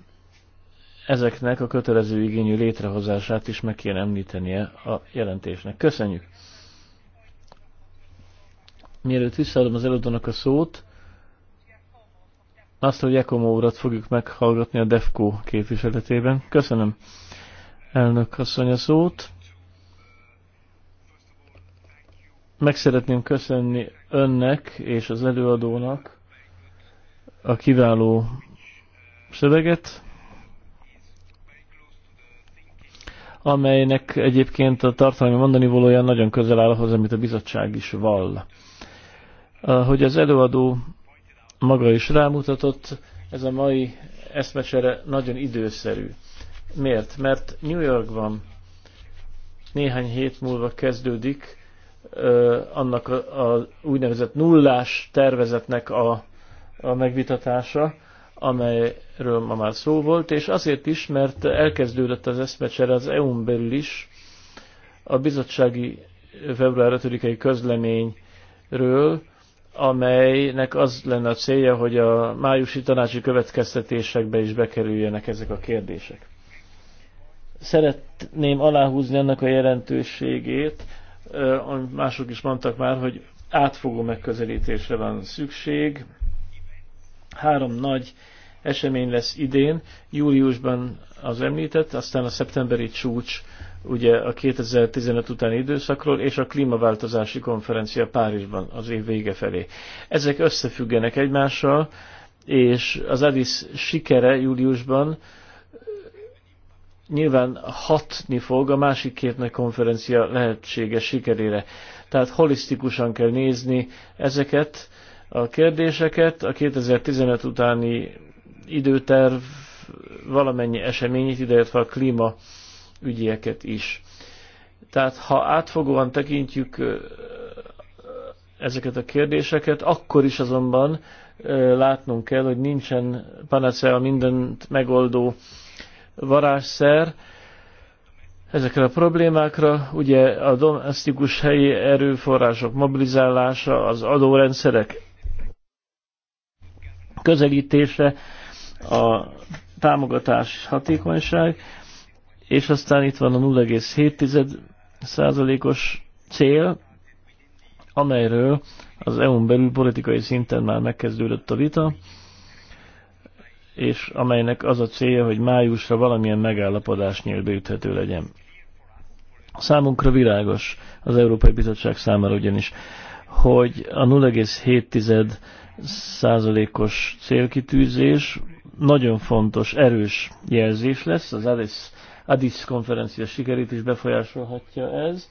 ezeknek a kötelező igényű létrehozását is meg kéne említenie a jelentésnek. Köszönjük! Mielőtt visszaadom az előadónak a szót, azt, hogy Ekomó urat fogjuk meghallgatni a DEFCO képviseletében. Köszönöm elnök asszony a szót. Meg szeretném köszönni önnek és az előadónak a kiváló szöveget, amelynek egyébként a tartalmi mondani valója nagyon közel áll ahhoz, amit a bizottság is vall. Hogy az előadó maga is rámutatott, ez a mai eszmecsere nagyon időszerű. Miért? Mert New Yorkban néhány hét múlva kezdődik annak a úgynevezett nullás tervezetnek a, a megvitatása, amelyről ma már szó volt, és azért is, mert elkezdődött az eszmecsere az EU-n belül is a bizottsági február 5-i közleményről, amelynek az lenne a célja, hogy a májusi tanácsi következtetésekbe is bekerüljenek ezek a kérdések. Szeretném aláhúzni annak a jelentőségét, mások is mondtak már, hogy átfogó megközelítésre van szükség. Három nagy esemény lesz idén, júliusban az említett, aztán a szeptemberi csúcs, ugye a 2015 utáni időszakról, és a klímaváltozási konferencia Párizsban az év vége felé. Ezek összefüggenek egymással, és az Addis sikere júliusban nyilván hatni fog a másik két konferencia lehetséges sikerére. Tehát holisztikusan kell nézni ezeket a kérdéseket, a 2015 utáni időterv valamennyi eseményét, ideértve a klíma ügyeket is. Tehát ha átfogóan tekintjük ezeket a kérdéseket, akkor is azonban látnunk kell, hogy nincsen panacea mindent megoldó varázsszer ezekre a problémákra. Ugye a domestikus helyi erőforrások mobilizálása, az adórendszerek közelítése, a támogatás hatékonyság, és aztán itt van a 0,7 os cél, amelyről az EU-n belül politikai szinten már megkezdődött a vita, és amelynek az a célja, hogy májusra valamilyen megállapodás nyílbe legyen. Számunkra világos, az Európai Bizottság számára ugyanis, hogy a 0,7 százalékos célkitűzés nagyon fontos, erős jelzés lesz, az Addis, Addis konferencia sikerét is befolyásolhatja ez,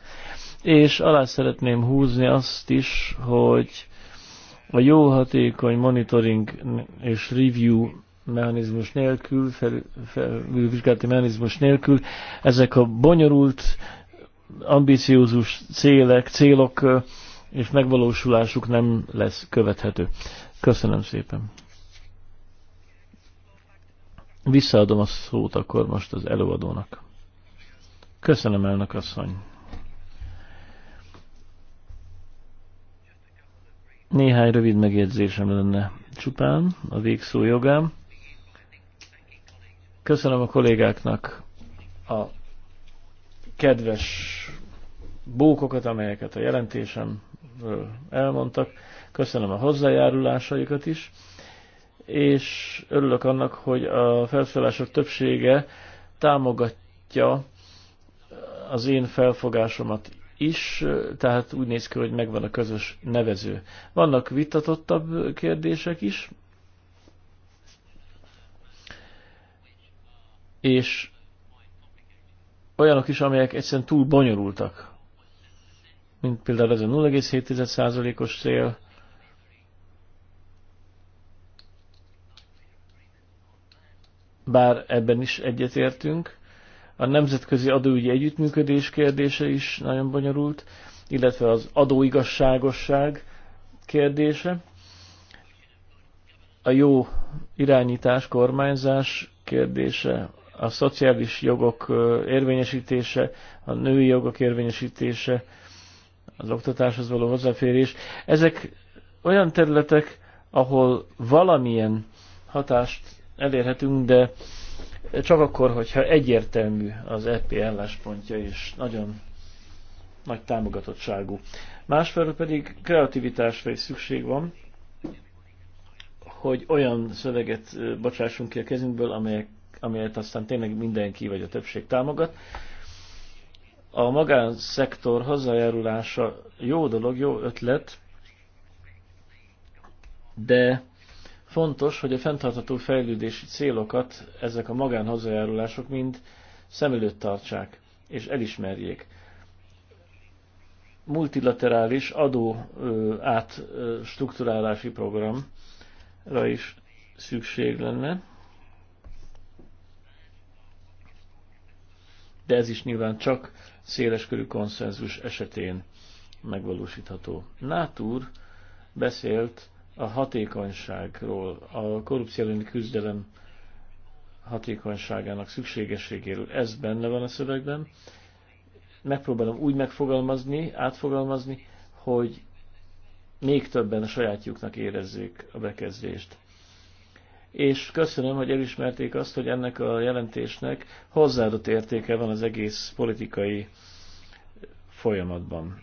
és alá szeretném húzni azt is, hogy a jó hatékony monitoring és review mechanizmus nélkül, fel, vizsgálati mechanizmus nélkül, ezek a bonyolult, ambiciózus célek, célok és megvalósulásuk nem lesz követhető. Köszönöm szépen. Visszaadom a szót akkor most az előadónak. Köszönöm, elnök asszony. Néhány rövid megjegyzésem lenne csupán a végszó jogám. Köszönöm a kollégáknak a kedves bókokat, amelyeket a jelentésem elmondtak. Köszönöm a hozzájárulásaikat is, és örülök annak, hogy a felszólások többsége támogatja az én felfogásomat is, tehát úgy néz ki, hogy megvan a közös nevező. Vannak vitatottabb kérdések is, és olyanok is, amelyek egyszerűen túl bonyolultak, mint például ez a 0,7%-os cél, bár ebben is egyetértünk. A nemzetközi adóügyi együttműködés kérdése is nagyon bonyolult, illetve az adóigazságosság kérdése. A jó irányítás, kormányzás kérdése, a szociális jogok érvényesítése, a női jogok érvényesítése, az oktatáshoz való hozzáférés. Ezek olyan területek, ahol valamilyen hatást elérhetünk, de csak akkor, hogyha egyértelmű az EP álláspontja, és nagyon nagy támogatottságú. Másfelől pedig kreativitásra is szükség van, hogy olyan szöveget bocsássunk ki a kezünkből, amelyek amelyet aztán tényleg mindenki vagy a többség támogat. A magánszektor hozzájárulása jó dolog, jó ötlet, de fontos, hogy a fenntartható fejlődési célokat ezek a magánhozzájárulások mind szem előtt tartsák és elismerjék. Multilaterális adó átstruktúrálási programra is szükség lenne. de ez is nyilván csak széleskörű konszenzus esetén megvalósítható. Nátúr beszélt a hatékonyságról, a korrupció elleni küzdelem hatékonyságának szükségességéről. Ez benne van a szövegben. Megpróbálom úgy megfogalmazni, átfogalmazni, hogy még többen a sajátjuknak érezzék a bekezdést és köszönöm, hogy elismerték azt, hogy ennek a jelentésnek hozzáadott értéke van az egész politikai folyamatban.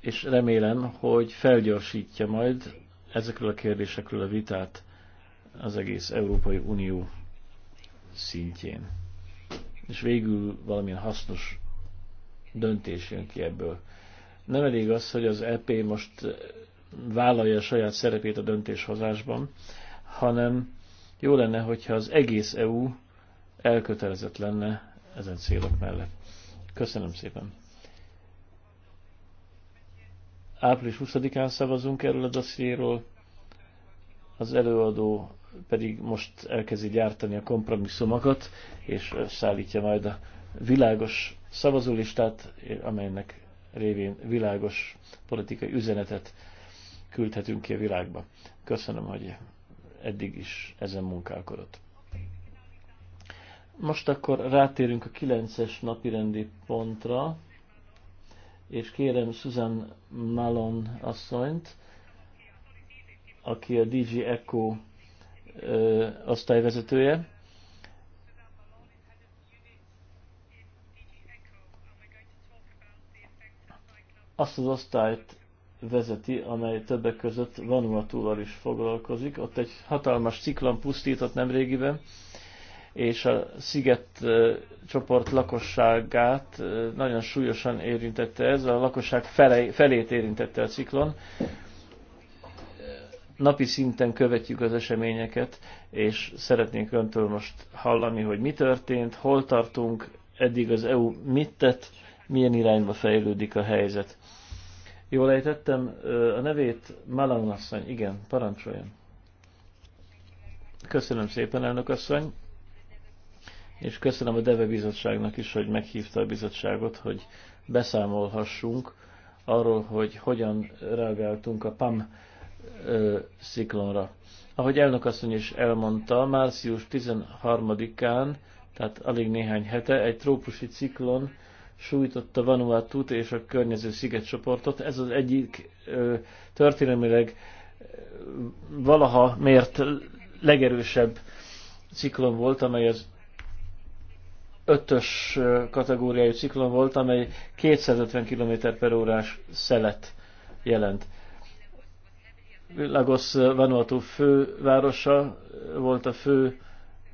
És remélem, hogy felgyorsítja majd ezekről a kérdésekről a vitát az egész Európai Unió szintjén. És végül valamilyen hasznos döntés jön ki ebből. Nem elég az, hogy az EP most vállalja a saját szerepét a döntéshozásban, hanem jó lenne, hogyha az egész EU elkötelezett lenne ezen célok mellett. Köszönöm szépen! Április 20-án szavazunk erről a dossziéról, az előadó pedig most elkezdi gyártani a kompromisszumokat, és szállítja majd a világos szavazólistát, amelynek révén világos politikai üzenetet küldhetünk ki a világba. Köszönöm, hogy eddig is ezen munkálkodott. Most akkor rátérünk a 9-es napirendi pontra, és kérem Susan Malon asszonyt, aki a DG Echo ö, osztályvezetője. Azt az osztályt vezeti, amely többek között Vanuatúval is foglalkozik. Ott egy hatalmas ciklon pusztított nemrégiben, és a sziget csoport lakosságát nagyon súlyosan érintette ez, a lakosság fele, felét érintette a ciklon. Napi szinten követjük az eseményeket, és szeretnénk öntől most hallani, hogy mi történt, hol tartunk, eddig az EU mit tett, milyen irányba fejlődik a helyzet. Jól ejtettem a nevét? Malan asszony, igen, parancsoljon. Köszönöm szépen, elnök asszony, és köszönöm a Deve Bizottságnak is, hogy meghívta a bizottságot, hogy beszámolhassunk arról, hogy hogyan reagáltunk a PAM sziklonra. Ahogy elnök asszony is elmondta, március 13-án, tehát alig néhány hete, egy trópusi ciklon sújtotta Vanuatu és a környező szigetcsoportot. Ez az egyik ö, történelmileg valaha mért legerősebb ciklon volt, amely az ötös kategóriájú ciklon volt, amely 250 km per órás szelet jelent. Lagos Vanuatu fővárosa volt a fő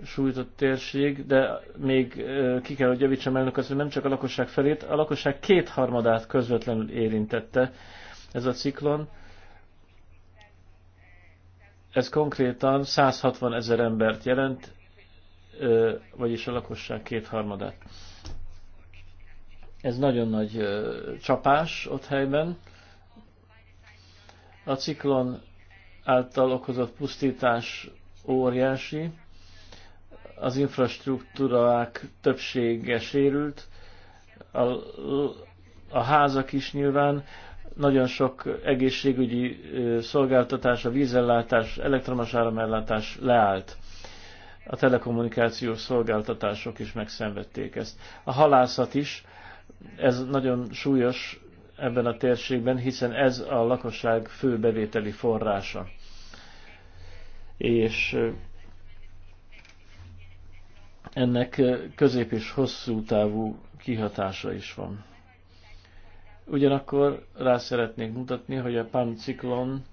sújtott térség, de még ki kell, hogy javítsam elnök az, hogy nem csak a lakosság felét, a lakosság kétharmadát közvetlenül érintette ez a ciklon. Ez konkrétan 160 ezer embert jelent, vagyis a lakosság kétharmadát. Ez nagyon nagy csapás ott helyben. A ciklon által okozott pusztítás óriási, az infrastruktúrák többsége sérült, a, a házak is nyilván, nagyon sok egészségügyi szolgáltatás, a vízellátás, elektromos áramellátás leállt. A telekommunikációs szolgáltatások is megszenvedték ezt. A halászat is, ez nagyon súlyos ebben a térségben, hiszen ez a lakosság fő bevételi forrása. És ennek közép és hosszú távú kihatása is van. Ugyanakkor rá szeretnék mutatni, hogy a PAM-ciklon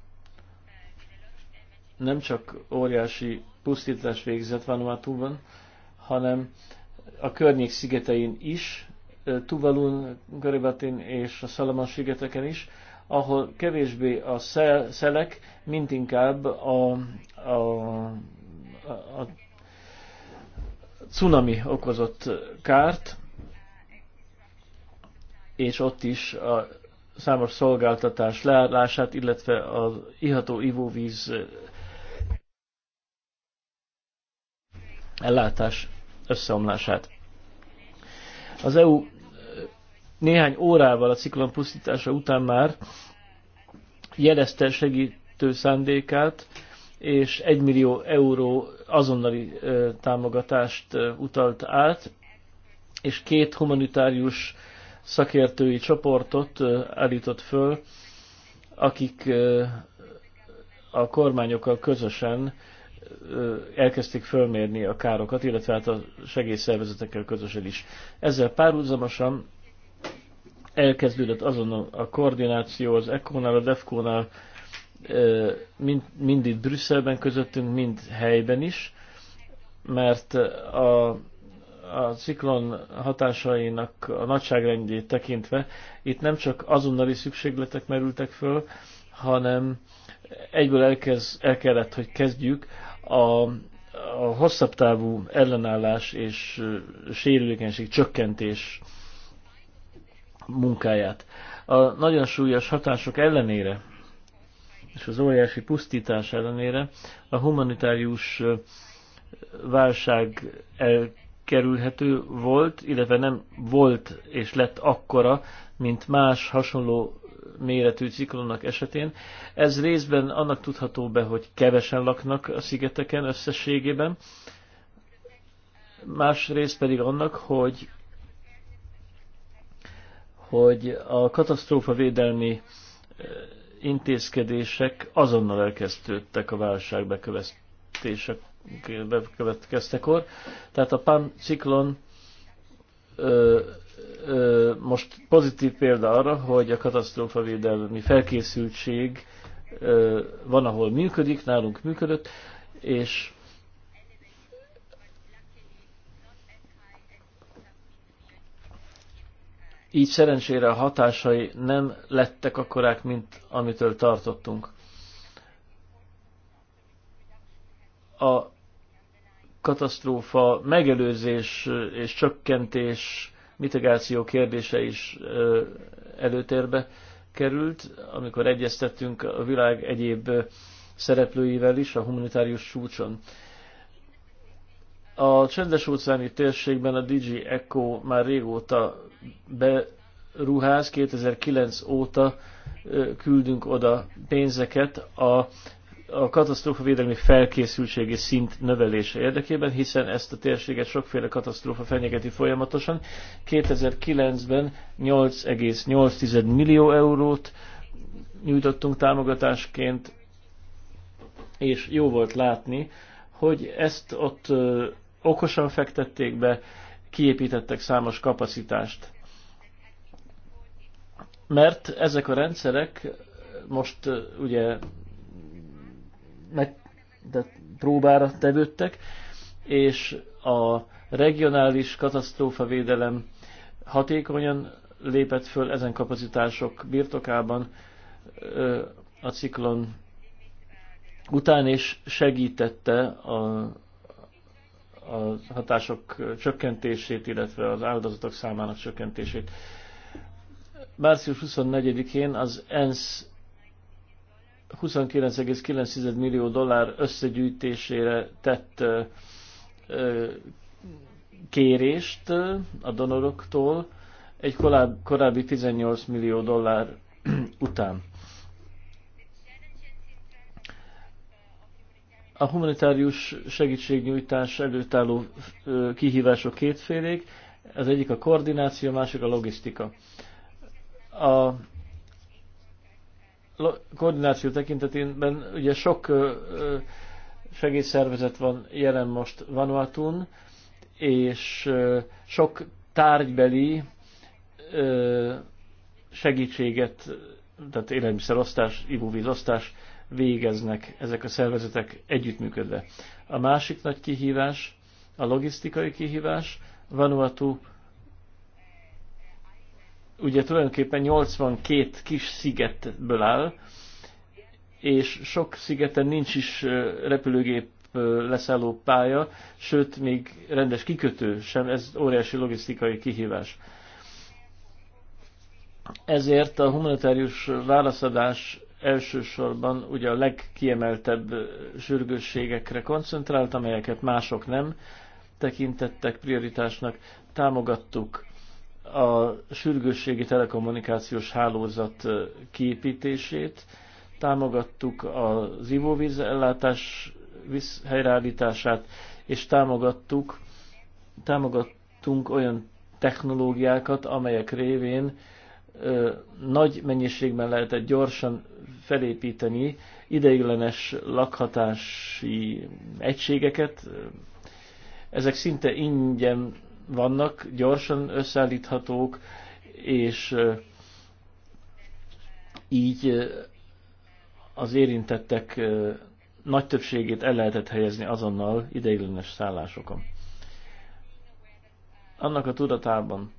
nem csak óriási pusztítás végzett Vanuatuban, hanem a környék szigetein is, Tuvalun, Garibatin és a Salaman szigeteken is, ahol kevésbé a szel, szelek, mint inkább a, a, a, a cunami okozott kárt, és ott is a számos szolgáltatás leállását, illetve az iható ivóvíz ellátás összeomlását. Az EU néhány órával a ciklon pusztítása után már jelezte segítő szándékát, és 1 millió euró azonnali támogatást utalt át, és két humanitárius szakértői csoportot állított föl, akik a kormányokkal közösen elkezdték fölmérni a károkat, illetve hát a segélyszervezetekkel közösen is. Ezzel párhuzamosan elkezdődött azon a koordináció az ECO-nál, a DEFCO-nál, mind, mind itt Brüsszelben közöttünk, mind helyben is, mert a, a ciklon hatásainak a nagyságrendjét tekintve itt nem csak azonnali szükségletek merültek föl, hanem egyből elkez, el kellett, hogy kezdjük a, a hosszabb távú ellenállás és sérülékenység csökkentés munkáját. A nagyon súlyos hatások ellenére és az óriási pusztítás ellenére a humanitárius válság elkerülhető volt, illetve nem volt és lett akkora, mint más hasonló méretű ciklonnak esetén. Ez részben annak tudható be, hogy kevesen laknak a szigeteken összességében, más rész pedig annak, hogy hogy a katasztrófa védelmi intézkedések azonnal elkezdődtek a válság bekövetkeztekor. Tehát a pan-ciklon most pozitív példa arra, hogy a katasztrófavédelmi felkészültség van, ahol működik, nálunk működött, és Így szerencsére a hatásai nem lettek akkorák, mint amitől tartottunk. A katasztrófa megelőzés és csökkentés mitigáció kérdése is előtérbe került, amikor egyeztettünk a világ egyéb szereplőivel is a humanitárius csúcson. A csendes óceáni térségben a Digi Echo már régóta beruház, 2009 óta küldünk oda pénzeket a, a védelmi felkészültségi szint növelése érdekében, hiszen ezt a térséget sokféle katasztrófa fenyegeti folyamatosan. 2009-ben 8,8 millió eurót nyújtottunk támogatásként, és jó volt látni, hogy ezt ott okosan fektették be, kiépítettek számos kapacitást. Mert ezek a rendszerek most ugye meg, de próbára tevődtek, és a regionális katasztrófavédelem hatékonyan lépett föl ezen kapacitások birtokában a ciklon után, és segítette a a hatások csökkentését, illetve az áldozatok számának csökkentését. Március 24-én az ENSZ 29,9 millió dollár összegyűjtésére tett kérést a donoroktól egy korábbi 18 millió dollár után. A humanitárius segítségnyújtás előtt álló kihívások kétfélék, az egyik a koordináció, a másik a logisztika. A koordináció tekintetében ugye sok segédszervezet van jelen most Vanuatun, és sok tárgybeli segítséget, tehát élelmiszerosztás, ivóvízosztás végeznek ezek a szervezetek együttműködve. A másik nagy kihívás a logisztikai kihívás. Vanuatu ugye tulajdonképpen 82 kis szigetből áll, és sok szigeten nincs is repülőgép leszálló pálya, sőt, még rendes kikötő sem, ez óriási logisztikai kihívás. Ezért a humanitárius válaszadás elsősorban ugye a legkiemeltebb sürgősségekre koncentrált, amelyeket mások nem tekintettek prioritásnak. Támogattuk a sürgősségi telekommunikációs hálózat kiépítését, támogattuk az ivóvíz ellátás helyreállítását, és támogattuk, támogattunk olyan technológiákat, amelyek révén ö, nagy mennyiségben lehetett gyorsan felépíteni ideiglenes lakhatási egységeket. Ezek szinte ingyen vannak, gyorsan összeállíthatók, és így az érintettek nagy többségét el lehetett helyezni azonnal ideiglenes szállásokon. Annak a tudatában,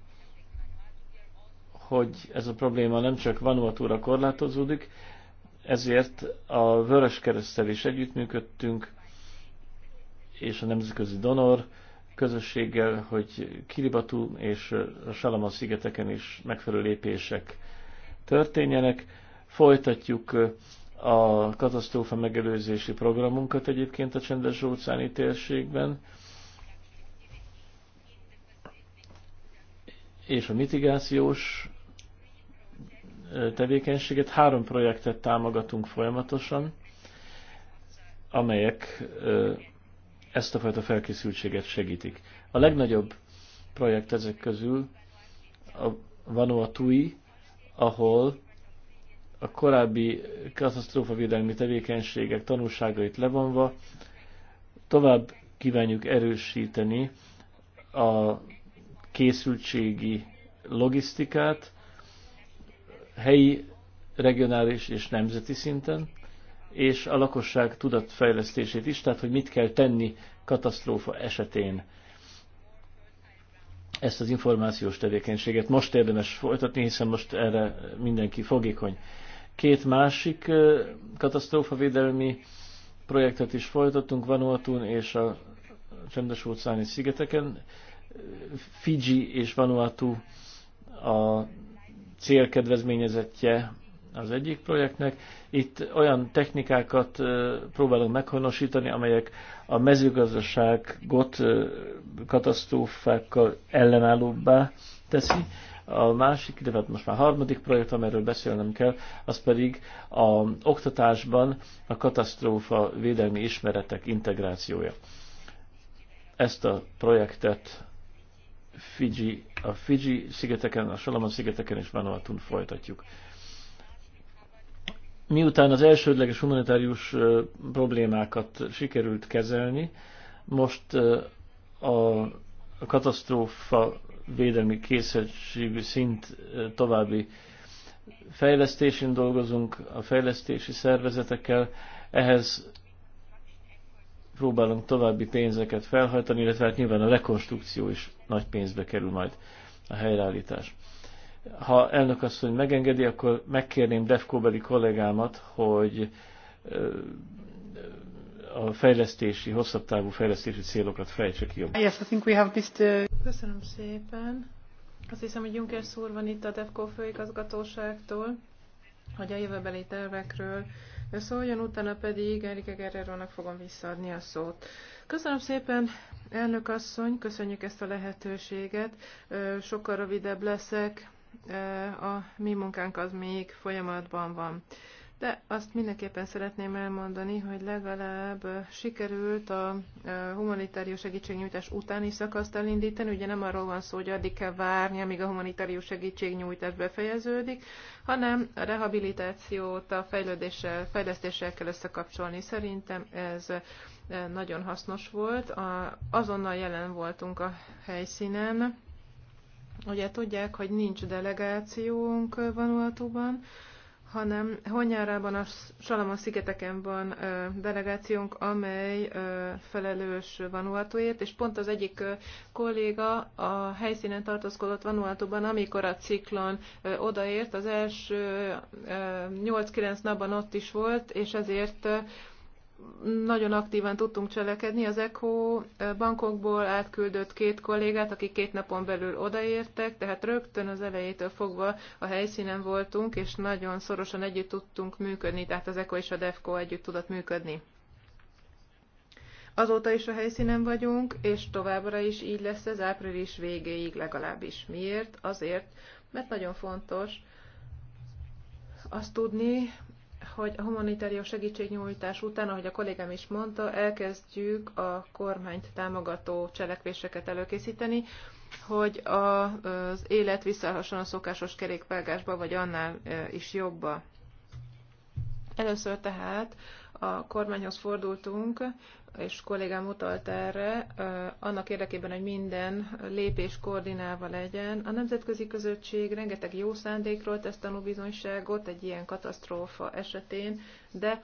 hogy ez a probléma nem csak Vanuatúra korlátozódik, ezért a Vörös Keresztel is együttműködtünk, és a nemzetközi donor közösséggel, hogy Kiribatú és a Salama szigeteken is megfelelő lépések történjenek. Folytatjuk a katasztrófa megelőzési programunkat egyébként a csendes óceáni térségben, és a mitigációs tevékenységet. Három projektet támogatunk folyamatosan, amelyek ezt a fajta felkészültséget segítik. A legnagyobb projekt ezek közül a Vanuatui, ahol a korábbi katasztrófavédelmi tevékenységek tanulságait levonva tovább kívánjuk erősíteni a készültségi logisztikát, helyi, regionális és nemzeti szinten, és a lakosság tudatfejlesztését is, tehát hogy mit kell tenni katasztrófa esetén. Ezt az információs tevékenységet most érdemes folytatni, hiszen most erre mindenki fogékony. Két másik katasztrófavédelmi projektet is folytattunk Vanuatun és a csendes óceáni szigeteken. Fiji és Vanuatu a célkedvezményezetje az egyik projektnek. Itt olyan technikákat próbálunk meghonosítani, amelyek a mezőgazdaságot katasztrófákkal ellenállóbbá teszi. A másik, hát most már harmadik projekt, amiről beszélnem kell, az pedig a oktatásban a katasztrófa védelmi ismeretek integrációja. Ezt a projektet Fiji, a Fiji szigeteken, a Salamon szigeteken és Vanuatu-n folytatjuk. Miután az elsődleges humanitárius problémákat sikerült kezelni, most a katasztrófa védelmi készségű szint további fejlesztésén dolgozunk a fejlesztési szervezetekkel, ehhez próbálunk további pénzeket felhajtani, illetve hát nyilván a rekonstrukció is nagy pénzbe kerül majd a helyreállítás. Ha elnök asszony megengedi, akkor megkérném Defkóbeli kollégámat, hogy a fejlesztési, hosszabb távú fejlesztési célokat fejtsek ki Yes, I think we have this to... Köszönöm szépen. Azt hiszem, hogy Juncker úr van itt a Defkó főigazgatóságtól, hogy a jövőbeli tervekről szóljon, utána pedig Erika guerrero fogom visszaadni a szót. Köszönöm szépen, elnök asszony, köszönjük ezt a lehetőséget. Sokkal rövidebb leszek, a mi munkánk az még folyamatban van de azt mindenképpen szeretném elmondani, hogy legalább sikerült a humanitárius segítségnyújtás utáni szakaszt elindítani. Ugye nem arról van szó, hogy addig kell várni, amíg a humanitárius segítségnyújtás befejeződik, hanem a rehabilitációt a fejlődéssel, fejlesztéssel kell összekapcsolni. Szerintem ez nagyon hasznos volt. Azonnal jelen voltunk a helyszínen. Ugye tudják, hogy nincs delegációnk Vanuatuban, hanem Honyárában a Salamon szigeteken van ö, delegációnk, amely ö, felelős Vanuatuért, és pont az egyik ö, kolléga a helyszínen tartózkodott Vanuatuban, amikor a ciklon ö, odaért, az első 8-9 napban ott is volt, és ezért ö, nagyon aktívan tudtunk cselekedni. Az ECHO eh, bankokból átküldött két kollégát, akik két napon belül odaértek, tehát rögtön az elejétől fogva a helyszínen voltunk, és nagyon szorosan együtt tudtunk működni, tehát az ECHO és a DEFCO együtt tudott működni. Azóta is a helyszínen vagyunk, és továbbra is így lesz ez április végéig legalábbis. Miért? Azért, mert nagyon fontos azt tudni, hogy a humanitárió segítségnyújtás után, ahogy a kollégám is mondta, elkezdjük a kormányt támogató cselekvéseket előkészíteni, hogy az élet visszahasson a szokásos kerékvágásba, vagy annál is jobba. Először tehát a kormányhoz fordultunk, és kollégám utalt erre, annak érdekében, hogy minden lépés koordinálva legyen. A nemzetközi közösség rengeteg jó szándékról tesz tanúbizonyságot egy ilyen katasztrófa esetén, de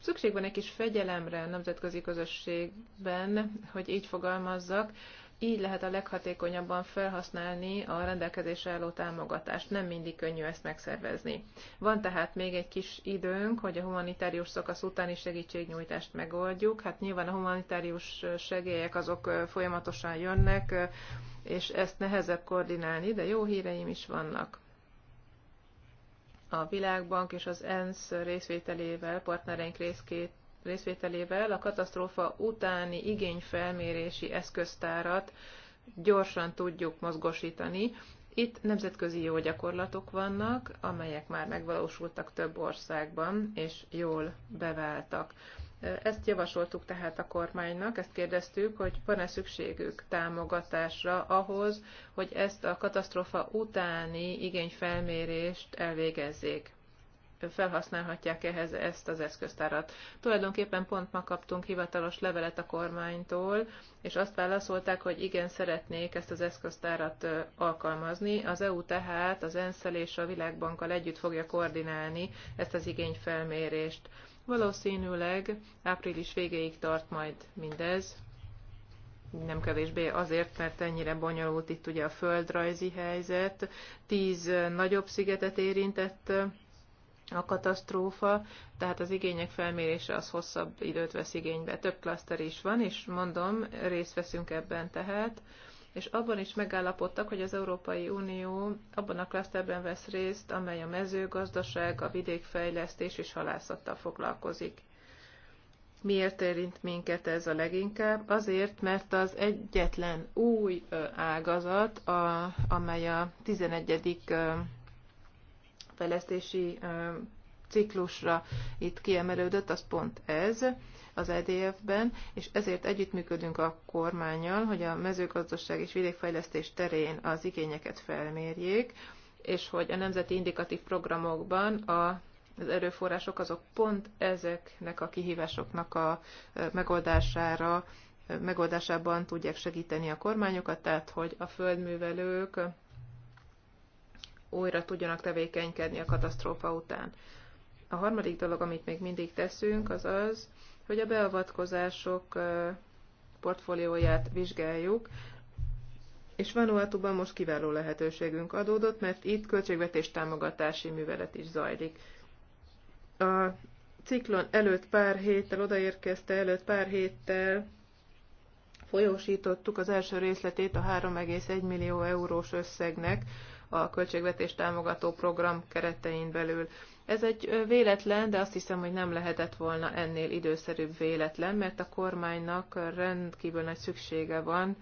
szükség van egy kis fegyelemre a nemzetközi közösségben, hogy így fogalmazzak, így lehet a leghatékonyabban felhasználni a rendelkezésre álló támogatást. Nem mindig könnyű ezt megszervezni. Van tehát még egy kis időnk, hogy a humanitárius szakasz utáni segítségnyújtást megoldjuk. Hát nyilván a humanitárius segélyek azok folyamatosan jönnek, és ezt nehezebb koordinálni, de jó híreim is vannak a Világbank és az ENSZ részvételével, partnereink részkét részvételével a katasztrófa utáni igényfelmérési eszköztárat gyorsan tudjuk mozgosítani. Itt nemzetközi jó gyakorlatok vannak, amelyek már megvalósultak több országban, és jól beváltak. Ezt javasoltuk tehát a kormánynak, ezt kérdeztük, hogy van-e szükségük támogatásra ahhoz, hogy ezt a katasztrófa utáni igényfelmérést elvégezzék felhasználhatják ehhez ezt az eszköztárat. Tulajdonképpen pont ma kaptunk hivatalos levelet a kormánytól, és azt válaszolták, hogy igen, szeretnék ezt az eszköztárat alkalmazni. Az EU tehát az ensz és a Világbankkal együtt fogja koordinálni ezt az igényfelmérést. Valószínűleg április végéig tart majd mindez, nem kevésbé azért, mert ennyire bonyolult itt ugye a földrajzi helyzet. Tíz nagyobb szigetet érintett a katasztrófa, tehát az igények felmérése az hosszabb időt vesz igénybe. Több klaszter is van, és mondom, részt veszünk ebben tehát, és abban is megállapodtak, hogy az Európai Unió abban a klaszterben vesz részt, amely a mezőgazdaság, a vidékfejlesztés és halászattal foglalkozik. Miért érint minket ez a leginkább? Azért, mert az egyetlen új ágazat, a, amely a 11 fejlesztési ciklusra itt kiemelődött, az pont ez az EDF-ben, és ezért együttműködünk a kormányjal, hogy a mezőgazdaság és vidékfejlesztés terén az igényeket felmérjék, és hogy a nemzeti indikatív programokban a az erőforrások azok pont ezeknek a kihívásoknak a megoldására, megoldásában tudják segíteni a kormányokat, tehát hogy a földművelők újra tudjanak tevékenykedni a katasztrófa után. A harmadik dolog, amit még mindig teszünk, az az, hogy a beavatkozások portfólióját vizsgáljuk, és Vanuatuban most kiváló lehetőségünk adódott, mert itt költségvetés támogatási művelet is zajlik. A ciklon előtt pár héttel, odaérkezte előtt pár héttel folyósítottuk az első részletét a 3,1 millió eurós összegnek, a költségvetés támogató program keretein belül. Ez egy véletlen, de azt hiszem, hogy nem lehetett volna ennél időszerűbb véletlen, mert a kormánynak rendkívül nagy szüksége van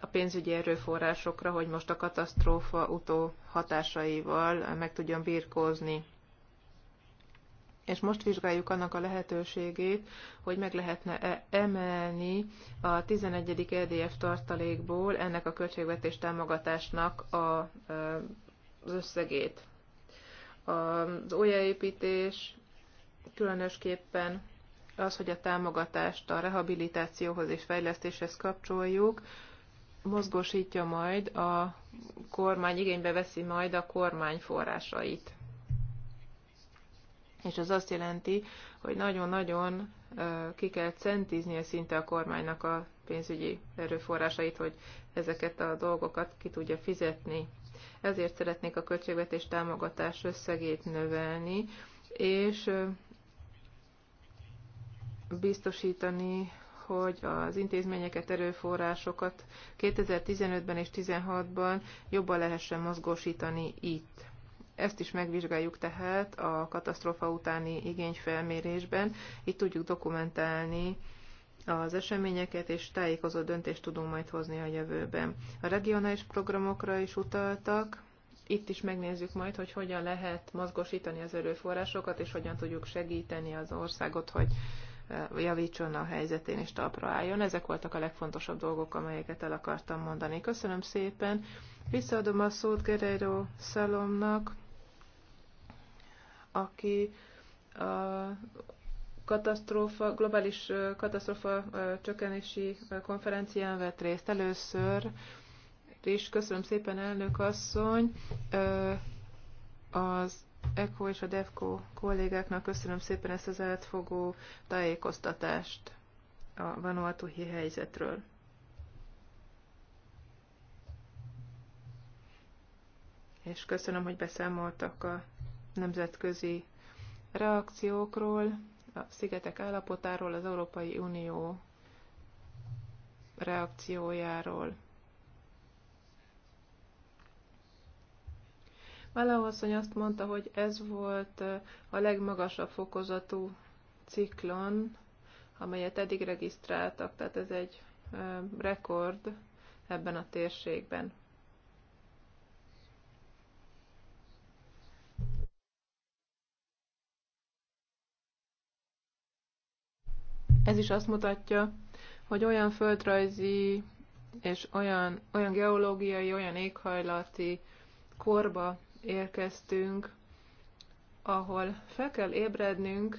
a pénzügyi erőforrásokra, hogy most a katasztrófa utó hatásaival meg tudjon birkózni és most vizsgáljuk annak a lehetőségét, hogy meg lehetne -e emelni a 11. EDF tartalékból ennek a költségvetés támogatásnak a, e, az összegét. Az újjáépítés különösképpen az, hogy a támogatást a rehabilitációhoz és fejlesztéshez kapcsoljuk, mozgósítja majd a kormány, igénybe veszi majd a kormány forrásait és az azt jelenti, hogy nagyon-nagyon ki kell centíznie szinte a kormánynak a pénzügyi erőforrásait, hogy ezeket a dolgokat ki tudja fizetni. Ezért szeretnék a költségvetés támogatás összegét növelni, és biztosítani, hogy az intézményeket, erőforrásokat 2015-ben és 2016-ban jobban lehessen mozgósítani itt. Ezt is megvizsgáljuk tehát a katasztrófa utáni igényfelmérésben. Itt tudjuk dokumentálni az eseményeket, és tájékozó döntést tudunk majd hozni a jövőben. A regionális programokra is utaltak. Itt is megnézzük majd, hogy hogyan lehet mozgosítani az erőforrásokat, és hogyan tudjuk segíteni az országot, hogy eh, javítson a helyzetén és talpra álljon. Ezek voltak a legfontosabb dolgok, amelyeket el akartam mondani. Köszönöm szépen. Visszaadom a szót Gerero Szalomnak, aki a katasztrófa, globális katasztrófa csökkenési konferencián vett részt először, és köszönöm szépen elnök asszony, az ECHO és a DEFCO kollégáknak köszönöm szépen ezt az átfogó tájékoztatást a Vanuatu helyzetről. És köszönöm, hogy beszámoltak a nemzetközi reakciókról, a szigetek állapotáról, az Európai Unió reakciójáról. Valahogy azt mondta, hogy ez volt eh, a legmagasabb fokozatú ciklon, amelyet eddig regisztráltak, tehát ez egy eh, rekord ebben a térségben. Ez is azt mutatja, hogy olyan földrajzi és olyan, olyan geológiai, olyan éghajlati korba érkeztünk, ahol fel kell ébrednünk,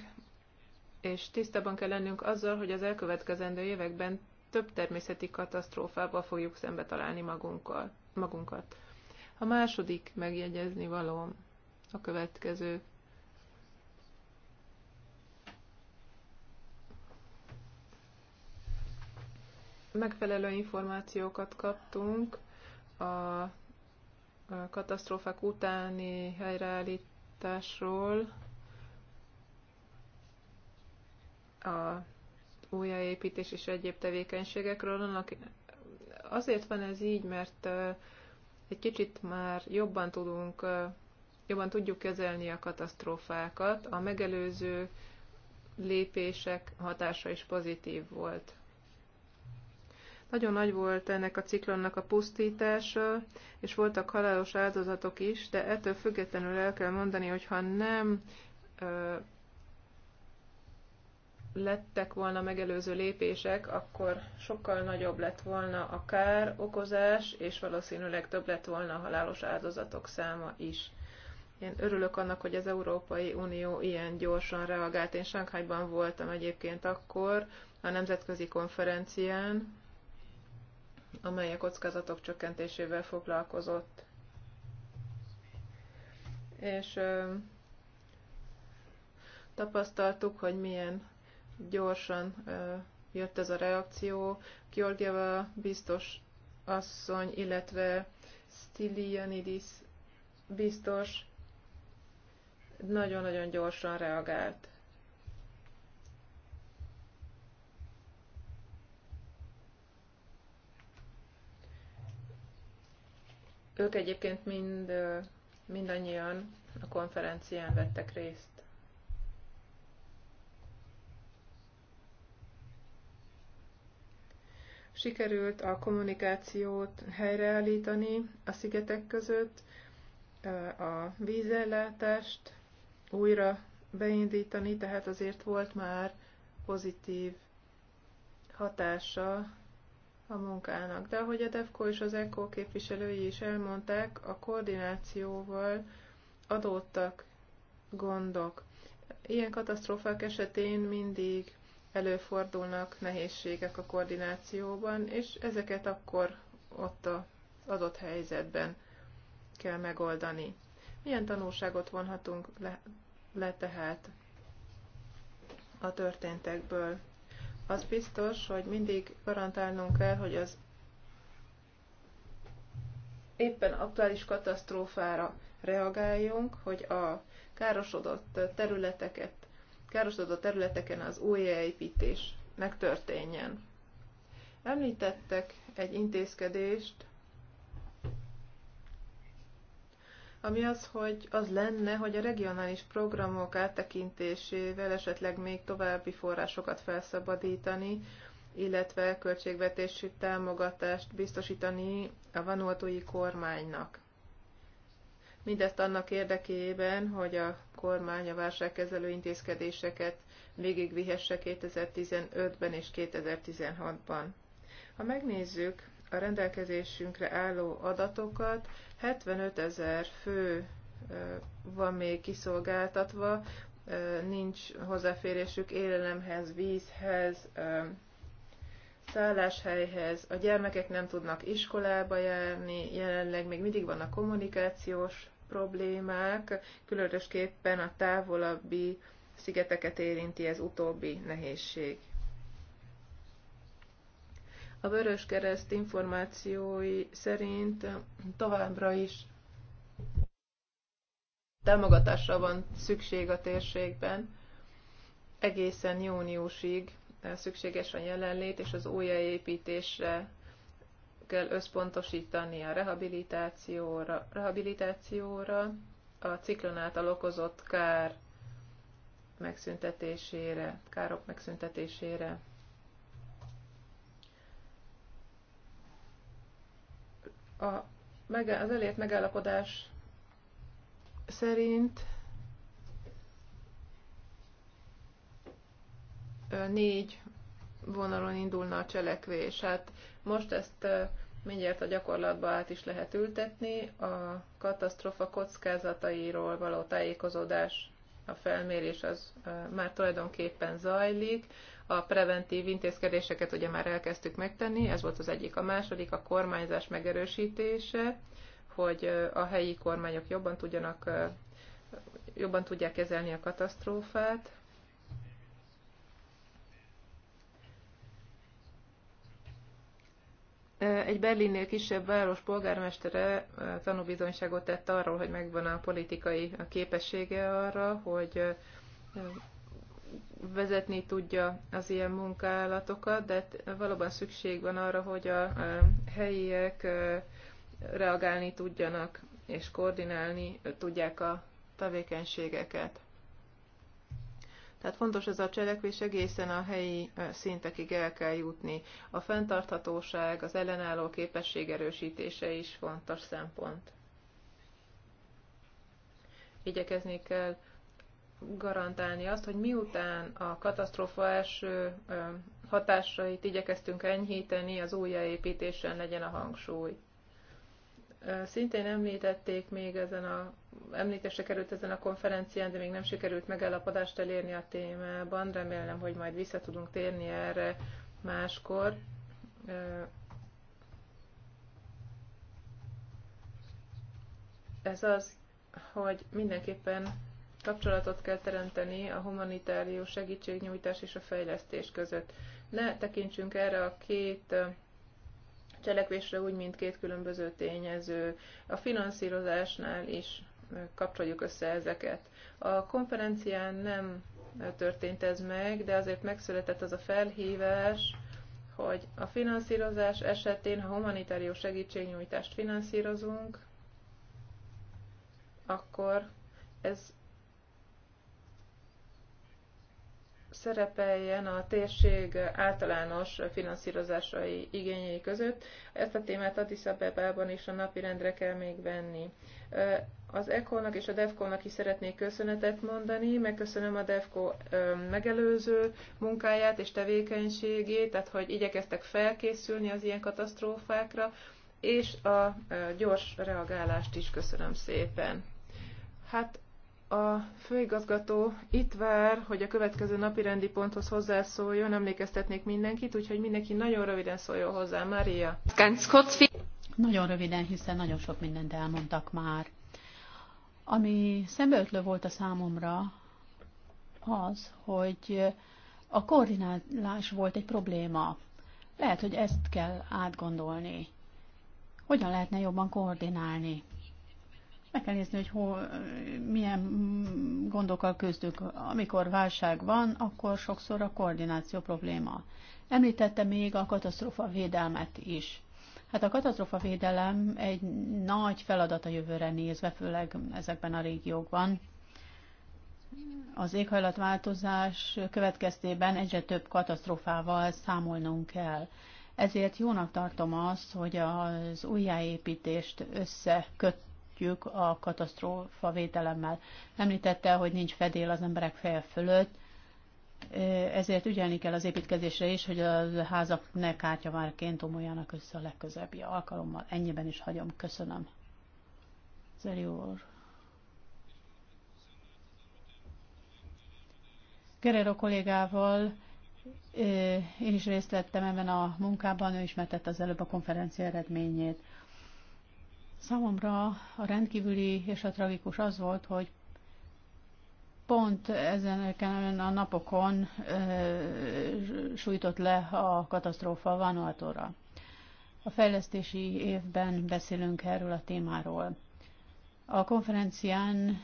és tisztában kell lennünk azzal, hogy az elkövetkezendő években több természeti katasztrófával fogjuk szembe találni magunkkal, magunkat. A második megjegyezni való a következő. megfelelő információkat kaptunk a katasztrófák utáni helyreállításról, a újjáépítés és egyéb tevékenységekről. azért van ez így, mert egy kicsit már jobban tudunk, jobban tudjuk kezelni a katasztrófákat. A megelőző lépések hatása is pozitív volt. Nagyon nagy volt ennek a ciklonnak a pusztítása, és voltak halálos áldozatok is, de ettől függetlenül el kell mondani, hogy ha nem ö, lettek volna megelőző lépések, akkor sokkal nagyobb lett volna a kár okozás, és valószínűleg több lett volna a halálos áldozatok száma is. Én örülök annak, hogy az Európai Unió ilyen gyorsan reagált. Én Sánkhájban voltam egyébként akkor a nemzetközi konferencián, amely a kockázatok csökkentésével foglalkozott. És ö, tapasztaltuk, hogy milyen gyorsan ö, jött ez a reakció. Georgieva biztos asszony, illetve Stylianidis biztos nagyon-nagyon gyorsan reagált. Ők egyébként mind, mindannyian a konferencián vettek részt. Sikerült a kommunikációt helyreállítani a szigetek között, a vízellátást újra beindítani, tehát azért volt már pozitív hatása a munkának. De ahogy a DEFCO és az ECO képviselői is elmondták, a koordinációval adódtak gondok. Ilyen katasztrófák esetén mindig előfordulnak nehézségek a koordinációban, és ezeket akkor ott az adott helyzetben kell megoldani. Milyen tanulságot vonhatunk le, le tehát a történtekből? Az biztos, hogy mindig garantálnunk kell, hogy az éppen aktuális katasztrófára reagáljunk, hogy a károsodott területeket, károsodott területeken az újjáépítés megtörténjen. Említettek egy intézkedést, ami az, hogy az lenne, hogy a regionális programok áttekintésével esetleg még további forrásokat felszabadítani, illetve költségvetési támogatást biztosítani a vanuatúi kormánynak. Mindezt annak érdekében, hogy a kormány a válságkezelő intézkedéseket végigvihesse 2015-ben és 2016-ban. Ha megnézzük a rendelkezésünkre álló adatokat, 75 ezer fő van még kiszolgáltatva, nincs hozzáférésük élelemhez, vízhez, szálláshelyhez, a gyermekek nem tudnak iskolába járni, jelenleg még mindig vannak kommunikációs problémák, különösképpen a távolabbi szigeteket érinti ez utóbbi nehézség. A Vörös Kereszt információi szerint továbbra is támogatásra van szükség a térségben egészen júniusig szükséges a jelenlét, és az építésre kell összpontosítani a rehabilitációra, rehabilitációra a ciklon által okozott kár megszüntetésére, károk megszüntetésére. A, az elért megállapodás szerint négy vonalon indulna a cselekvés. Hát most ezt mindjárt a gyakorlatba át is lehet ültetni. A katasztrofa kockázatairól való tájékozódás, a felmérés az már tulajdonképpen zajlik a preventív intézkedéseket ugye már elkezdtük megtenni, ez volt az egyik. A második a kormányzás megerősítése, hogy a helyi kormányok jobban tudjanak jobban tudják kezelni a katasztrófát. Egy berlinnél kisebb város polgármestere tanúbizonyságot tett arról, hogy megvan a politikai képessége arra, hogy vezetni tudja az ilyen munkálatokat, de valóban szükség van arra, hogy a helyiek reagálni tudjanak és koordinálni tudják a tevékenységeket. Tehát fontos ez a cselekvés, egészen a helyi szintekig el kell jutni. A fenntarthatóság, az ellenálló képesség erősítése is fontos szempont. Igyekezni kell garantálni azt, hogy miután a katasztrófa első hatásait igyekeztünk enyhíteni, az újjáépítésen legyen a hangsúly. Szintén említették még ezen a, említése került ezen a konferencián, de még nem sikerült megállapodást elérni a témában. Remélem, hogy majd vissza tudunk térni erre máskor. Ez az, hogy mindenképpen kapcsolatot kell teremteni a humanitárius segítségnyújtás és a fejlesztés között. Ne tekintsünk erre a két cselekvésre úgy, mint két különböző tényező. A finanszírozásnál is kapcsoljuk össze ezeket. A konferencián nem történt ez meg, de azért megszületett az a felhívás, hogy a finanszírozás esetén, ha humanitárius segítségnyújtást finanszírozunk, akkor ez szerepeljen a térség általános finanszírozásai igényei között. Ezt a témát Addis Abebában is a napi rendre kell még venni. Az ECHO-nak és a DEFCO-nak is szeretnék köszönetet mondani. Megköszönöm a DEFCO megelőző munkáját és tevékenységét, tehát hogy igyekeztek felkészülni az ilyen katasztrófákra, és a gyors reagálást is köszönöm szépen. Hát a főigazgató itt vár, hogy a következő napi rendi ponthoz hozzászóljon, emlékeztetnék mindenkit, úgyhogy mindenki nagyon röviden szóljon hozzá. Mária. Nagyon röviden, hiszen nagyon sok mindent elmondtak már. Ami szembeötlő volt a számomra, az, hogy a koordinálás volt egy probléma. Lehet, hogy ezt kell átgondolni. Hogyan lehetne jobban koordinálni? Meg kell nézni, hogy hol, milyen gondokkal küzdünk. Amikor válság van, akkor sokszor a koordináció probléma. Említette még a katasztrófa védelmet is. Hát a katasztrófa védelem egy nagy feladat a jövőre nézve, főleg ezekben a régiókban. Az éghajlatváltozás következtében egyre több katasztrófával számolnunk kell. Ezért jónak tartom azt, hogy az újjáépítést összeköt segítjük a katasztrófa védelemmel. Említette, hogy nincs fedél az emberek feje fölött, ezért ügyelni kell az építkezésre is, hogy a házak ne kártyavárként omoljanak össze a legközelebbi alkalommal. Ennyiben is hagyom. Köszönöm. Zeri úr. Gerero kollégával én is részt vettem ebben a munkában, ő ismertette az előbb a konferencia eredményét. Számomra a rendkívüli és a tragikus az volt, hogy pont ezen a napokon e, sújtott le a katasztrófa Vanuatóra. A fejlesztési évben beszélünk erről a témáról. A konferencián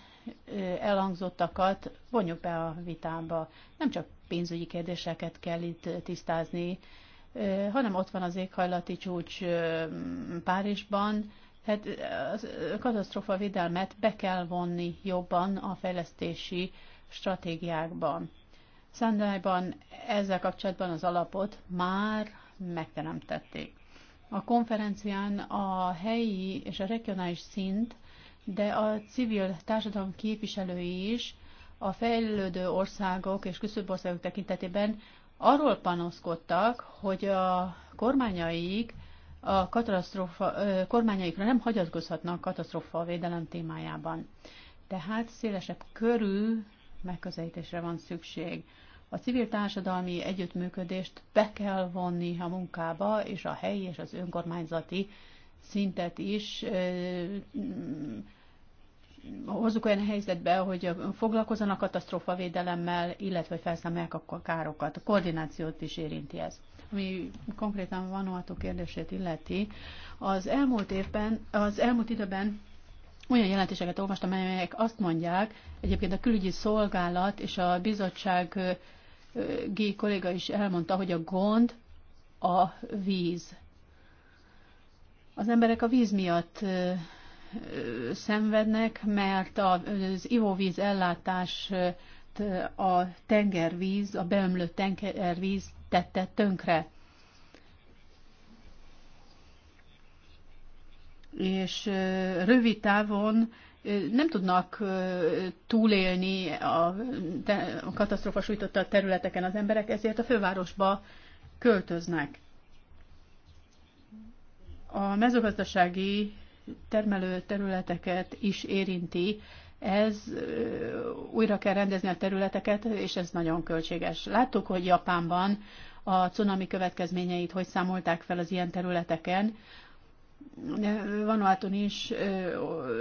elhangzottakat vonjuk be a vitába. Nem csak pénzügyi kérdéseket kell itt tisztázni, hanem ott van az éghajlati csúcs Párizsban, Hát a katasztrofa védelmet be kell vonni jobban a fejlesztési stratégiákban. Szendályban ezzel kapcsolatban az alapot már megteremtették. A konferencián a helyi és a regionális szint, de a civil társadalom képviselői is a fejlődő országok és országok tekintetében arról panaszkodtak, hogy a kormányaik a katasztrófa, kormányaikra nem hagyatkozhatnak katasztrófa védelem témájában. Tehát szélesebb körű megközelítésre van szükség. A civil társadalmi együttműködést be kell vonni a munkába, és a helyi és az önkormányzati szintet is mm, hozzuk olyan helyzetbe, hogy foglalkozzanak katasztrófavédelemmel, illetve hogy felszámolják a károkat. A koordinációt is érinti ez ami konkrétan Vanuatu kérdését illeti, az elmúlt évben, az elmúlt időben olyan jelentéseket olvastam, amelyek azt mondják, egyébként a külügyi szolgálat és a bizottság G kolléga is elmondta, hogy a gond a víz. Az emberek a víz miatt szenvednek, mert az ivóvíz ellátás a tengervíz, a beömlő tengervíz tette tönkre. És rövid távon nem tudnak túlélni a katasztrófa sújtotta területeken az emberek, ezért a fővárosba költöznek. A mezőgazdasági termelő területeket is érinti ez újra kell rendezni a területeket, és ez nagyon költséges. Láttuk, hogy Japánban a cunami következményeit hogy számolták fel az ilyen területeken. Vanuatu is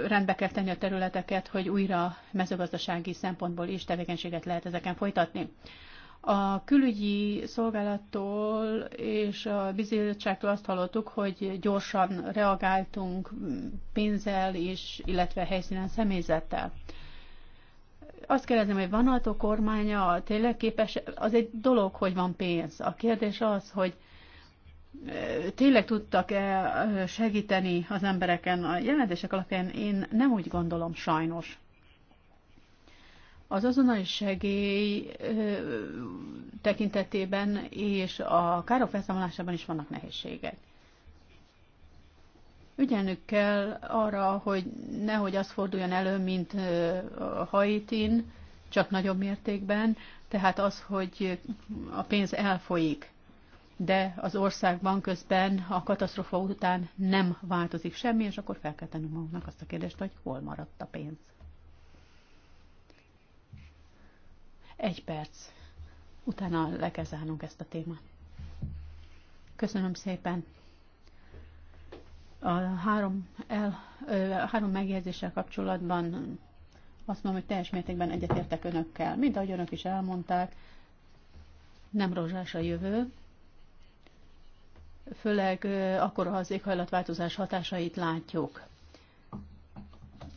rendbe kell tenni a területeket, hogy újra mezőgazdasági szempontból is tevékenységet lehet ezeken folytatni. A külügyi szolgálattól és a bizottságtól azt hallottuk, hogy gyorsan reagáltunk pénzzel és illetve helyszínen személyzettel. Azt kérdezem, hogy van a kormánya tényleg képes, az egy dolog, hogy van pénz. A kérdés az, hogy tényleg tudtak-e segíteni az embereken. A jelentések alapján én nem úgy gondolom sajnos. Az azonnali segély tekintetében és a károk felszámolásában is vannak nehézségek. Ügyelnük kell arra, hogy nehogy az forduljon elő, mint Haitin, csak nagyobb mértékben, tehát az, hogy a pénz elfolyik, de az országban közben a katasztrofa után nem változik semmi, és akkor fel kell tennünk magunknak azt a kérdést, hogy hol maradt a pénz. Egy perc. Utána le kell zárnunk ezt a témát. Köszönöm szépen. A három, el, a három megjegyzéssel kapcsolatban azt mondom, hogy teljes mértékben egyetértek önökkel. Mint ahogy önök is elmondták, nem rozsás a jövő, főleg akkor, ha az éghajlatváltozás hatásait látjuk.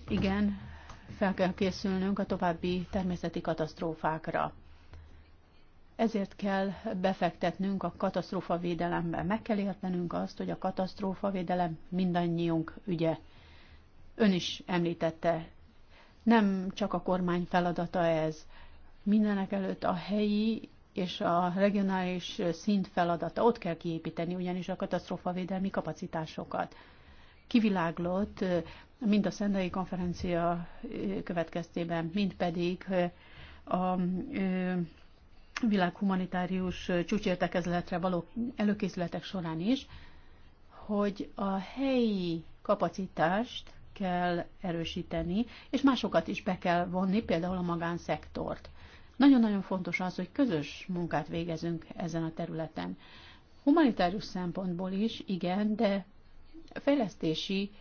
Igen, fel kell készülnünk a további természeti katasztrófákra. Ezért kell befektetnünk a katasztrófavédelembe. Meg kell értenünk azt, hogy a katasztrófavédelem mindannyiunk ügye. Ön is említette, nem csak a kormány feladata ez. Mindenek előtt a helyi és a regionális szint feladata. Ott kell kiépíteni ugyanis a katasztrófavédelmi kapacitásokat. Kiviláglott mind a szendai konferencia következtében, mind pedig a világhumanitárius csúcsértekezletre való előkészületek során is, hogy a helyi kapacitást kell erősíteni, és másokat is be kell vonni, például a magánszektort. Nagyon-nagyon fontos az, hogy közös munkát végezünk ezen a területen. Humanitárius szempontból is, igen, de fejlesztési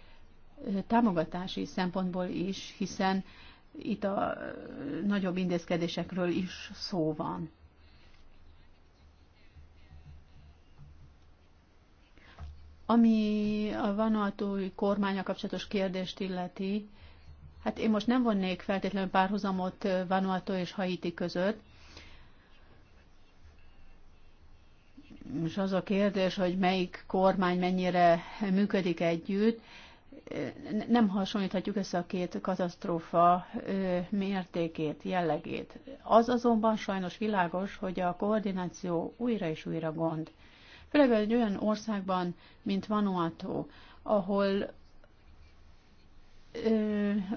támogatási szempontból is, hiszen itt a nagyobb intézkedésekről is szó van. Ami a vanatói kormánya kapcsolatos kérdést illeti, hát én most nem vonnék feltétlenül párhuzamot Vanuatu és Haiti között, és az a kérdés, hogy melyik kormány mennyire működik együtt, nem hasonlíthatjuk össze a két katasztrófa mértékét, jellegét. Az azonban sajnos világos, hogy a koordináció újra és újra gond. Főleg egy olyan országban, mint Vanuatu, ahol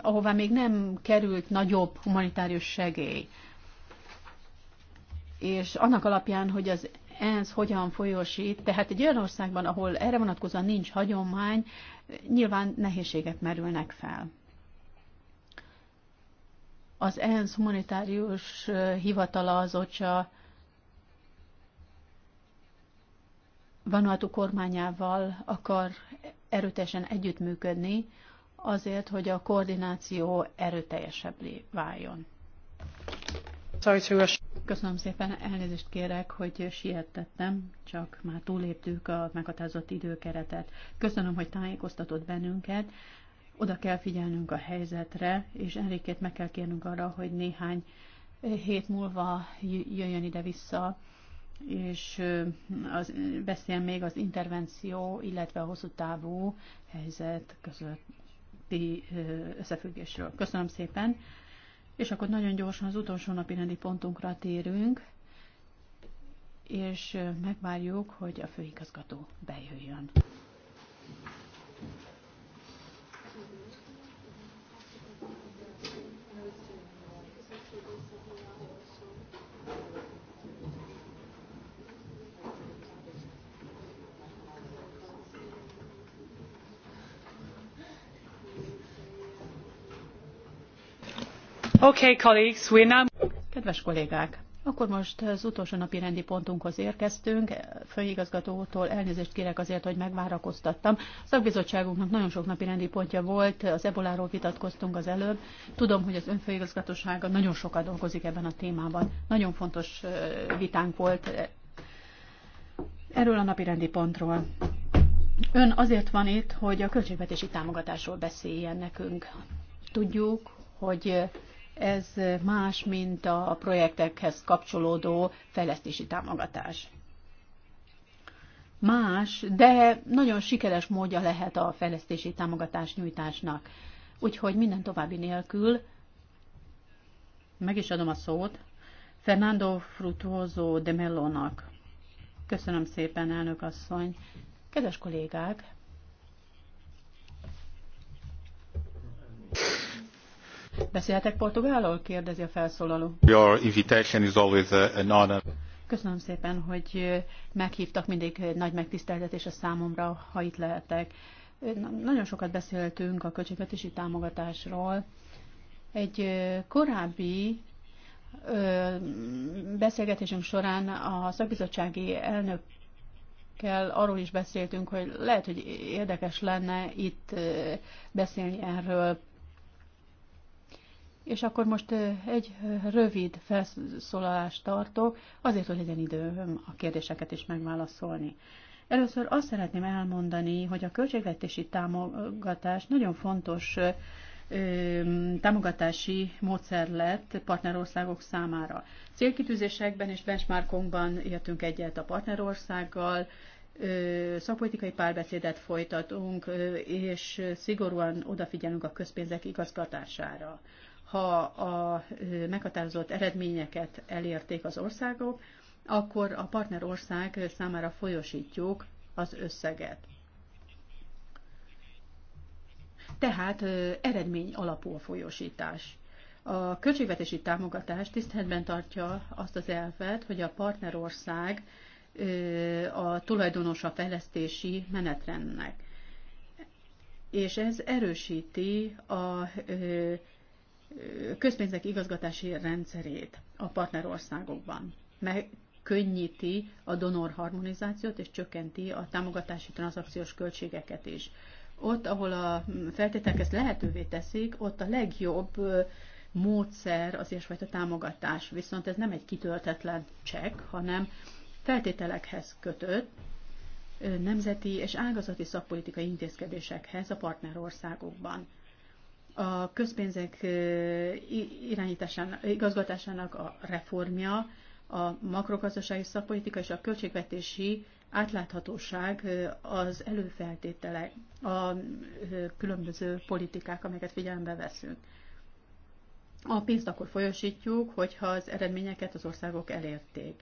ahová még nem került nagyobb humanitárius segély. És annak alapján, hogy az ENSZ hogyan folyosít, tehát egy olyan országban, ahol erre vonatkozóan nincs hagyomány, nyilván nehézségek merülnek fel. Az ENSZ humanitárius hivatala az OCSA Vanuatu kormányával akar erőteljesen együttműködni, azért, hogy a koordináció erőteljesebb váljon. Köszönöm szépen, elnézést kérek, hogy sietettem, csak már túléptük a meghatározott időkeretet. Köszönöm, hogy tájékoztatott bennünket. Oda kell figyelnünk a helyzetre, és Enrikét meg kell kérnünk arra, hogy néhány hét múlva jöjjön ide-vissza, és az, beszéljen még az intervenció, illetve a hosszú távú helyzet közötti összefüggésről. Köszönöm szépen! És akkor nagyon gyorsan az utolsó napi rendi pontunkra térünk, és megvárjuk, hogy a főigazgató bejöjjön. Okay, colleagues, now... Kedves kollégák, akkor most az utolsó napi rendi pontunkhoz érkeztünk. Főigazgatótól elnézést kérek azért, hogy megvárakoztattam. A szakbizottságunknak nagyon sok napi rendi pontja volt, az eboláról vitatkoztunk az előbb. Tudom, hogy az önfőigazgatósága nagyon sokat dolgozik ebben a témában. Nagyon fontos vitánk volt erről a napi rendi pontról. Ön azért van itt, hogy a költségvetési támogatásról beszéljen nekünk. Tudjuk, hogy ez más, mint a projektekhez kapcsolódó fejlesztési támogatás. Más, de nagyon sikeres módja lehet a fejlesztési támogatás nyújtásnak. Úgyhogy minden további nélkül meg is adom a szót Fernando Frutuoso de Mellónak. Köszönöm szépen, elnök asszony. Kedves kollégák, Beszélhetek portugálul? kérdezi a felszólaló. Your invitation is always uh, an honor. Köszönöm szépen, hogy uh, meghívtak, mindig uh, nagy megtiszteltetés a számomra, ha itt lehetek. Nagyon sokat beszéltünk a költségvetési támogatásról. Egy korábbi beszélgetésünk során a szakbizottsági elnökkel arról is beszéltünk, hogy lehet, hogy érdekes lenne itt beszélni erről. És akkor most egy rövid felszólalást tartok, azért, hogy legyen időm a kérdéseket is megválaszolni. Először azt szeretném elmondani, hogy a költségvetési támogatás nagyon fontos támogatási módszer lett partnerországok számára. Célkitűzésekben és benchmarkunkban értünk egyet a partnerországgal, szakpolitikai párbeszédet folytatunk, és szigorúan odafigyelünk a közpénzek igazgatására ha a meghatározott eredményeket elérték az országok, akkor a partner ország számára folyosítjuk az összeget. Tehát eredmény alapú a folyosítás. A költségvetési támogatás tiszteletben tartja azt az elvet, hogy a partnerország a tulajdonosa fejlesztési menetrendnek. És ez erősíti a közpénzek igazgatási rendszerét a partnerországokban. Meg könnyíti a donor harmonizációt és csökkenti a támogatási tranzakciós költségeket is. Ott, ahol a feltételek ezt lehetővé teszik, ott a legjobb módszer az ilyesfajta támogatás. Viszont ez nem egy kitöltetlen csekk, hanem feltételekhez kötött nemzeti és ágazati szakpolitikai intézkedésekhez a partnerországokban a közpénzek irányításának, igazgatásának a reformja, a makrogazdasági szakpolitika és a költségvetési átláthatóság az előfeltétele a különböző politikák, amelyeket figyelembe veszünk. A pénzt akkor folyosítjuk, hogyha az eredményeket az országok elérték.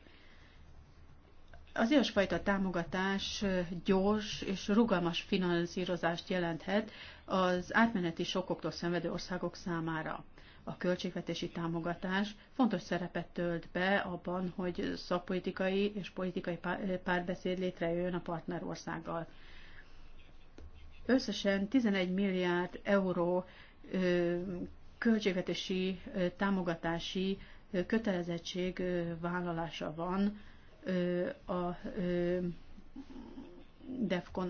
Az ilyesfajta támogatás gyors és rugalmas finanszírozást jelenthet az átmeneti sokoktól szenvedő országok számára. A költségvetési támogatás fontos szerepet tölt be abban, hogy szakpolitikai és politikai párbeszéd létrejöjjön a partnerországgal. Összesen 11 milliárd euró költségvetési támogatási kötelezettség vállalása van a defcon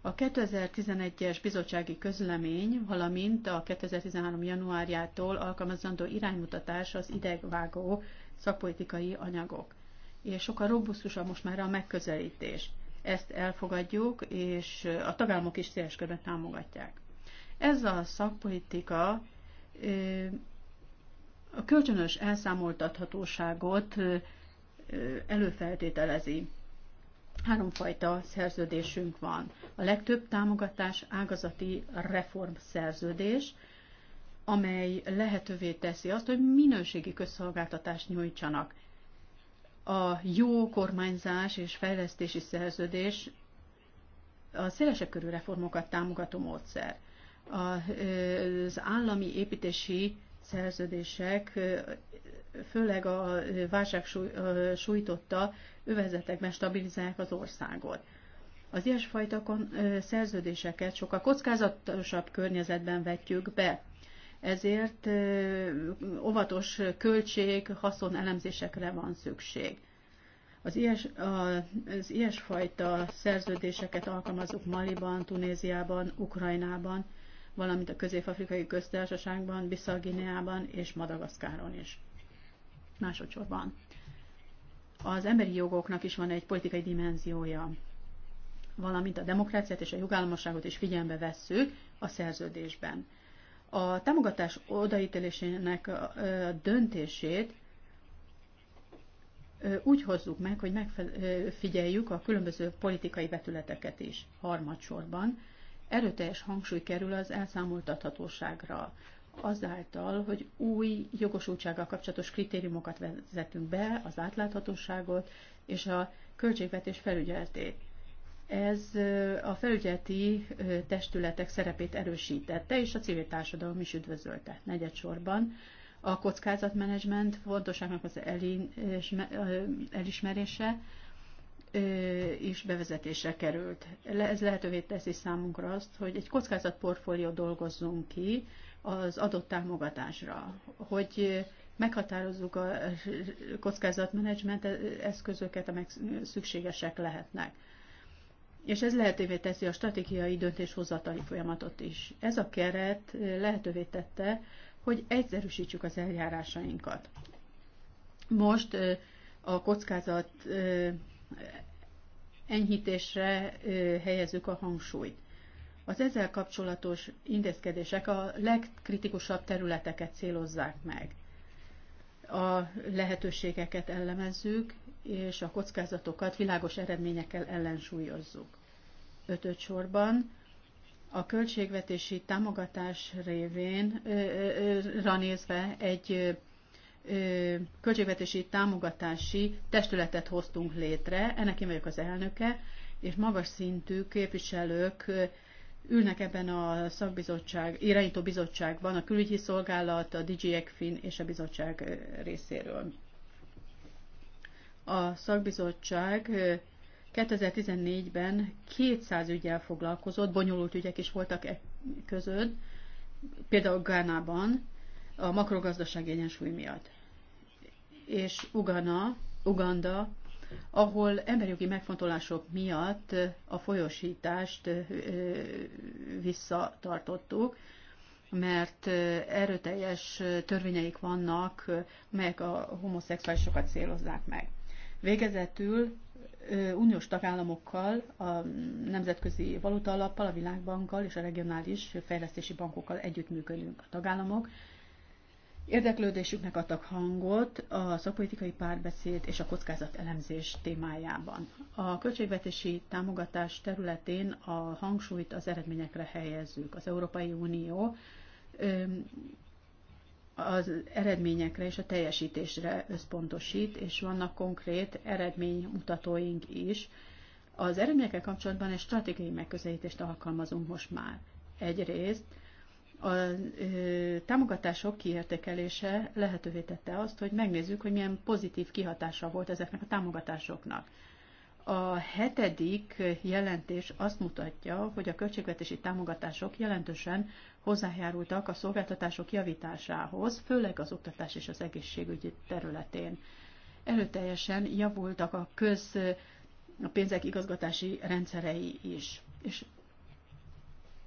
A 2011-es bizottsági közlemény, valamint a 2013. januárjától alkalmazandó iránymutatás az idegvágó szakpolitikai anyagok. És sokkal robusztusabb most már a megközelítés. Ezt elfogadjuk, és a tagállamok is széles körben támogatják. Ez a szakpolitika a kölcsönös elszámoltathatóságot előfeltételezi. Háromfajta szerződésünk van. A legtöbb támogatás ágazati reformszerződés, amely lehetővé teszi azt, hogy minőségi közszolgáltatást nyújtsanak. A jó kormányzás és fejlesztési szerződés a szélesebb körű reformokat támogató módszer. Az állami építési szerződések főleg a válság sújtotta övezetekben stabilizálják az országot. Az ilyesfajta szerződéseket sokkal kockázatosabb környezetben vetjük be. Ezért óvatos költség, haszon elemzésekre van szükség. Az, ilyes, az ilyesfajta szerződéseket alkalmazunk Maliban, Tunéziában, Ukrajnában, valamint a Közép-Afrikai Köztársaságban, Bissau-Gineában és Madagaszkáron is. Másodszorban az emberi jogoknak is van egy politikai dimenziója, valamint a demokráciát és a jogállamosságot is figyelembe vesszük a szerződésben. A támogatás odaítélésének a döntését úgy hozzuk meg, hogy megfigyeljük a különböző politikai vetületeket is harmadsorban. Erőteljes hangsúly kerül az elszámoltathatóságra azáltal, hogy új jogosultsággal kapcsolatos kritériumokat vezetünk be, az átláthatóságot és a költségvetés felügyeltét. Ez a felügyeleti testületek szerepét erősítette, és a civil társadalom is üdvözölte. Negyedsorban a kockázatmenedzsment fontosságnak az elismerése is bevezetése került. Ez lehetővé teszi számunkra azt, hogy egy kockázatportfólió dolgozzunk ki, az adott támogatásra, hogy meghatározzuk a kockázatmenedzsment eszközöket, amelyek szükségesek lehetnek. És ez lehetővé teszi a stratégiai döntéshozatali folyamatot is. Ez a keret lehetővé tette, hogy egyszerűsítsük az eljárásainkat. Most a kockázat enyhítésre helyezzük a hangsúlyt. Az ezzel kapcsolatos intézkedések a legkritikusabb területeket célozzák meg. A lehetőségeket ellemezzük, és a kockázatokat világos eredményekkel ellensúlyozzuk. Ötöt sorban a költségvetési támogatás révén ránézve egy költségvetési támogatási testületet hoztunk létre, ennek én vagyok az elnöke, és magas szintű képviselők ülnek ebben a szakbizottság, irányító bizottságban a külügyi szolgálat, a DG ECFIN és a bizottság részéről. A szakbizottság 2014-ben 200 ügyel foglalkozott, bonyolult ügyek is voltak e között, például Gánában a makrogazdasági egyensúly miatt. És Ugana, Uganda ahol emberjogi megfontolások miatt a folyosítást visszatartottuk, mert erőteljes törvényeik vannak, melyek a homoszexuálisokat célozzák meg. Végezetül uniós tagállamokkal, a Nemzetközi Valutalappal, a Világbankkal és a regionális fejlesztési bankokkal együttműködünk. A tagállamok Érdeklődésüknek adtak hangot a szakpolitikai párbeszéd és a kockázat elemzés témájában. A költségvetési támogatás területén a hangsúlyt az eredményekre helyezzük. Az Európai Unió az eredményekre és a teljesítésre összpontosít, és vannak konkrét eredménymutatóink is. Az eredményekkel kapcsolatban egy stratégiai megközelítést alkalmazunk most már. Egyrészt a ö, támogatások kiértékelése lehetővé tette azt, hogy megnézzük, hogy milyen pozitív kihatása volt ezeknek a támogatásoknak. A hetedik jelentés azt mutatja, hogy a költségvetési támogatások jelentősen hozzájárultak a szolgáltatások javításához, főleg az oktatás és az egészségügyi területén. Előteljesen javultak a köz a pénzek igazgatási rendszerei is. És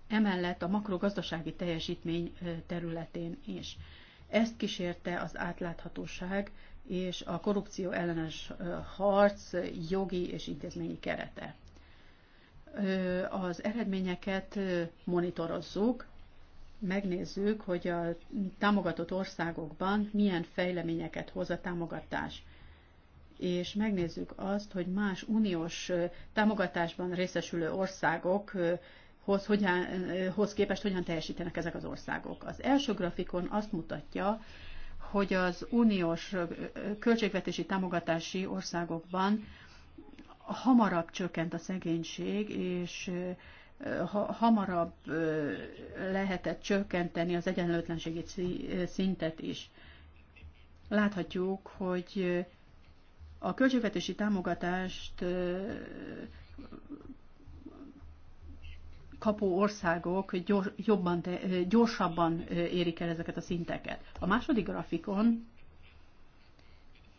emellett a makrogazdasági teljesítmény területén is. Ezt kísérte az átláthatóság és a korrupció ellenes harc jogi és intézményi kerete. Az eredményeket monitorozzuk, megnézzük, hogy a támogatott országokban milyen fejleményeket hoz a támogatás. És megnézzük azt, hogy más uniós támogatásban részesülő országok hoz, hogyan, eh, hoz képest hogyan teljesítenek ezek az országok. Az első grafikon azt mutatja, hogy az uniós eh, költségvetési támogatási országokban hamarabb csökkent a szegénység, és eh, hamarabb lehetett csökkenteni az egyenlőtlenségi szintet is. Láthatjuk, hogy a költségvetési támogatást kapó országok gyors, jobban, gyorsabban érik el ezeket a szinteket. A második grafikon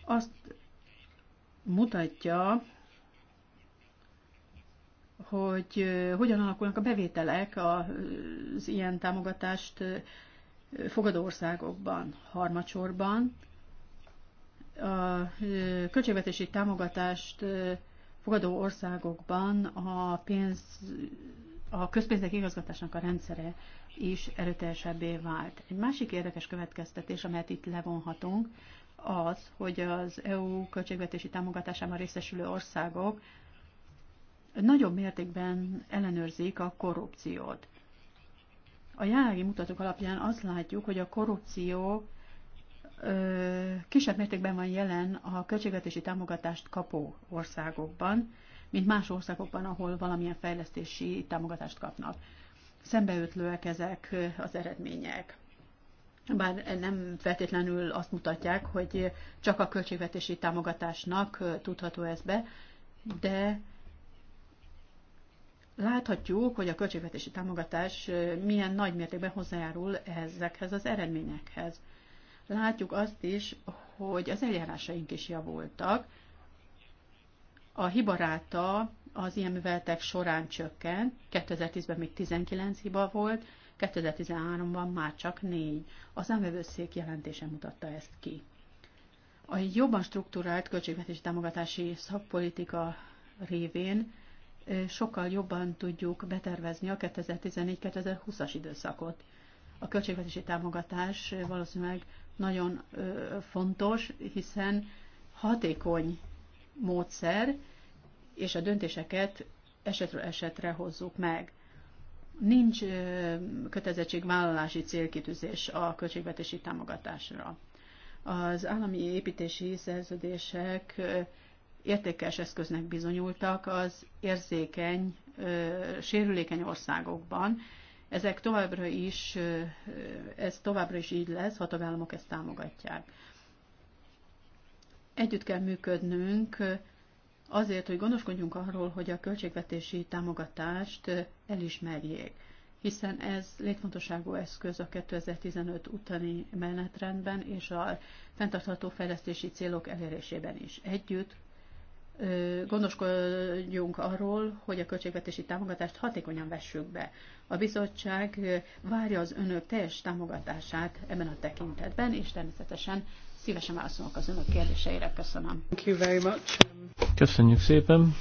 azt mutatja, hogy hogyan alakulnak a bevételek az ilyen támogatást fogadó országokban. Harmadsorban a költségvetési támogatást fogadó országokban a pénz a közpénzek igazgatásnak a rendszere is erőteljesebbé vált. Egy másik érdekes következtetés, amelyet itt levonhatunk, az, hogy az EU költségvetési támogatásában részesülő országok nagyobb mértékben ellenőrzik a korrupciót. A jelenlegi mutatók alapján azt látjuk, hogy a korrupció kisebb mértékben van jelen a költségvetési támogatást kapó országokban, mint más országokban, ahol valamilyen fejlesztési támogatást kapnak. Szembeötlőek ezek az eredmények. Bár nem feltétlenül azt mutatják, hogy csak a költségvetési támogatásnak tudható ez be, de láthatjuk, hogy a költségvetési támogatás milyen nagy mértékben hozzájárul ezekhez az eredményekhez. Látjuk azt is, hogy az eljárásaink is javultak, a hibaráta az ilyen műveletek során csökken, 2010-ben még 19 hiba volt, 2013-ban már csak 4. Az emlővőszék jelentése mutatta ezt ki. A jobban struktúrált költségvetési támogatási szakpolitika révén sokkal jobban tudjuk betervezni a 2014-2020-as időszakot. A költségvetési támogatás valószínűleg nagyon fontos, hiszen hatékony módszer, és a döntéseket esetről esetre hozzuk meg. Nincs kötelezettségvállalási célkitűzés a költségvetési támogatásra. Az állami építési szerződések értékes eszköznek bizonyultak az érzékeny, sérülékeny országokban. Ezek továbbra is, ez továbbra is így lesz, ha tagállamok ezt támogatják. Együtt kell működnünk azért, hogy gondoskodjunk arról, hogy a költségvetési támogatást elismerjék, hiszen ez létfontosságú eszköz a 2015 utáni menetrendben és a fenntartható fejlesztési célok elérésében is. Együtt gondoskodjunk arról, hogy a költségvetési támogatást hatékonyan vessük be. A bizottság várja az önök teljes támogatását ebben a tekintetben, és természetesen Szívesen válaszolok az önök kérdéseire. Köszönöm. Thank you very much. Köszönjük szépen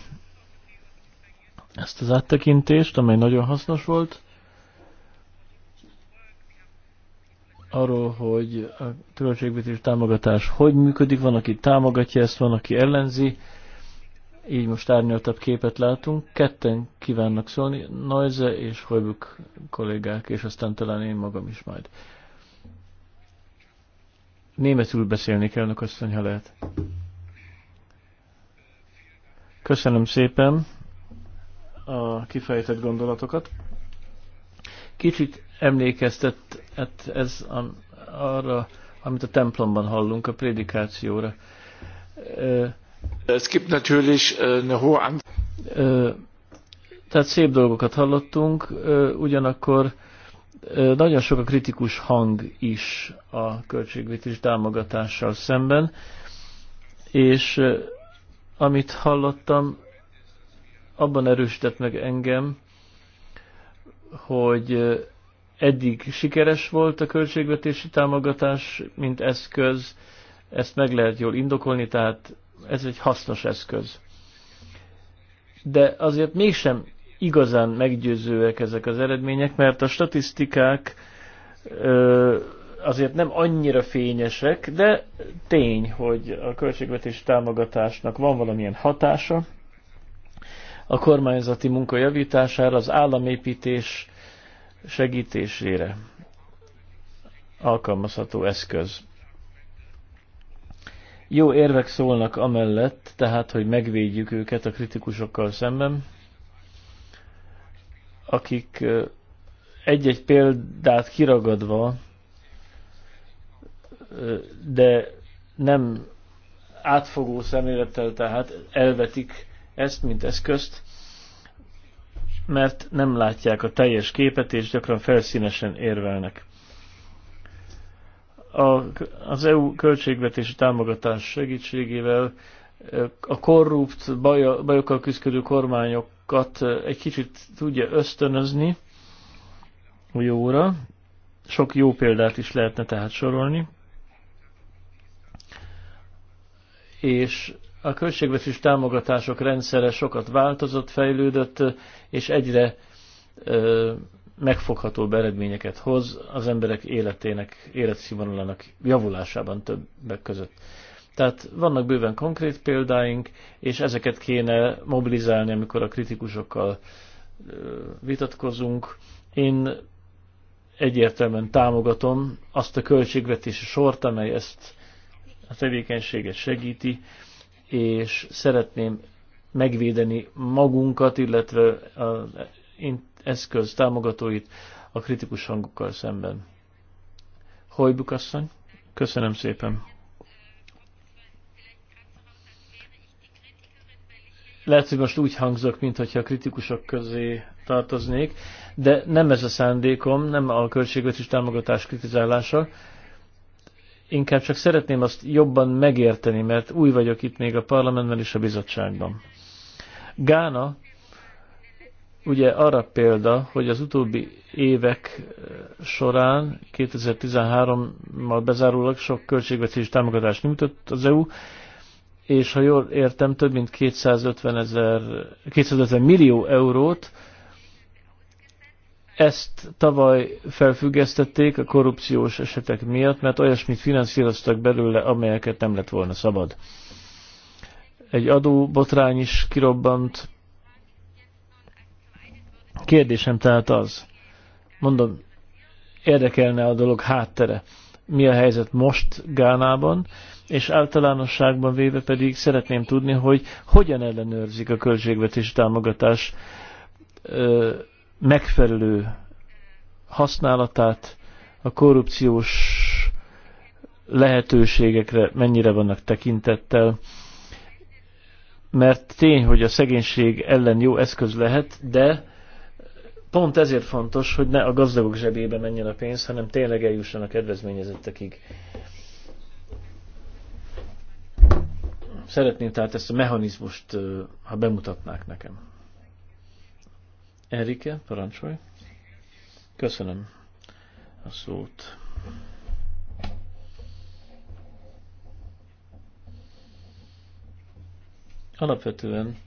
ezt az áttekintést, amely nagyon hasznos volt. Arról, hogy a költségvetés támogatás hogy működik, van, aki támogatja ezt, van, aki ellenzi. Így most árnyaltabb képet látunk. Ketten kívánnak szólni, Noize és Hojbuk kollégák, és aztán talán én magam is majd. Németül beszélni kell, asszony, ha lehet. Köszönöm szépen a kifejtett gondolatokat. Kicsit emlékeztet hát ez arra, amit a templomban hallunk, a prédikációra. Ez gibt natürlich äh, eine hohe Tehát szép dolgokat hallottunk, ugyanakkor nagyon sok a kritikus hang is a költségvetés támogatással szemben, és amit hallottam, abban erősített meg engem, hogy eddig sikeres volt a költségvetési támogatás, mint eszköz, ezt meg lehet jól indokolni, tehát ez egy hasznos eszköz. De azért mégsem igazán meggyőzőek ezek az eredmények, mert a statisztikák azért nem annyira fényesek, de tény, hogy a költségvetés támogatásnak van valamilyen hatása a kormányzati munka javítására, az államépítés segítésére alkalmazható eszköz. Jó érvek szólnak amellett, tehát, hogy megvédjük őket a kritikusokkal szemben, akik egy-egy példát kiragadva, de nem átfogó szemlélettel, tehát elvetik ezt, mint eszközt, mert nem látják a teljes képet, és gyakran felszínesen érvelnek. A, az EU költségvetési támogatás segítségével a korrupt, bajokkal küzdő kormányok magukat egy kicsit tudja ösztönözni a jóra. Sok jó példát is lehetne tehát sorolni. És a költségvetés támogatások rendszere sokat változott, fejlődött, és egyre ö, megfogható eredményeket hoz az emberek életének, életszínvonalának javulásában többek között. Tehát vannak bőven konkrét példáink, és ezeket kéne mobilizálni, amikor a kritikusokkal vitatkozunk. Én egyértelműen támogatom azt a költségvetési sort, amely ezt a tevékenységet segíti, és szeretném megvédeni magunkat, illetve az eszköz támogatóit a kritikus hangokkal szemben. Hojbuk asszony, köszönöm szépen! lehet, hogy most úgy hangzok, mintha a kritikusok közé tartoznék, de nem ez a szándékom, nem a költségvetés támogatás kritizálása. Inkább csak szeretném azt jobban megérteni, mert új vagyok itt még a parlamentben és a bizottságban. Gána ugye arra példa, hogy az utóbbi évek eh, során 2013-mal bezárólag sok költségvetési támogatást nyújtott az EU, és ha jól értem, több mint 250, ezer, 250 millió eurót, ezt tavaly felfüggesztették a korrupciós esetek miatt, mert olyasmit finanszíroztak belőle, amelyeket nem lett volna szabad. Egy adóbotrány is kirobbant. Kérdésem tehát az, mondom, érdekelne a dolog háttere. Mi a helyzet most Gánában? és általánosságban véve pedig szeretném tudni, hogy hogyan ellenőrzik a költségvetési támogatás megfelelő használatát, a korrupciós lehetőségekre mennyire vannak tekintettel, mert tény, hogy a szegénység ellen jó eszköz lehet, de pont ezért fontos, hogy ne a gazdagok zsebébe menjen a pénz, hanem tényleg eljusson a kedvezményezettekig. Szeretném tehát ezt a mechanizmust, ha bemutatnák nekem. Erike, parancsolj. Köszönöm a szót. Alapvetően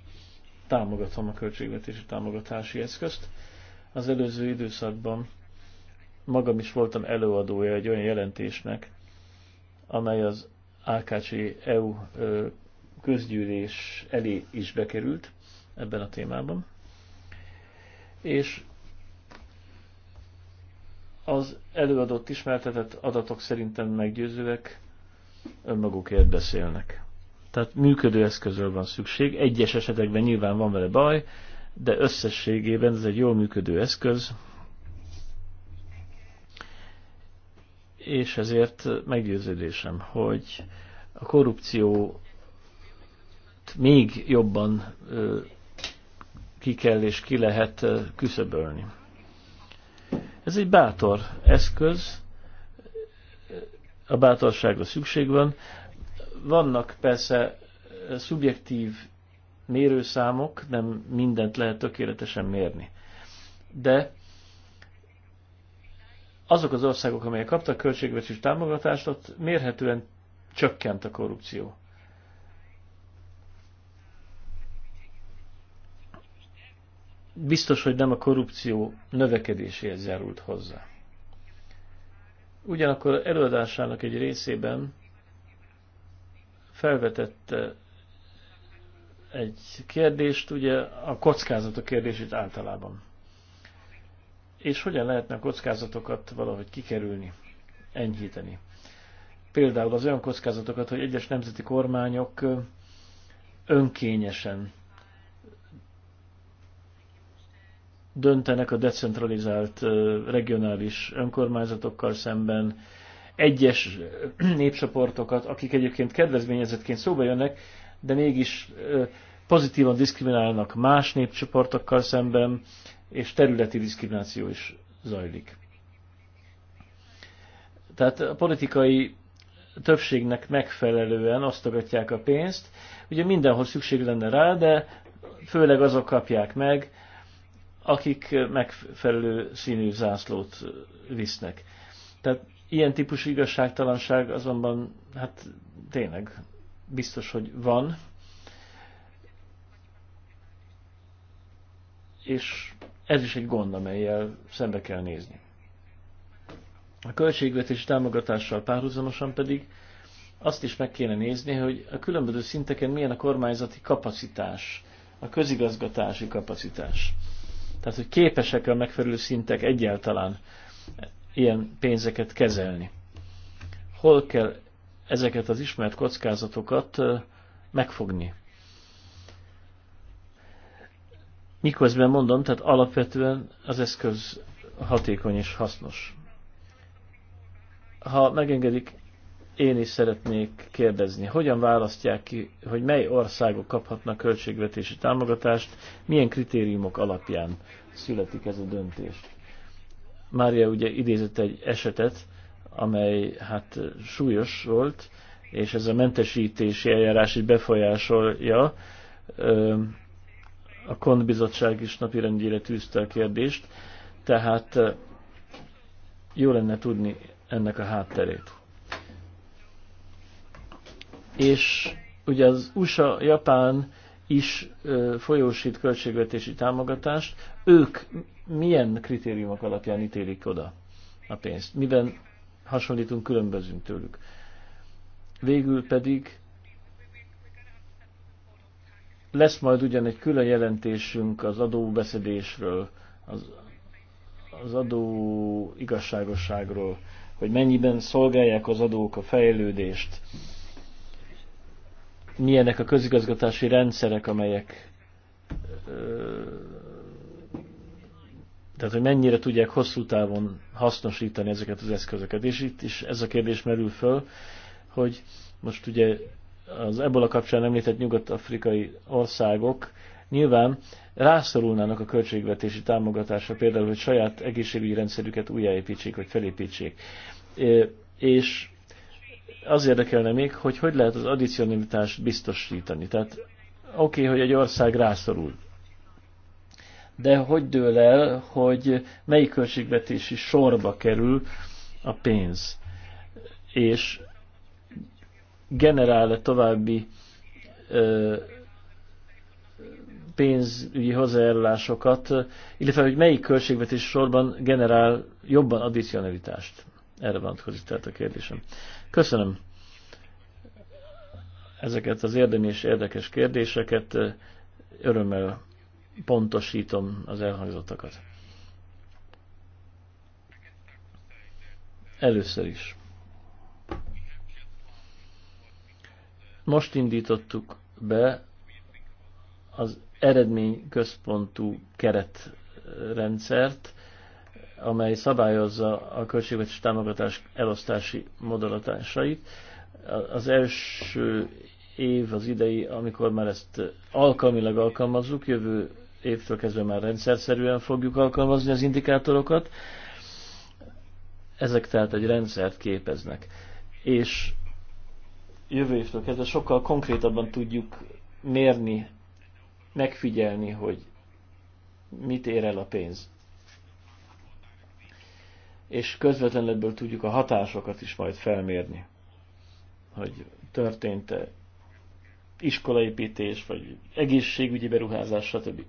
támogatom a költségvetési támogatási eszközt. Az előző időszakban magam is voltam előadója egy olyan jelentésnek, amely az AKC EU közgyűlés elé is bekerült ebben a témában. És az előadott ismertetett adatok szerintem meggyőzőek, önmagukért beszélnek. Tehát működő eszközről van szükség. Egyes esetekben nyilván van vele baj, de összességében ez egy jól működő eszköz, és ezért meggyőződésem, hogy a korrupció még jobban ki kell és ki lehet küszöbölni. Ez egy bátor eszköz, a bátorságra szükség van. Vannak persze szubjektív mérőszámok, nem mindent lehet tökéletesen mérni. De azok az országok, amelyek kaptak költségvetés támogatást, ott mérhetően csökkent a korrupció. biztos, hogy nem a korrupció növekedéséhez járult hozzá. Ugyanakkor előadásának egy részében felvetette egy kérdést, ugye a kockázatok kérdését általában. És hogyan lehetne a kockázatokat valahogy kikerülni, enyhíteni? Például az olyan kockázatokat, hogy egyes nemzeti kormányok önkényesen döntenek a decentralizált regionális önkormányzatokkal szemben, egyes népcsoportokat, akik egyébként kedvezményezetként szóba jönnek, de mégis pozitívan diszkriminálnak más népcsoportokkal szemben, és területi diszkrimináció is zajlik. Tehát a politikai többségnek megfelelően osztogatják a pénzt. Ugye mindenhol szükség lenne rá, de főleg azok kapják meg, akik megfelelő színű zászlót visznek. Tehát ilyen típusú igazságtalanság azonban, hát tényleg biztos, hogy van. És ez is egy gond, amelyel szembe kell nézni. A költségvetési támogatással párhuzamosan pedig azt is meg kéne nézni, hogy a különböző szinteken milyen a kormányzati kapacitás, a közigazgatási kapacitás. Tehát, hogy képesek a megfelelő szintek egyáltalán ilyen pénzeket kezelni. Hol kell ezeket az ismert kockázatokat megfogni? Miközben mondom, tehát alapvetően az eszköz hatékony és hasznos. Ha megengedik, én is szeretnék kérdezni, hogyan választják ki, hogy mely országok kaphatnak költségvetési támogatást, milyen kritériumok alapján születik ez a döntés. Mária ugye idézett egy esetet, amely hát súlyos volt, és ez a mentesítési eljárás is befolyásolja. A kontbizottság is napirendjére tűzte a kérdést, tehát jó lenne tudni ennek a hátterét és ugye az USA, Japán is folyósít költségvetési támogatást, ők milyen kritériumok alapján ítélik oda a pénzt? Miben hasonlítunk, különbözünk tőlük? Végül pedig lesz majd ugyan egy külön jelentésünk az adóbeszedésről, az, az adó igazságosságról, hogy mennyiben szolgálják az adók a fejlődést, milyenek a közigazgatási rendszerek, amelyek tehát, hogy mennyire tudják hosszú távon hasznosítani ezeket az eszközöket. És itt is ez a kérdés merül föl, hogy most ugye az ebola kapcsán említett nyugat-afrikai országok nyilván rászorulnának a költségvetési támogatásra, például, hogy saját egészségügyi rendszerüket újjáépítsék, vagy felépítsék. És az érdekelne még, hogy hogy lehet az addicionalitást biztosítani. Tehát oké, okay, hogy egy ország rászorul, de hogy dől el, hogy melyik költségvetési sorba kerül a pénz, és generál-e további ö, pénzügyi hozzájárulásokat, illetve hogy melyik költségvetési sorban generál jobban addicionalitást. Erre vonatkozik tehát a kérdésem. Köszönöm ezeket az érdemi és érdekes kérdéseket. Örömmel pontosítom az elhangzottakat. Először is. Most indítottuk be az eredményközpontú keretrendszert, amely szabályozza a költségvetés támogatás elosztási modalatásait. Az első év az idei, amikor már ezt alkalmilag alkalmazzuk, jövő évtől kezdve már rendszerszerűen fogjuk alkalmazni az indikátorokat. Ezek tehát egy rendszert képeznek. És jövő évtől kezdve sokkal konkrétabban tudjuk mérni, megfigyelni, hogy mit ér el a pénz és közvetlenebből tudjuk a hatásokat is majd felmérni, hogy történt-e iskolaépítés, vagy egészségügyi beruházás, stb.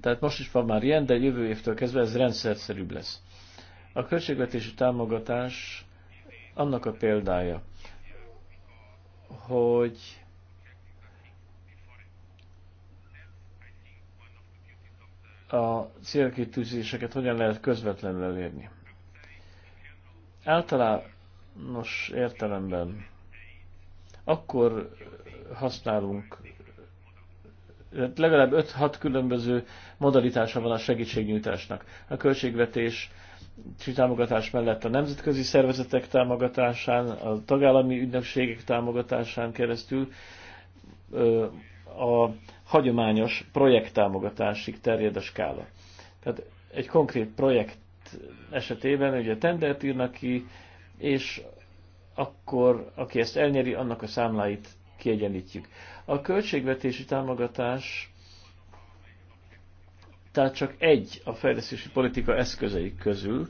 Tehát most is van már ilyen, de jövő évtől kezdve ez rendszerszerűbb lesz. A költségvetési támogatás annak a példája, hogy a célkitűzéseket hogyan lehet közvetlenül elérni. Általános értelemben akkor használunk legalább 5-6 különböző modalitása van a segítségnyújtásnak. A költségvetés támogatás mellett a nemzetközi szervezetek támogatásán, a tagállami ügynökségek támogatásán keresztül a hagyományos projekttámogatásig terjed a skála. Tehát egy konkrét projekt esetében ugye tendert írnak ki, és akkor aki ezt elnyeri, annak a számláit kiegyenlítjük. A költségvetési támogatás tehát csak egy a fejlesztési politika eszközei közül.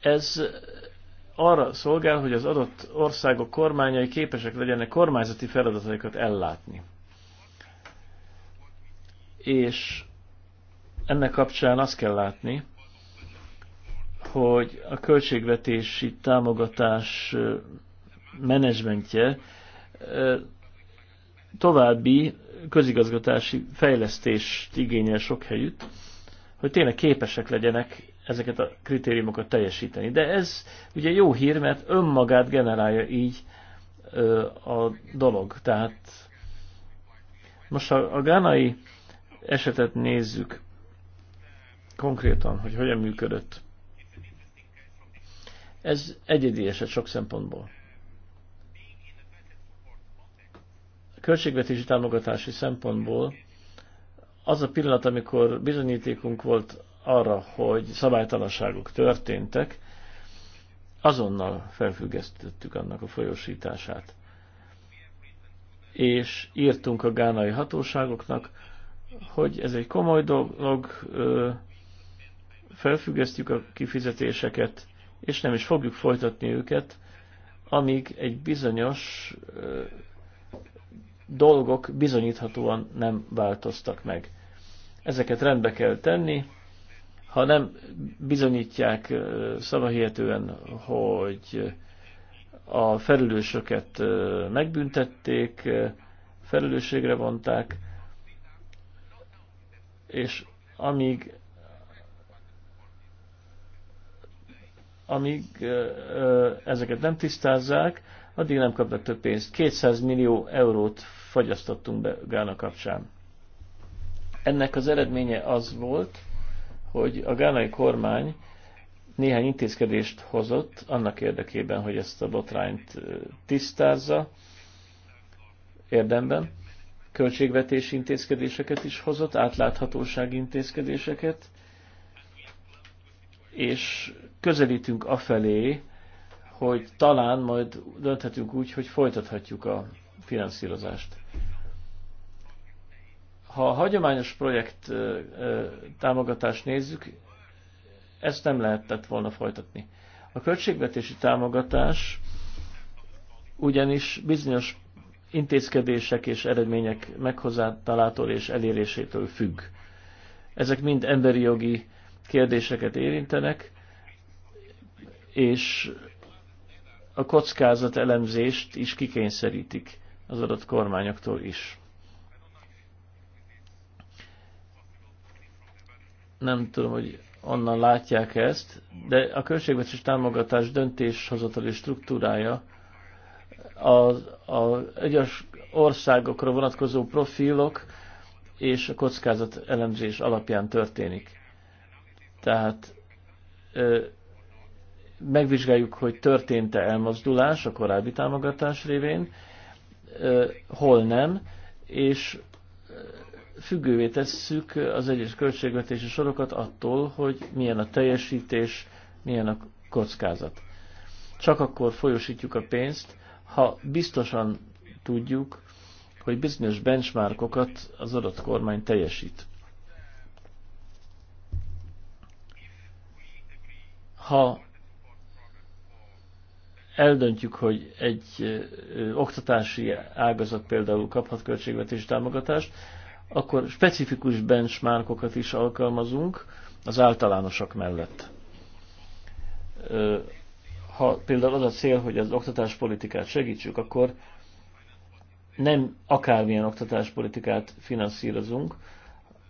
Ez arra szolgál, hogy az adott országok kormányai képesek legyenek kormányzati feladataikat ellátni. És ennek kapcsán azt kell látni, hogy a költségvetési támogatás menedzsmentje további közigazgatási fejlesztést igényel sok helyütt, hogy tényleg képesek legyenek ezeket a kritériumokat teljesíteni. De ez ugye jó hír, mert önmagát generálja így ö, a dolog. Tehát most a, a gánai esetet nézzük konkrétan, hogy hogyan működött. Ez egyedi eset sok szempontból. A költségvetési támogatási szempontból az a pillanat, amikor bizonyítékunk volt arra, hogy szabálytalanságok történtek, azonnal felfüggesztettük annak a folyosítását. És írtunk a gánai hatóságoknak, hogy ez egy komoly dolog, felfüggesztjük a kifizetéseket, és nem is fogjuk folytatni őket, amíg egy bizonyos dolgok bizonyíthatóan nem változtak meg. Ezeket rendbe kell tenni, ha nem bizonyítják szavahihetően, hogy a felelősöket megbüntették, felelősségre vonták, és amíg amíg ezeket nem tisztázzák, addig nem kapnak több pénzt. 200 millió eurót fagyasztottunk be Gána kapcsán. Ennek az eredménye az volt, hogy a gánai kormány néhány intézkedést hozott annak érdekében, hogy ezt a botrányt tisztázza érdemben. Költségvetési intézkedéseket is hozott, átláthatóság intézkedéseket, és közelítünk afelé, hogy talán majd dönthetünk úgy, hogy folytathatjuk a finanszírozást. Ha a hagyományos projekt támogatást nézzük, ezt nem lehetett volna folytatni. A költségvetési támogatás ugyanis bizonyos intézkedések és eredmények meghozatalától és elérésétől függ. Ezek mind emberi jogi kérdéseket érintenek, és a kockázat elemzést is kikényszerítik az adott kormányoktól is. nem tudom, hogy onnan látják ezt, de a költségvetés támogatás döntéshozatali struktúrája az, az egyes országokra vonatkozó profilok és a kockázat elemzés alapján történik. Tehát ö, megvizsgáljuk, hogy történt-e elmozdulás a korábbi támogatás révén, ö, hol nem, és függővé tesszük az egyes költségvetési sorokat attól, hogy milyen a teljesítés, milyen a kockázat. Csak akkor folyosítjuk a pénzt, ha biztosan tudjuk, hogy bizonyos benchmarkokat az adott kormány teljesít. Ha eldöntjük, hogy egy oktatási ágazat például kaphat költségvetési támogatást, akkor specifikus benchmarkokat is alkalmazunk az általánosak mellett. Ha például az a cél, hogy az oktatáspolitikát segítsük, akkor nem akármilyen oktatáspolitikát finanszírozunk,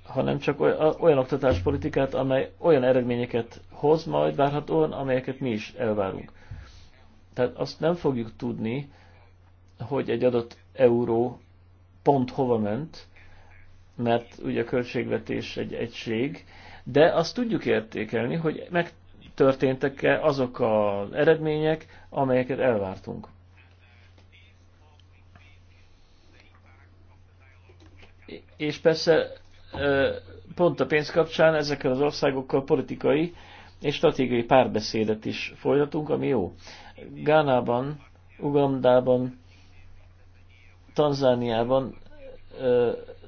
hanem csak olyan oktatáspolitikát, amely olyan eredményeket hoz majd várhatóan, amelyeket mi is elvárunk. Tehát azt nem fogjuk tudni, hogy egy adott euró pont hova ment, mert ugye a költségvetés egy egység, de azt tudjuk értékelni, hogy megtörténtek-e azok az eredmények, amelyeket elvártunk. És persze pont a pénz kapcsán ezekkel az országokkal politikai és stratégiai párbeszédet is folytatunk, ami jó. Gánában, Ugandában, Tanzániában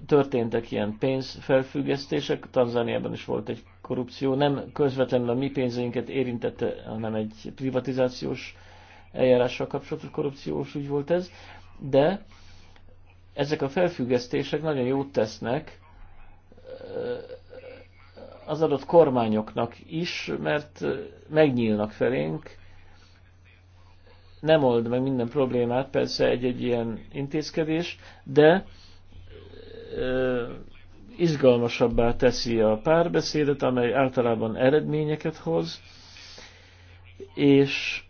történtek ilyen pénzfelfüggesztések, Tanzániában is volt egy korrupció, nem közvetlenül a mi pénzeinket érintette, hanem egy privatizációs eljárással kapcsolatos korrupciós ügy volt ez, de ezek a felfüggesztések nagyon jót tesznek az adott kormányoknak is, mert megnyílnak felénk, nem old meg minden problémát, persze egy-egy ilyen intézkedés, de izgalmasabbá teszi a párbeszédet, amely általában eredményeket hoz, és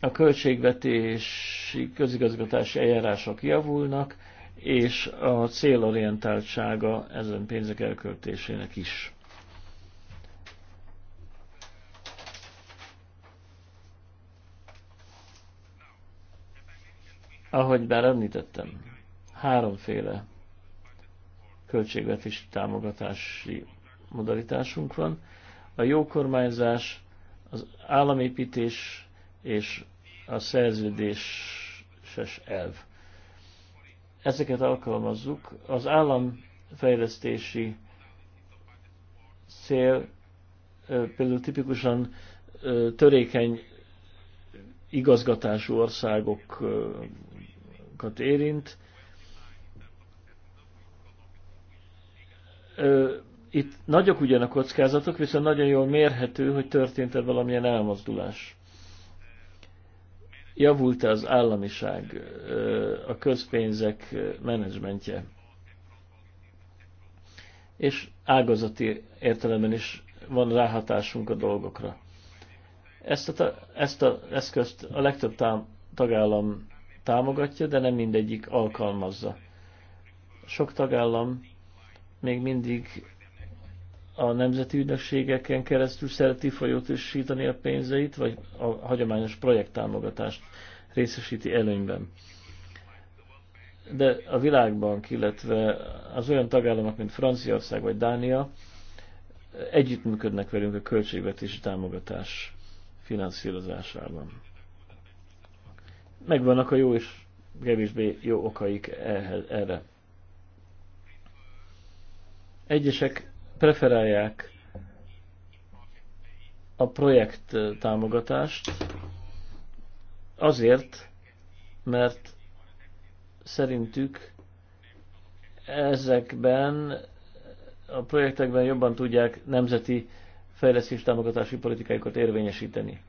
a költségvetési közigazgatási eljárások javulnak, és a célorientáltsága ezen pénzek elköltésének is. Ahogy már említettem, háromféle költségvetési támogatási modalitásunk van. A jó kormányzás, az államépítés és a szerződéses elv. Ezeket alkalmazzuk. Az államfejlesztési cél például tipikusan törékeny igazgatású országokat érint, itt nagyok ugyan a kockázatok, viszont nagyon jól mérhető, hogy történt-e valamilyen elmozdulás. Javult-e az államiság, a közpénzek menedzsmentje? És ágazati értelemben is van ráhatásunk a dolgokra. Ezt a, ezt a eszközt a legtöbb tám, tagállam támogatja, de nem mindegyik alkalmazza. Sok tagállam még mindig a nemzeti ügynökségeken keresztül szereti folyótosítani a pénzeit, vagy a hagyományos projekttámogatást részesíti előnyben. De a világban, illetve az olyan tagállamok, mint Franciaország vagy Dánia, együttműködnek velünk a költségvetési támogatás finanszírozásában. Megvannak a jó és kevésbé jó okaik erre. Egyesek preferálják a projekt támogatást azért, mert szerintük ezekben a projektekben jobban tudják nemzeti fejlesztés támogatási politikájukat érvényesíteni.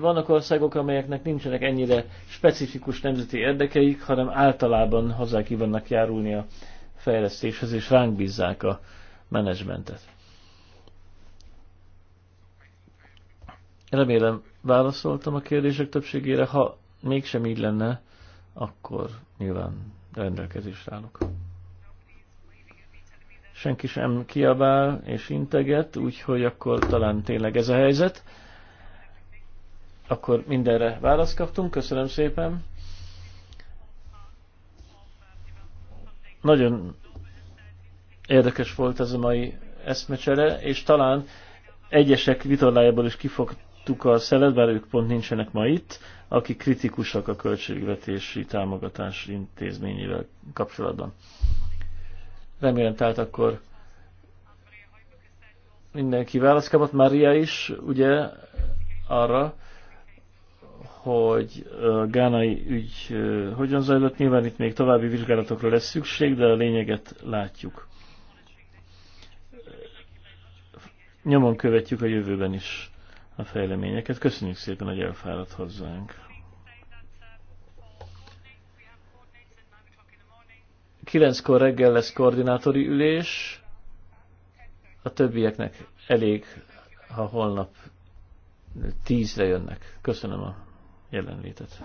Vannak országok, amelyeknek nincsenek ennyire specifikus nemzeti érdekeik, hanem általában hozzá kívánnak járulni a fejlesztéshez, és ránk bízzák a menedzsmentet. Remélem válaszoltam a kérdések többségére, ha mégsem így lenne, akkor nyilván rendelkezésre állok. Senki sem kiabál és integet, úgyhogy akkor talán tényleg ez a helyzet. Akkor mindenre választ kaptunk, köszönöm szépen! Nagyon érdekes volt ez a mai eszmecsere, és talán egyesek vitorlájából is kifogtuk a szelet, bár ők pont nincsenek ma itt, akik kritikusak a költségvetési támogatás intézményével kapcsolatban. Remélem tehát akkor mindenki válasz kapott, Mária is, ugye, arra, hogy a gánai ügy hogyan zajlott. Nyilván itt még további vizsgálatokra lesz szükség, de a lényeget látjuk. Nyomon követjük a jövőben is a fejleményeket. Köszönjük szépen, hogy elfáradt hozzánk. Kilenckor reggel lesz koordinátori ülés, a többieknek elég, ha holnap tízre jönnek. Köszönöm a jelenlétet.